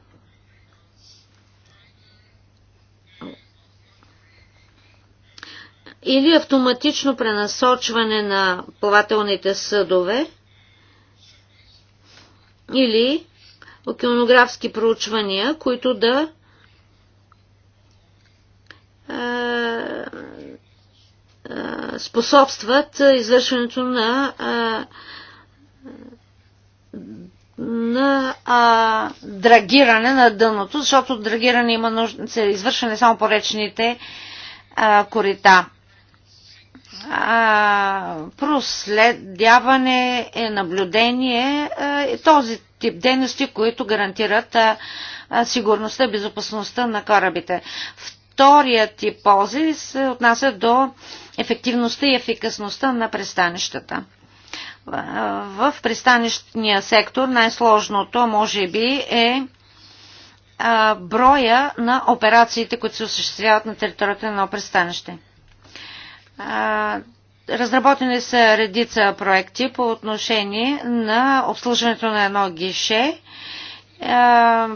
или автоматично пренасочване на плавателните съдове, или океанографски проучвания, които да способстват извършването на, на а, драгиране на дъното, защото драгиране има нужда, се извършване само по речните а, корита проследяване, е наблюдение, е, този тип дейности, които гарантират а, а, сигурността и безопасността на корабите. Вторият тип ползи се отнася до ефективността и ефикасността на пристанищата. В пристанищния сектор най-сложното, може би, е броя на операциите, които се осъществяват на територията на пристанище. Разработени са редица проекти по отношение на обслужването на едно гише,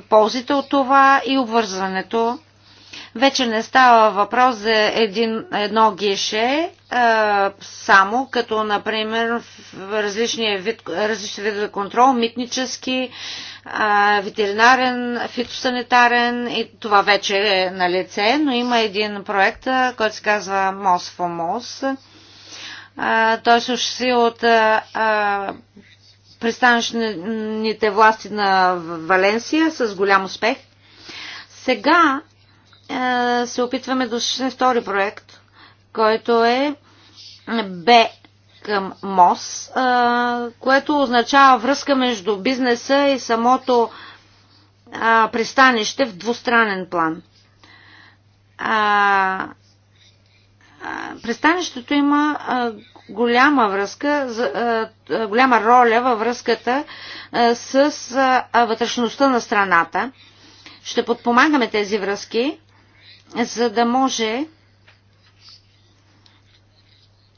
ползите от това и обвързването. Вече не става въпрос за един, едно гише, само като, например, в различни различни видове контрол, митнически, ветеринарен, фитосанитарен и това вече е на лице, но има един проект, който се казва Мос for Мос. Той се уши от пристанищните власти на Валенсия с голям успех. Сега се опитваме да дошли втори проект, който е към МОС, което означава връзка между бизнеса и самото пристанище в двустранен план. Пристанището има голяма връзка, голяма роля във връзката с вътрешността на страната. Ще подпомагаме тези връзки, за да може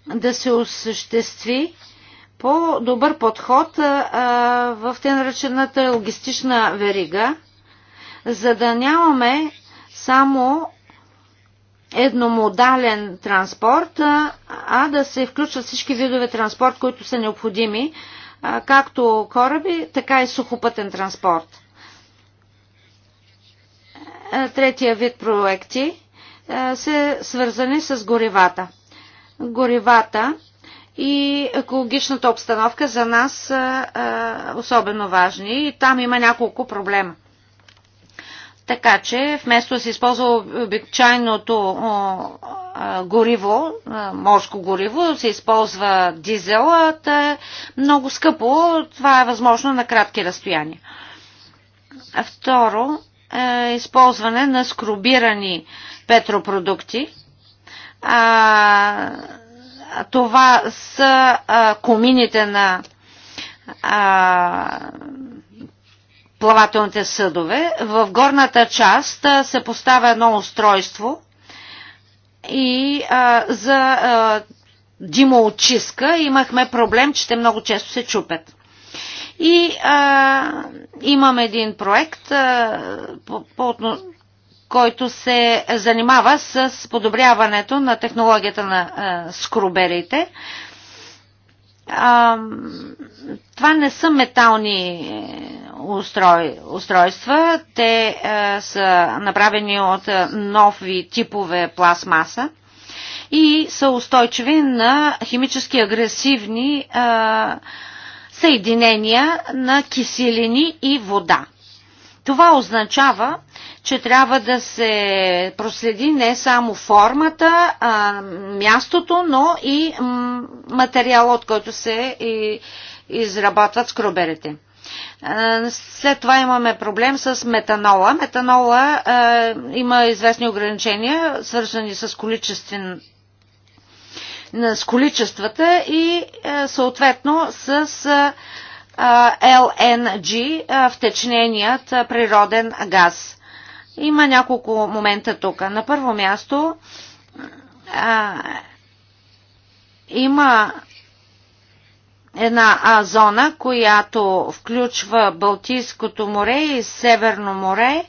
да се осъществи по-добър подход в те наречената логистична верига, за да нямаме само едномодален транспорт, а да се включат всички видове транспорт, които са необходими, както кораби, така и сухопътен транспорт. Третия вид проекти се свързани с горивата горивата и екологичната обстановка за нас са е, особено важни и там има няколко проблема. Така че вместо да се използва обичайното гориво, морско гориво, се използва дизелът, е много скъпо, това е възможно на кратки разстояния. Второ, е използване на скрубирани петропродукти, а, това са а, комините на а, плавателните съдове. В горната част а, се поставя едно устройство и а, за а, димоочистка имахме проблем, че те много често се чупят. И а, имам един проект а, по, по, който се занимава с подобряването на технологията на скруберите. А, това не са метални е, устрой, устройства, те а, е, са направени от е, нови типове пластмаса и са устойчиви на химически агресивни а, съединения на киселини и вода. Това означава, че трябва да се проследи не само формата, а, мястото, но и материала, от който се и, изработват скруберите. След това имаме проблем с метанола. Метанола е, има известни ограничения, свързани с количествен с количествата и е, съответно с е, LNG, втечненият природен газ. Има няколко момента тук. На първо място а, има една а, зона, която включва Балтийското море и Северно море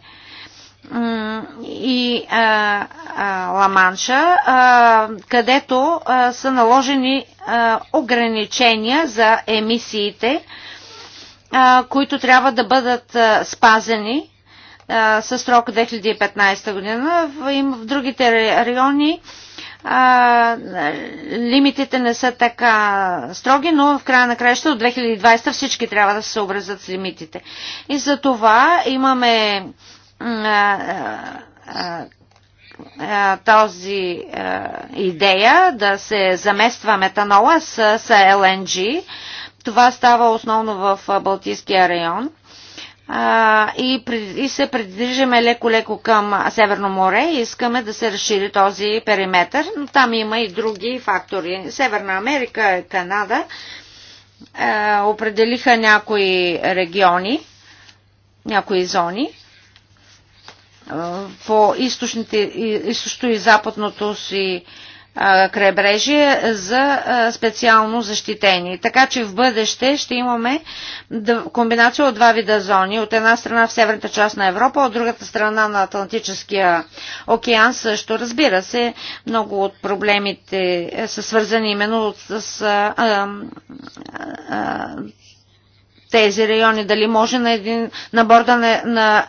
и а, а, Ламанша, а, където а, са наложени а, ограничения за емисиите, а, които трябва да бъдат а, спазени със срок 2015 година. В, в другите райони а, лимитите не са така строги, но в края на краища от 2020 всички трябва да се съобразят с лимитите. И за това имаме а, а, този идея да се замества метанола с, с Това става основно в Балтийския район – и, и се придвижаме леко-леко към Северно море и искаме да се разшири този периметр. Но там има и други фактори. Северна Америка и Канада а, определиха някои региони, някои зони по източните, източното и западното си крайбрежие за специално защитени. Така че в бъдеще ще имаме комбинация от два вида зони. От една страна в северната част на Европа, от другата страна на Атлантическия океан също. Разбира се, много от проблемите е, са свързани именно с тези райони. Дали може на, един, на борда на, на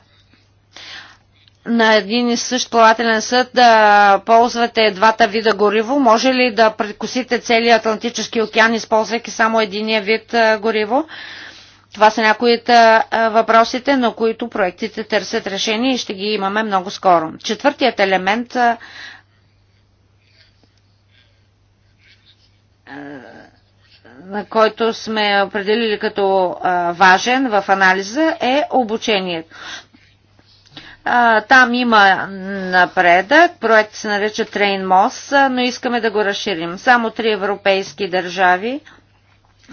на един и същ плавателен съд да ползвате двата вида гориво? Може ли да прекусите целият Атлантически океан, използвайки само единия вид гориво? Това са някои от въпросите, на които проектите търсят решение и ще ги имаме много скоро. Четвъртият елемент на който сме определили като важен в анализа е обучението. А, там има напредък, проект се нарича Train Moss, но искаме да го разширим. Само три европейски държави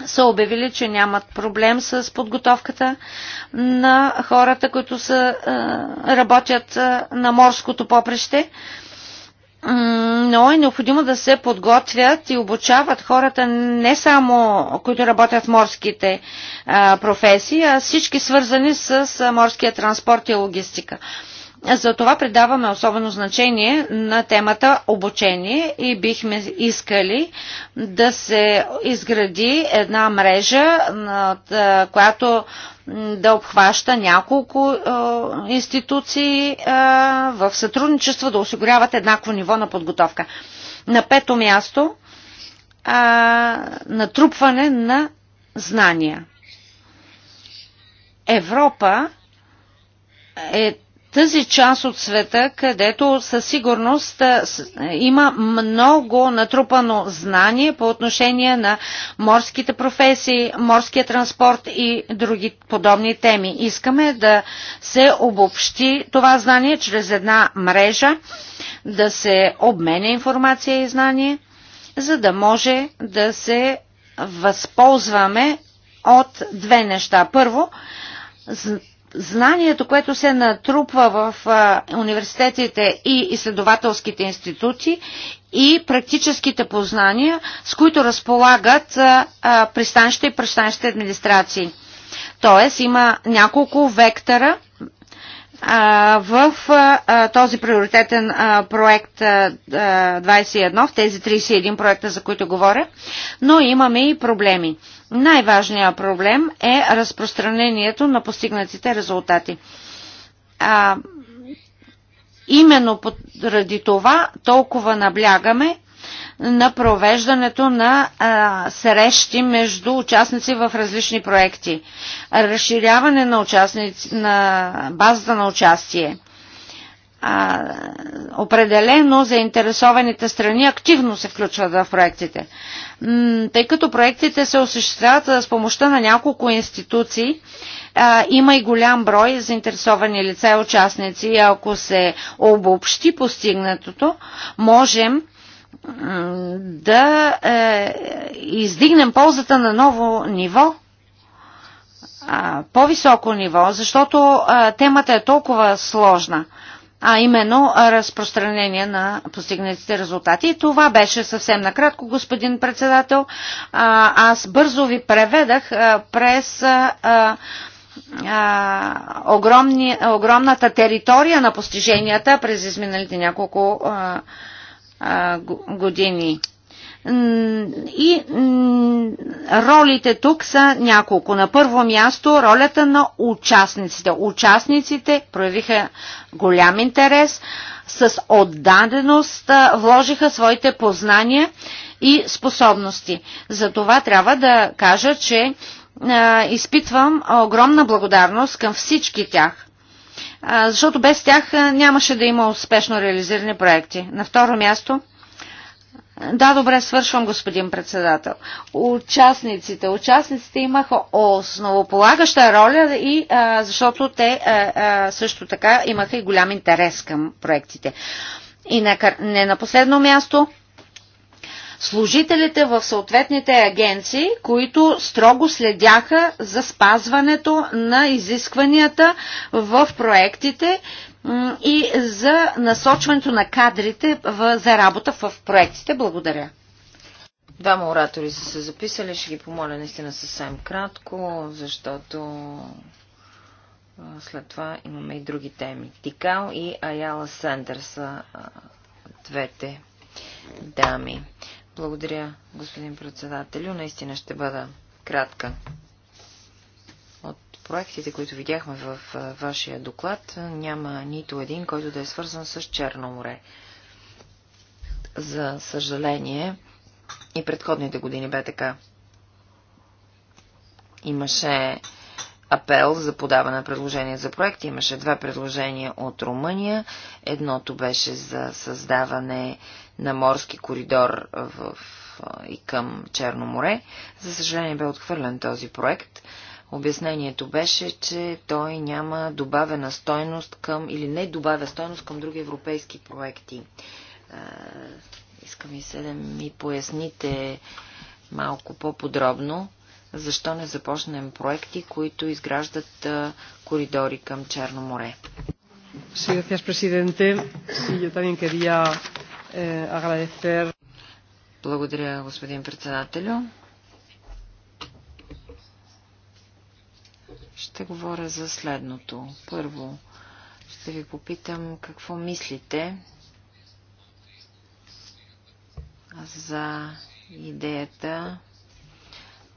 са обявили, че нямат проблем с подготовката на хората, които са, работят на морското попреще но е необходимо да се подготвят и обучават хората не само, които работят в морските а, професии, а всички свързани с морския транспорт и логистика. Затова придаваме особено значение на темата обучение и бихме искали да се изгради една мрежа, която да обхваща няколко е, институции е, в сътрудничество да осигуряват еднакво ниво на подготовка. На пето място е натрупване на знания. Европа е тази част от света, където със сигурност има много натрупано знание по отношение на морските професии, морския транспорт и други подобни теми. Искаме да се обобщи това знание чрез една мрежа, да се обменя информация и знание, за да може да се възползваме от две неща. Първо, знанието, което се натрупва в университетите и изследователските институти и практическите познания, с които разполагат а, пристанища и пристанищите администрации. Тоест има няколко вектора в този приоритетен проект 21, в тези 31 проекта, за които говоря, но имаме и проблеми. Най-важният проблем е разпространението на постигнатите резултати. А, именно поради това толкова наблягаме на провеждането на а, срещи между участници в различни проекти, разширяване на, участници, на базата на участие. А, определено заинтересованите страни активно се включват в проектите. М, тъй като проектите се осъществяват с помощта на няколко институции, а, има и голям брой заинтересовани лица и участници. И ако се обобщи постигнатото, можем да е, издигнем ползата на ново ниво, по-високо ниво, защото е, темата е толкова сложна, а именно разпространение на постигнатите резултати. И това беше съвсем накратко, господин председател. А, аз бързо ви преведах а, през. А, а, огромни, огромната територия на постиженията през изминалите няколко а, години. И ролите тук са няколко. На първо място ролята на участниците. Участниците проявиха голям интерес, с отдаденост вложиха своите познания и способности. За това трябва да кажа, че изпитвам огромна благодарност към всички тях защото без тях нямаше да има успешно реализирани проекти. На второ място, да, добре, свършвам, господин председател. Участниците. Участниците имаха основополагаща роля, и, а, защото те а, а, също така имаха и голям интерес към проектите. И на, не на последно място, служителите в съответните агенции, които строго следяха за спазването на изискванията в проектите и за насочването на кадрите за работа в проектите. Благодаря. Двама оратори са се записали. Ще ги помоля наистина съвсем кратко, защото след това имаме и други теми. Тикал и Аяла Сендър са двете дами. Благодаря, господин председателю. Наистина ще бъда кратка. От проектите, които видяхме в вашия доклад, няма нито един, който да е свързан с Черно море. За съжаление, и предходните години бе така. Имаше апел за подаване на предложения за проект. Имаше две предложения от Румъния. Едното беше за създаване на морски коридор в, и към Черно море. За съжаление бе отхвърлен този проект. Обяснението беше, че той няма добавена стойност към или не добавя стойност към други европейски проекти. Искам и се да ми поясните малко по-подробно защо не започнем проекти, които изграждат коридори към Черно море. Sí, gracias, presidente. Sí, yo también quería agradecer. Е, Благодаря, господин председателю. Ще говоря за следното. Първо, ще ви попитам какво мислите за идеята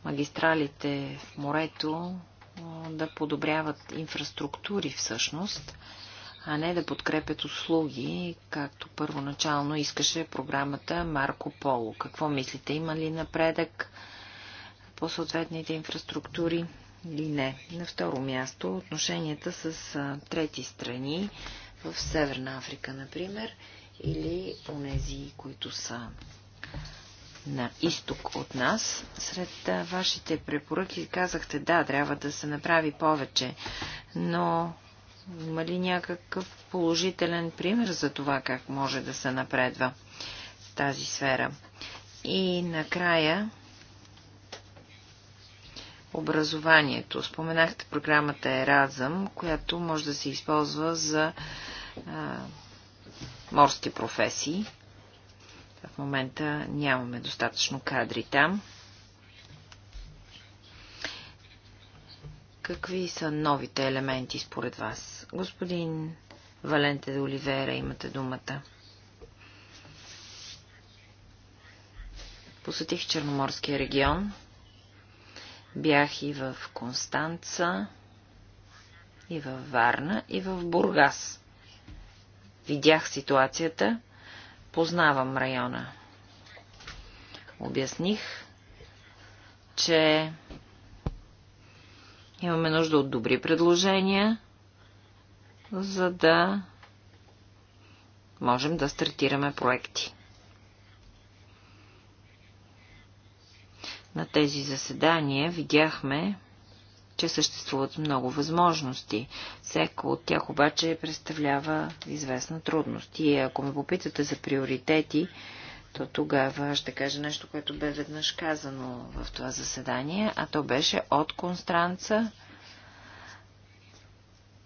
магистралите в морето да подобряват инфраструктури всъщност а не да подкрепят услуги, както първоначално искаше програмата Марко Поло. Какво мислите, има ли напредък по съответните инфраструктури или не? На второ място, отношенията с трети страни в Северна Африка, например, или онези, които са на изток от нас. Сред вашите препоръки казахте, да, трябва да се направи повече, но има ли някакъв положителен пример за това, как може да се напредва в тази сфера? И накрая образованието. Споменахте програмата Еразъм, която може да се използва за а, морски професии. В момента нямаме достатъчно кадри там. Какви са новите елементи според вас? Господин Валенте де Оливера, имате думата. Посетих Черноморския регион. Бях и в Констанца, и в Варна, и в Бургас. Видях ситуацията, познавам района. Обясних, че Имаме нужда от добри предложения, за да можем да стартираме проекти. На тези заседания видяхме, че съществуват много възможности. Всяка от тях обаче представлява известна трудност. И ако ме попитате за приоритети, то тогава ще кажа нещо, което бе веднъж казано в това заседание, а то беше от Констранца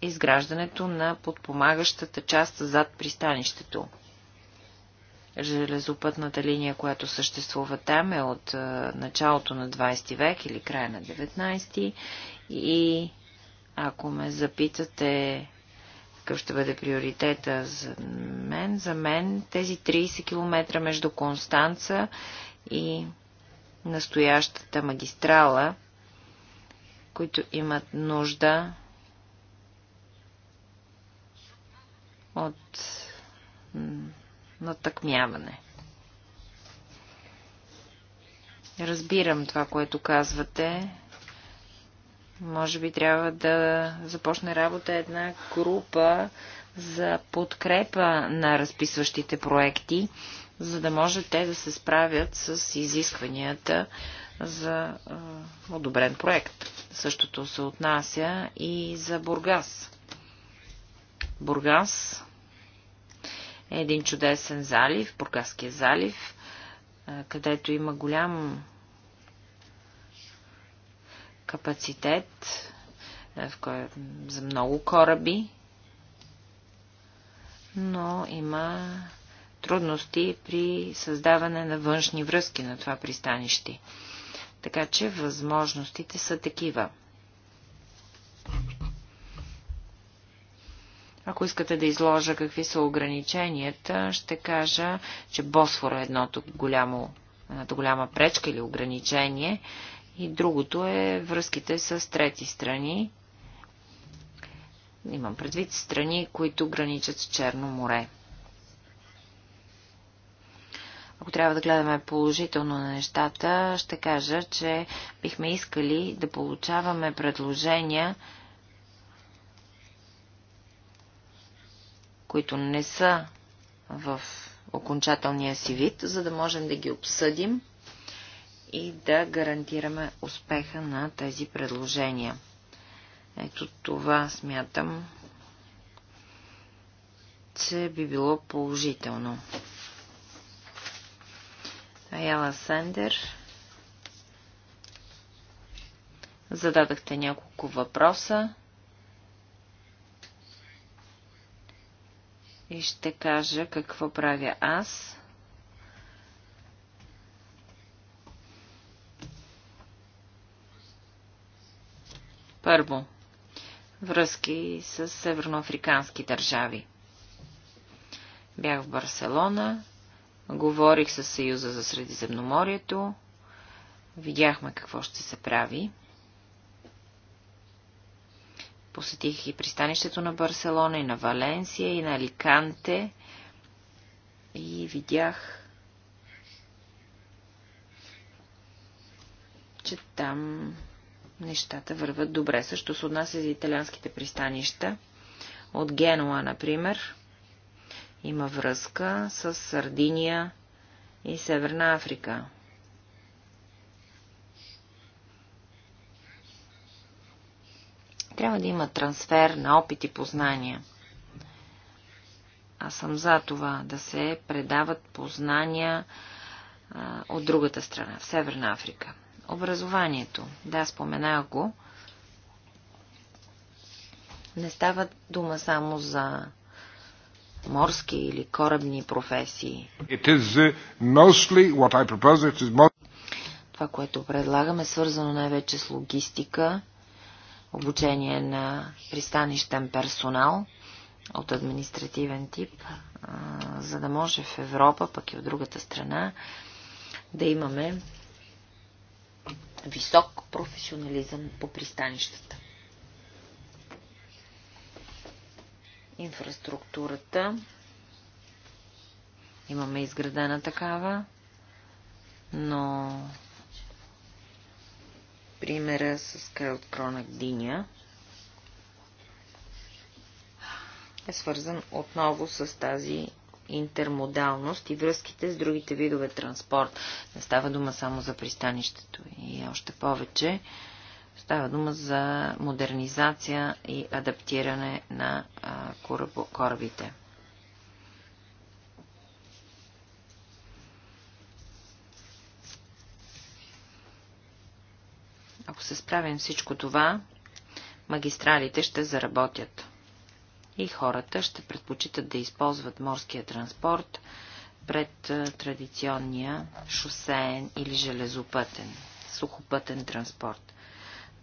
изграждането на подпомагащата част зад пристанището. Железопътната линия, която съществува там е от е, началото на 20 век или края на 19 и ако ме запитате какъв ще бъде приоритета за мен. За мен тези 30 км между Констанца и настоящата магистрала, които имат нужда от натъкмяване. Разбирам това, което казвате може би трябва да започне работа една група за подкрепа на разписващите проекти, за да може те да се справят с изискванията за одобрен проект. Същото се отнася и за Бургас. Бургас е един чудесен залив, Бургаския залив, където има голям капацитет е, в кой, за много кораби, но има трудности при създаване на външни връзки на това пристанище. Така че възможностите са такива. Ако искате да изложа какви са ограниченията, ще кажа, че Босфора е едното голямо, едната голяма пречка или ограничение и другото е връзките с трети страни. Имам предвид страни, които граничат с Черно море. Ако трябва да гледаме положително на нещата, ще кажа, че бихме искали да получаваме предложения, които не са в окончателния си вид, за да можем да ги обсъдим и да гарантираме успеха на тези предложения. Ето това смятам, че би било положително. Аяла Сендер. Зададахте няколко въпроса. И ще кажа какво правя аз Първо, връзки с северноафрикански държави. Бях в Барселона, говорих с Съюза за Средиземноморието, видяхме какво ще се прави. Посетих и пристанището на Барселона, и на Валенсия, и на Аликанте. И видях, че там нещата върват добре. Също се отнася за италианските пристанища. От Генуа, например, има връзка с Сардиния и Северна Африка. Трябва да има трансфер на опит и познания. Аз съм за това да се предават познания а, от другата страна, в Северна Африка. Образованието. Да, споменах го. Не става дума само за морски или корабни професии. Uh, propose, Това, което предлагаме, е свързано най-вече с логистика, обучение на пристанищен персонал от административен тип, за да може в Европа, пък и от другата страна, да имаме висок професионализъм по пристанищата. Инфраструктурата. Имаме изградена такава, но примера с край от Кронак Диня е свързан отново с тази интермодалност и връзките с другите видове транспорт. Не става дума само за пристанището и още повече. Става дума за модернизация и адаптиране на корабите. Ако се справим всичко това, магистралите ще заработят и хората ще предпочитат да използват морския транспорт пред традиционния шосеен или железопътен, сухопътен транспорт.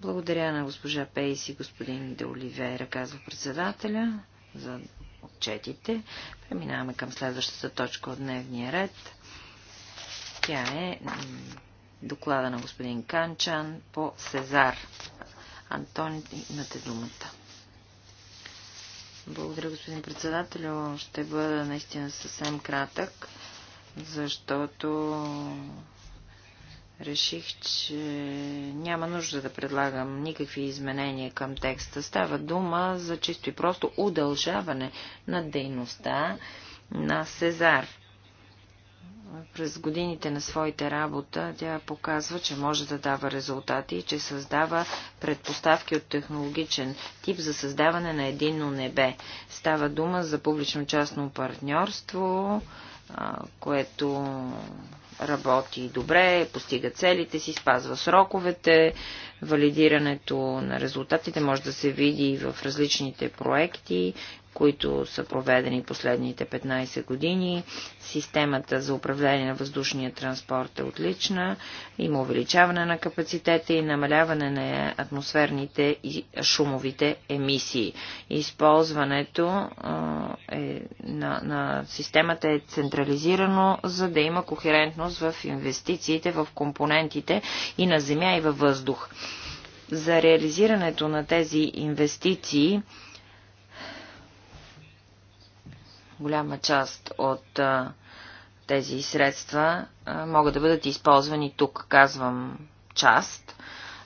Благодаря на госпожа Пейс и господин Де Оливейра, казва председателя, за отчетите. Преминаваме към следващата точка от дневния ред. Тя е доклада на господин Канчан по Сезар. Антони, имате думата. Благодаря, господин председател. Ще бъда наистина съвсем кратък, защото реших, че няма нужда да предлагам никакви изменения към текста. Става дума за чисто и просто удължаване на дейността на Сезар. През годините на своите работа тя показва, че може да дава резултати и че създава предпоставки от технологичен тип за създаване на единно небе. Става дума за публично-частно партньорство, което работи добре, постига целите си, спазва сроковете, валидирането на резултатите може да се види и в различните проекти, които са проведени последните 15 години. Системата за управление на въздушния транспорт е отлична. Има увеличаване на капацитета и намаляване на атмосферните и шумовите емисии. Използването е, на, на системата е централизирано, за да има кохерентност в инвестициите, в компонентите и на земя и във въздух. За реализирането на тези инвестиции, Голяма част от а, тези средства а, могат да бъдат използвани тук, казвам част,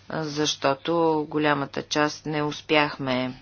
а, защото голямата част не успяхме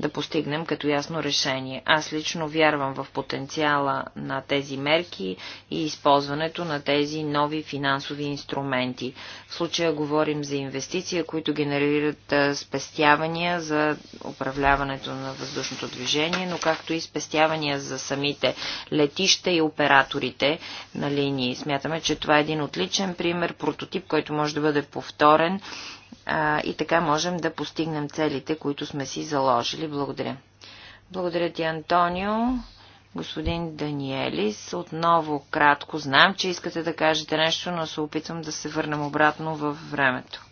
да постигнем като ясно решение. Аз лично вярвам в потенциала на тези мерки и използването на тези нови финансови инструменти. В случая говорим за инвестиции, които генерират спестявания за управляването на въздушното движение, но както и спестявания за самите летища и операторите на линии. Смятаме, че това е един отличен пример, прототип, който може да бъде повторен а, и така можем да постигнем целите, които сме си заложили. Благодаря. Благодаря ти, Антонио. Господин Даниелис, отново кратко. Знам, че искате да кажете нещо, но се опитвам да се върнем обратно във времето.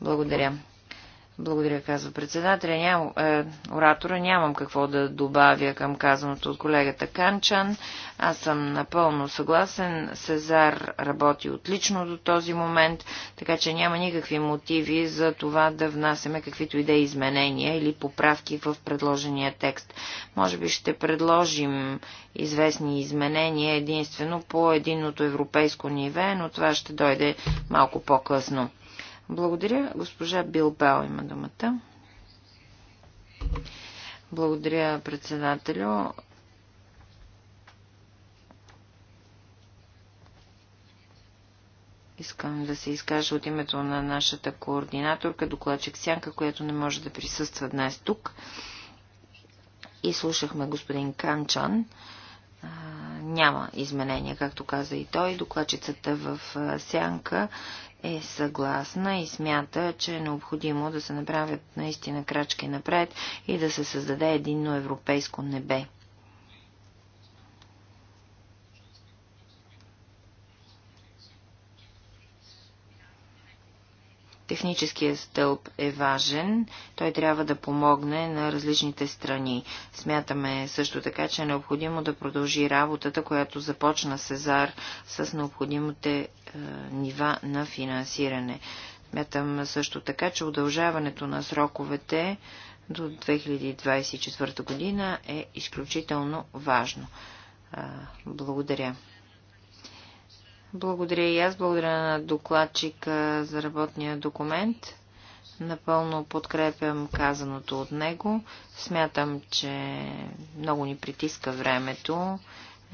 Благодаря. Благодаря, казва председателя. Ням, е, оратора нямам какво да добавя към казаното от колегата Канчан. Аз съм напълно съгласен. Сезар работи отлично до този момент, така че няма никакви мотиви за това да внасяме каквито и да е изменения или поправки в предложения текст. Може би ще предложим известни изменения единствено по единното европейско ниве, но това ще дойде малко по-късно. Благодаря. Госпожа Билбао има думата. Благодаря, председателю. Искам да се изкажа от името на нашата координаторка, докладчик Сянка, която не може да присъства днес тук. И слушахме господин Канчан. няма изменения, както каза и той. Докладчицата в Сянка е съгласна и смята, че е необходимо да се направят наистина крачки напред и да се създаде единно европейско небе. Техническия стълб е важен. Той трябва да помогне на различните страни. Смятаме също така, че е необходимо да продължи работата, която започна Сезар с необходимите е, нива на финансиране. Смятам също така, че удължаването на сроковете до 2024 година е изключително важно. Е, благодаря. Благодаря и аз. Благодаря на докладчика за работния документ. Напълно подкрепям казаното от него. Смятам, че много ни притиска времето.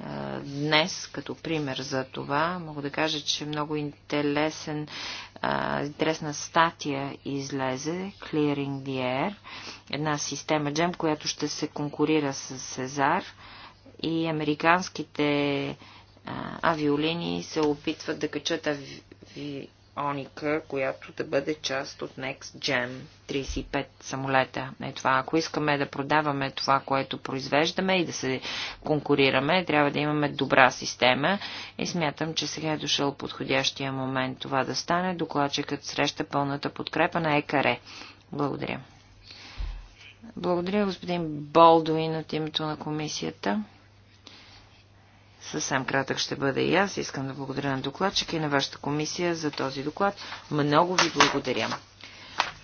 Е, днес, като пример за това, мога да кажа, че много интересен, е, интересна статия излезе Clearing the Air, една система джем, която ще се конкурира с Сезар и американските авиолинии се опитват да качат авионика, която да бъде част от Next Gen 35 самолета. Е това. Ако искаме да продаваме това, което произвеждаме и да се конкурираме, трябва да имаме добра система и смятам, че сега е дошъл подходящия момент това да стане. Докладчикът среща пълната подкрепа на ЕКАРЕ. Благодаря. Благодаря, господин Болдуин, от името на комисията. Съвсем кратък ще бъде и аз. Искам да благодаря на докладчика и на вашата комисия за този доклад. Много ви благодаря.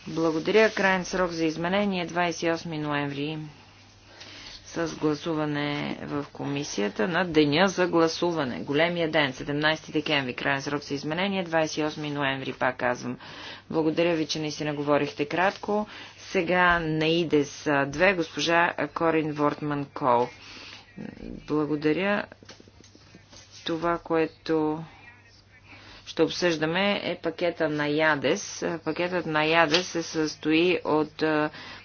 Благодаря. Крайен срок за изменение 28 е ноември с гласуване в комисията на деня за гласуване. Големия ден, 17 декември, крайен срок за изменение, 28 е ноември, пак казвам. Благодаря ви, че не си говорихте кратко. Сега на ИДЕС 2, госпожа Корин Вортман Кол. Благодаря. Това, което ще обсъждаме е пакета на ЯДЕС. Пакетът на ЯДЕС се състои от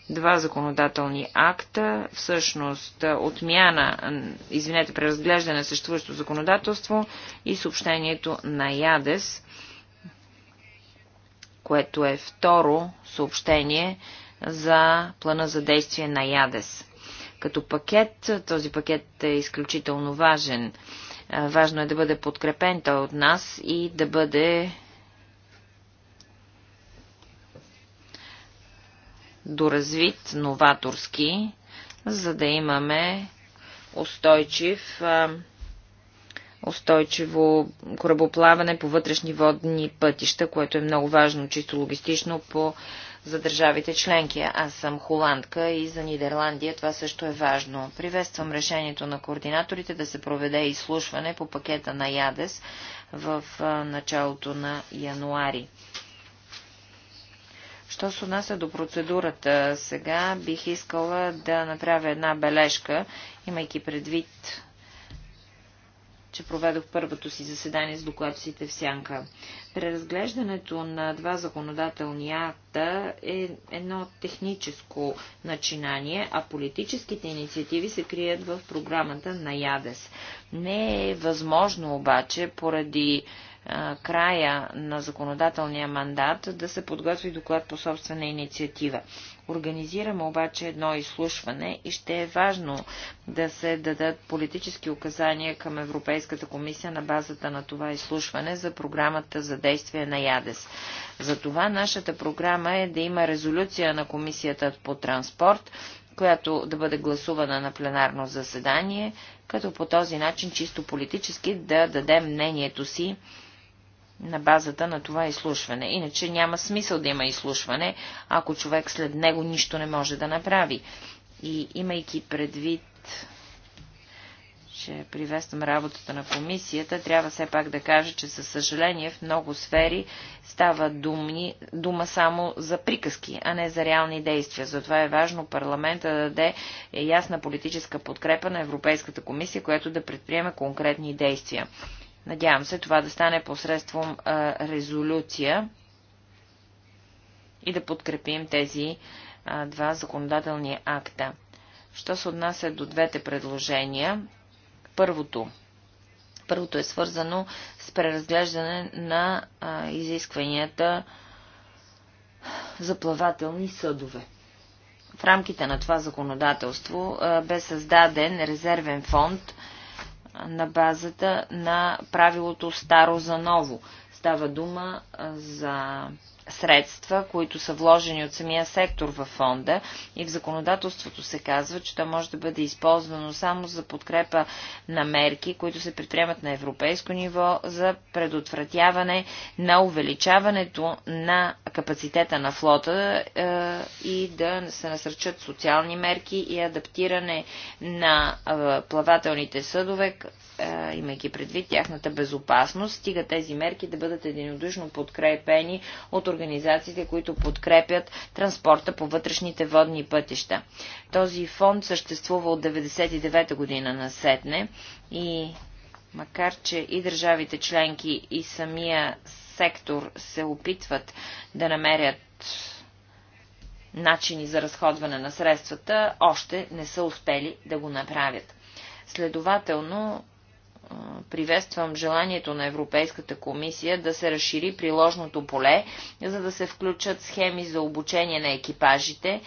два законодателни акта, всъщност отмяна, извинете, преразглеждане на съществуващо законодателство и съобщението на ЯДЕС, което е второ съобщение за плана за действие на ЯДЕС. Като пакет, този пакет е изключително важен Важно е да бъде подкрепен той от нас и да бъде доразвит новаторски, за да имаме устойчив, устойчиво корабоплаване по вътрешни водни пътища, което е много важно чисто логистично по за държавите членки. Аз съм холандка и за Нидерландия това също е важно. Приветствам решението на координаторите да се проведе изслушване по пакета на ЯДЕС в началото на януари. Що се отнася до процедурата сега, бих искала да направя една бележка, имайки предвид че проведох първото си заседание с докладците в Сянка. Преразглеждането на два законодателни акта е едно техническо начинание, а политическите инициативи се крият в програмата на ЯДЕС. Не е възможно обаче поради края на законодателния мандат да се подготви доклад по собствена инициатива. Организираме обаче едно изслушване и ще е важно да се дадат политически указания към Европейската комисия на базата на това изслушване за програмата за действие на ЯДЕС. Затова нашата програма е да има резолюция на комисията по транспорт, която да бъде гласувана на пленарно заседание, като по този начин чисто политически да дадем мнението си на базата на това изслушване. Иначе няма смисъл да има изслушване, ако човек след него нищо не може да направи. И имайки предвид, че приветствам работата на комисията, трябва все пак да кажа, че със съжаление в много сфери става думни, дума само за приказки, а не за реални действия. Затова е важно парламента да даде ясна политическа подкрепа на Европейската комисия, която да предприеме конкретни действия. Надявам се това да стане посредством а, резолюция и да подкрепим тези а, два законодателни акта. Що се отнася до двете предложения? Първото. Първото е свързано с преразглеждане на а, изискванията за плавателни съдове. В рамките на това законодателство а, бе създаден резервен фонд – на базата на правилото старо за ново. Става дума за средства, които са вложени от самия сектор във фонда и в законодателството се казва, че то може да бъде използвано само за подкрепа на мерки, които се предприемат на европейско ниво за предотвратяване на увеличаването на капацитета на флота е, и да се насърчат социални мерки и адаптиране на е, плавателните съдове, е, имайки предвид тяхната безопасност, стига тези мерки да бъдат единодушно подкрепени от организациите, които подкрепят транспорта по вътрешните водни пътища. Този фонд съществува от 1999 година на Сетне и макар, че и държавите членки и самия сектор се опитват да намерят начини за разходване на средствата, още не са успели да го направят. Следователно, приветствам желанието на Европейската комисия да се разшири приложното поле, за да се включат схеми за обучение на екипажите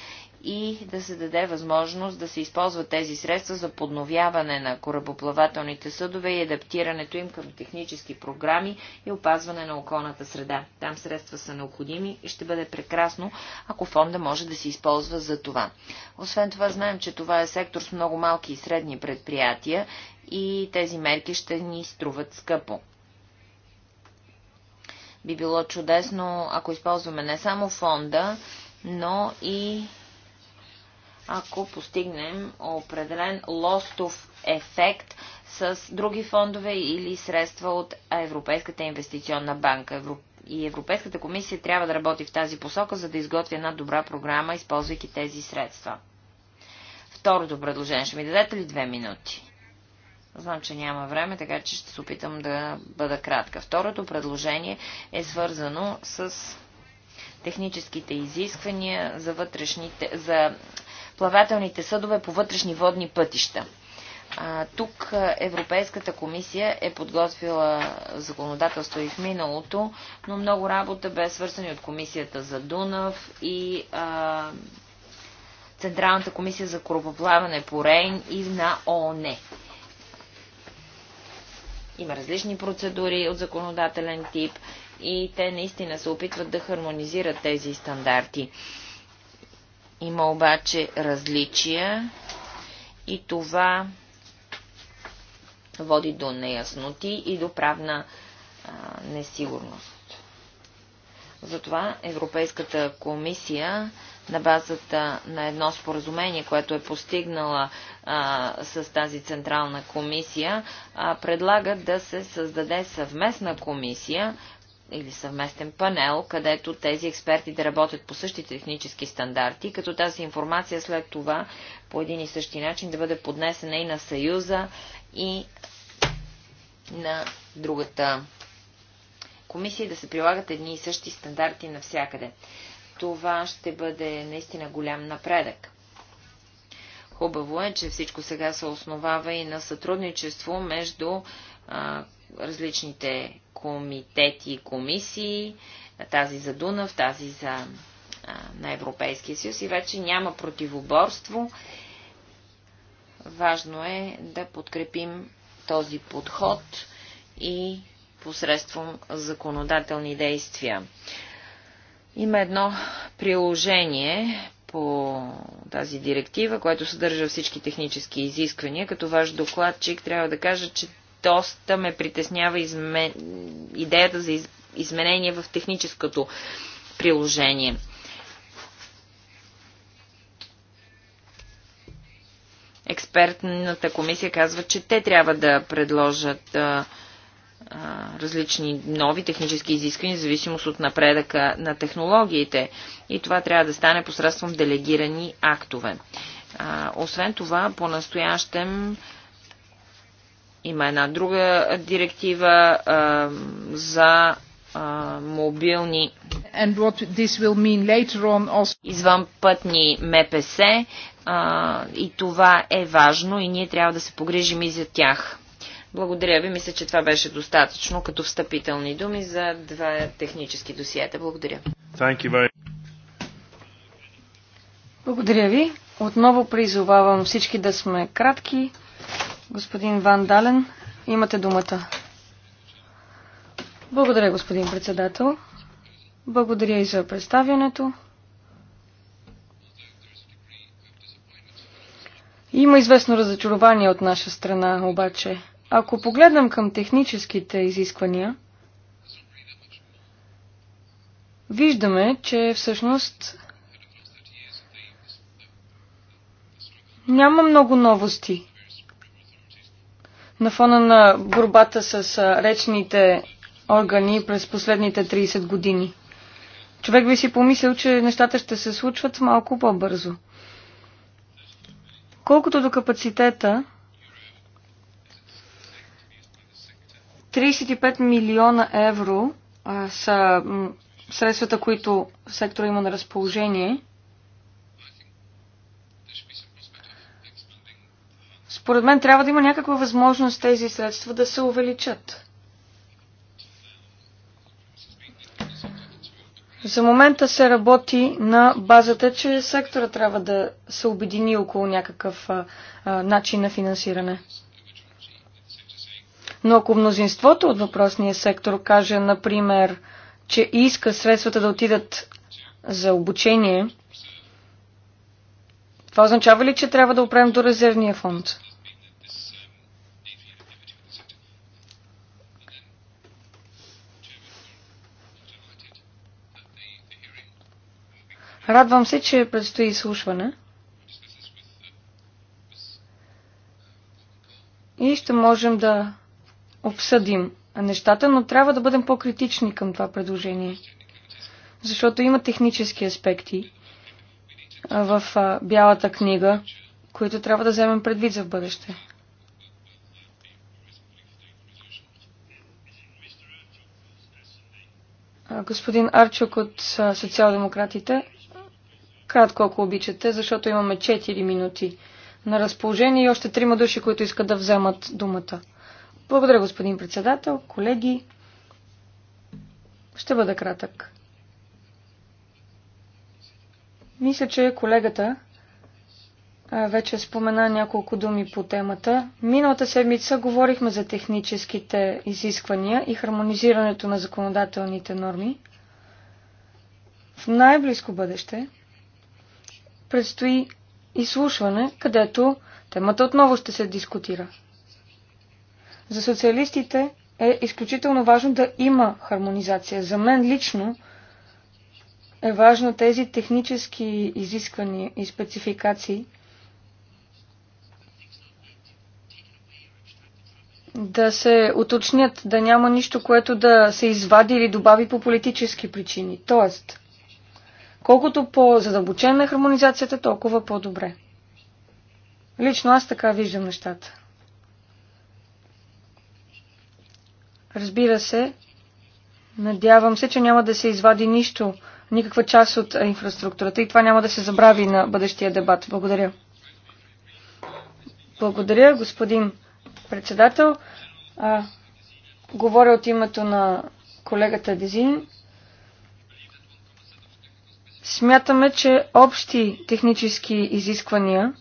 и да се даде възможност да се използват тези средства за подновяване на корабоплавателните съдове и адаптирането им към технически програми и опазване на околната среда. Там средства са необходими и ще бъде прекрасно, ако фонда може да се използва за това. Освен това, знаем, че това е сектор с много малки и средни предприятия и тези мерки ще ни струват скъпо. Би било чудесно, ако използваме не само фонда, но и ако постигнем определен лостов ефект с други фондове или средства от Европейската инвестиционна банка. И Европейската комисия трябва да работи в тази посока, за да изготви една добра програма, използвайки тези средства. Второто предложение. Ще ми дадете ли две минути? Знам, че няма време, така че ще се опитам да бъда кратка. Второто предложение е свързано с техническите изисквания за, вътрешните, за плавателните съдове по вътрешни водни пътища. А, тук Европейската комисия е подготвила законодателство и в миналото, но много работа бе свързани от комисията за Дунав и а, Централната комисия за корабоплаване по Рейн и на ООН. Има различни процедури от законодателен тип и те наистина се опитват да хармонизират тези стандарти. Има обаче различия и това води до неясноти и до правна а, несигурност. Затова Европейската комисия на базата на едно споразумение, което е постигнала а, с тази централна комисия, а, предлага да се създаде съвместна комисия, или съвместен панел, където тези експерти да работят по същите технически стандарти, като тази информация след това по един и същи начин да бъде поднесена и на Съюза, и на другата комисия, да се прилагат едни и същи стандарти навсякъде. Това ще бъде наистина голям напредък. Хубаво е, че всичко сега се основава и на сътрудничество между различните комитети и комисии, тази за Дунав, тази за, а, на Европейския съюз и вече няма противоборство. Важно е да подкрепим този подход и посредством законодателни действия. Има едно приложение по тази директива, което съдържа всички технически изисквания. Като ваш докладчик трябва да кажа, че доста ме притеснява измен... идеята за из... изменение в техническото приложение. Експертната комисия казва, че те трябва да предложат а, различни нови технически изисквания, в зависимост от напредъка на технологиите. И това трябва да стане посредством делегирани актове. А, освен това, по-настоящем има една друга директива а, за а, мобилни also... извънпътни МПС а, и това е важно и ние трябва да се погрижим и за тях. Благодаря ви. Мисля, че това беше достатъчно като встъпителни думи за два технически досиета. Благодаря. Благодаря ви. Отново призовавам всички да сме кратки. Господин Ван Дален, имате думата. Благодаря, господин председател. Благодаря и за представянето. Има известно разочарование от наша страна, обаче. Ако погледнем към техническите изисквания, виждаме, че всъщност няма много новости. На фона на борбата с речните органи през последните 30 години. Човек би си помислил, че нещата ще се случват малко по-бързо. Колкото до капацитета, 35 милиона евро а, са средствата, които сектора има на разположение – Според мен трябва да има някаква възможност тези средства да се увеличат. За момента се работи на базата, че сектора трябва да се обедини около някакъв а, а, начин на финансиране. Но ако мнозинството от въпросния сектор каже, например, че иска средствата да отидат за обучение, това означава ли, че трябва да опрем до резервния фонд? Радвам се, че предстои изслушване. И ще можем да обсъдим нещата, но трябва да бъдем по-критични към това предложение. Защото има технически аспекти в бялата книга, които трябва да вземем предвид за в бъдеще. Господин Арчук от социал-демократите Кратко, ако обичате, защото имаме 4 минути на разположение и още трима души, които искат да вземат думата. Благодаря, господин председател, колеги. Ще бъда кратък. Мисля, че колегата вече спомена няколко думи по темата. Миналата седмица говорихме за техническите изисквания и хармонизирането на законодателните норми. В най-близко бъдеще предстои изслушване, където темата отново ще се дискутира. За социалистите е изключително важно да има хармонизация. За мен лично е важно тези технически изисквания и спецификации да се уточнят, да няма нищо, което да се извади или добави по политически причини. Тоест, Колкото по-задълбочена е хармонизацията, толкова по-добре. Лично аз така виждам нещата. Разбира се, надявам се, че няма да се извади нищо, никаква част от инфраструктурата и това няма да се забрави на бъдещия дебат. Благодаря. Благодаря, господин председател. А, говоря от името на колегата Дезин. Смятаме, че общи технически изисквания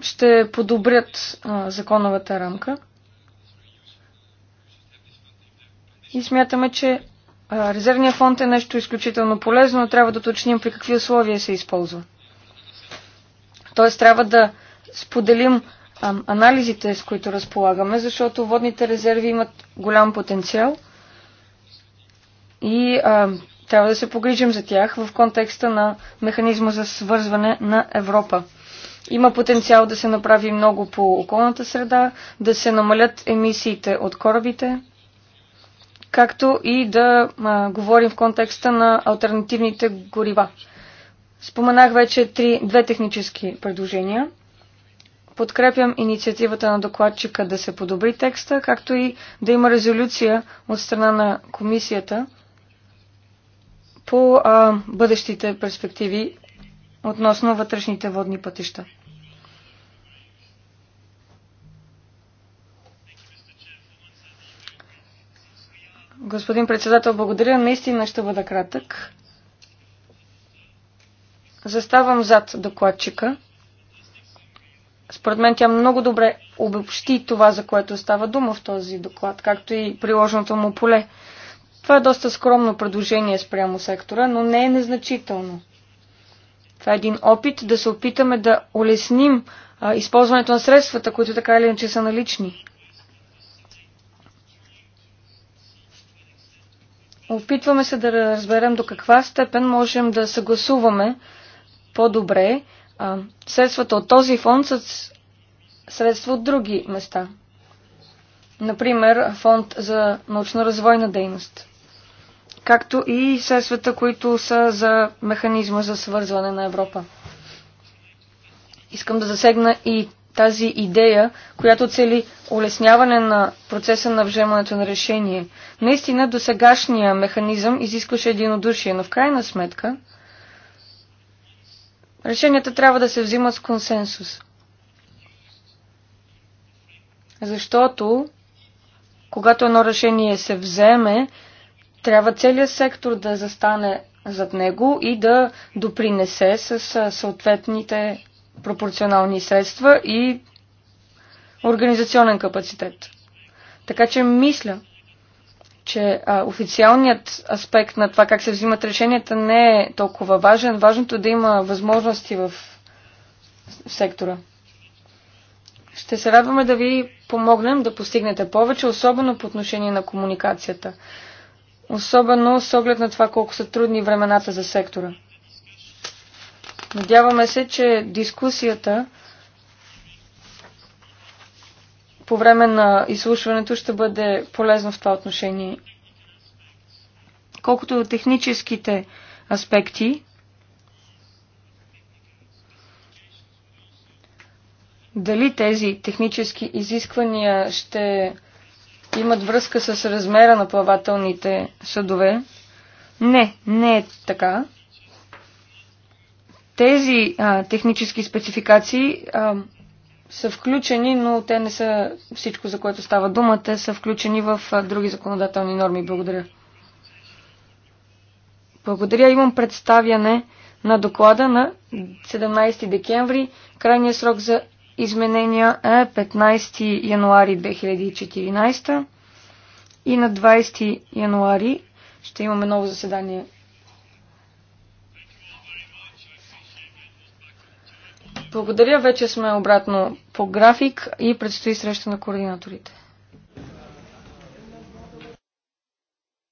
ще подобрят а, законовата рамка. И смятаме, че а, резервния фонд е нещо изключително полезно, но трябва да уточним при какви условия се използва. Тоест трябва да споделим а, анализите, с които разполагаме, защото водните резерви имат голям потенциал и а, трябва да се погрижим за тях в контекста на механизма за свързване на Европа. Има потенциал да се направи много по околната среда, да се намалят емисиите от корабите, както и да а, говорим в контекста на альтернативните горива. Споменах вече три, две технически предложения. Подкрепям инициативата на докладчика да се подобри текста, както и да има резолюция от страна на комисията – по а, бъдещите перспективи относно вътрешните водни пътища. Господин председател, благодаря. Наистина ще бъда кратък. Заставам зад докладчика. Според мен тя много добре обобщи това, за което става дума в този доклад, както и приложеното му поле. Това е доста скромно предложение спрямо сектора, но не е незначително. Това е един опит да се опитаме да улесним а, използването на средствата, които така или иначе са налични. Опитваме се да разберем до каква степен можем да съгласуваме по-добре средствата от този фонд с средства от други места. Например, фонд за научно-развойна дейност както и средствата, които са за механизма за свързване на Европа. Искам да засегна и тази идея, която цели улесняване на процеса на вземането на решение. Наистина до сегашния механизъм изискваше единодушие, но в крайна сметка решенията трябва да се взимат с консенсус. Защото когато едно решение се вземе, трябва целият сектор да застане зад него и да допринесе с съответните пропорционални средства и организационен капацитет. Така че мисля, че а, официалният аспект на това как се взимат решенията не е толкова важен. Важното е да има възможности в сектора. Ще се радваме да ви помогнем да постигнете повече, особено по отношение на комуникацията особено с оглед на това колко са трудни времената за сектора. Надяваме се, че дискусията по време на изслушването ще бъде полезна в това отношение. Колкото до техническите аспекти, дали тези технически изисквания ще имат връзка с размера на плавателните съдове. Не, не е така. Тези а, технически спецификации а, са включени, но те не са всичко, за което става дума. Те са включени в а, други законодателни норми. Благодаря. Благодаря. Имам представяне на доклада на 17 декември. Крайният срок за изменения е 15 януари 2014 и на 20 януари ще имаме ново заседание. Благодаря, вече сме обратно по график и предстои среща на координаторите.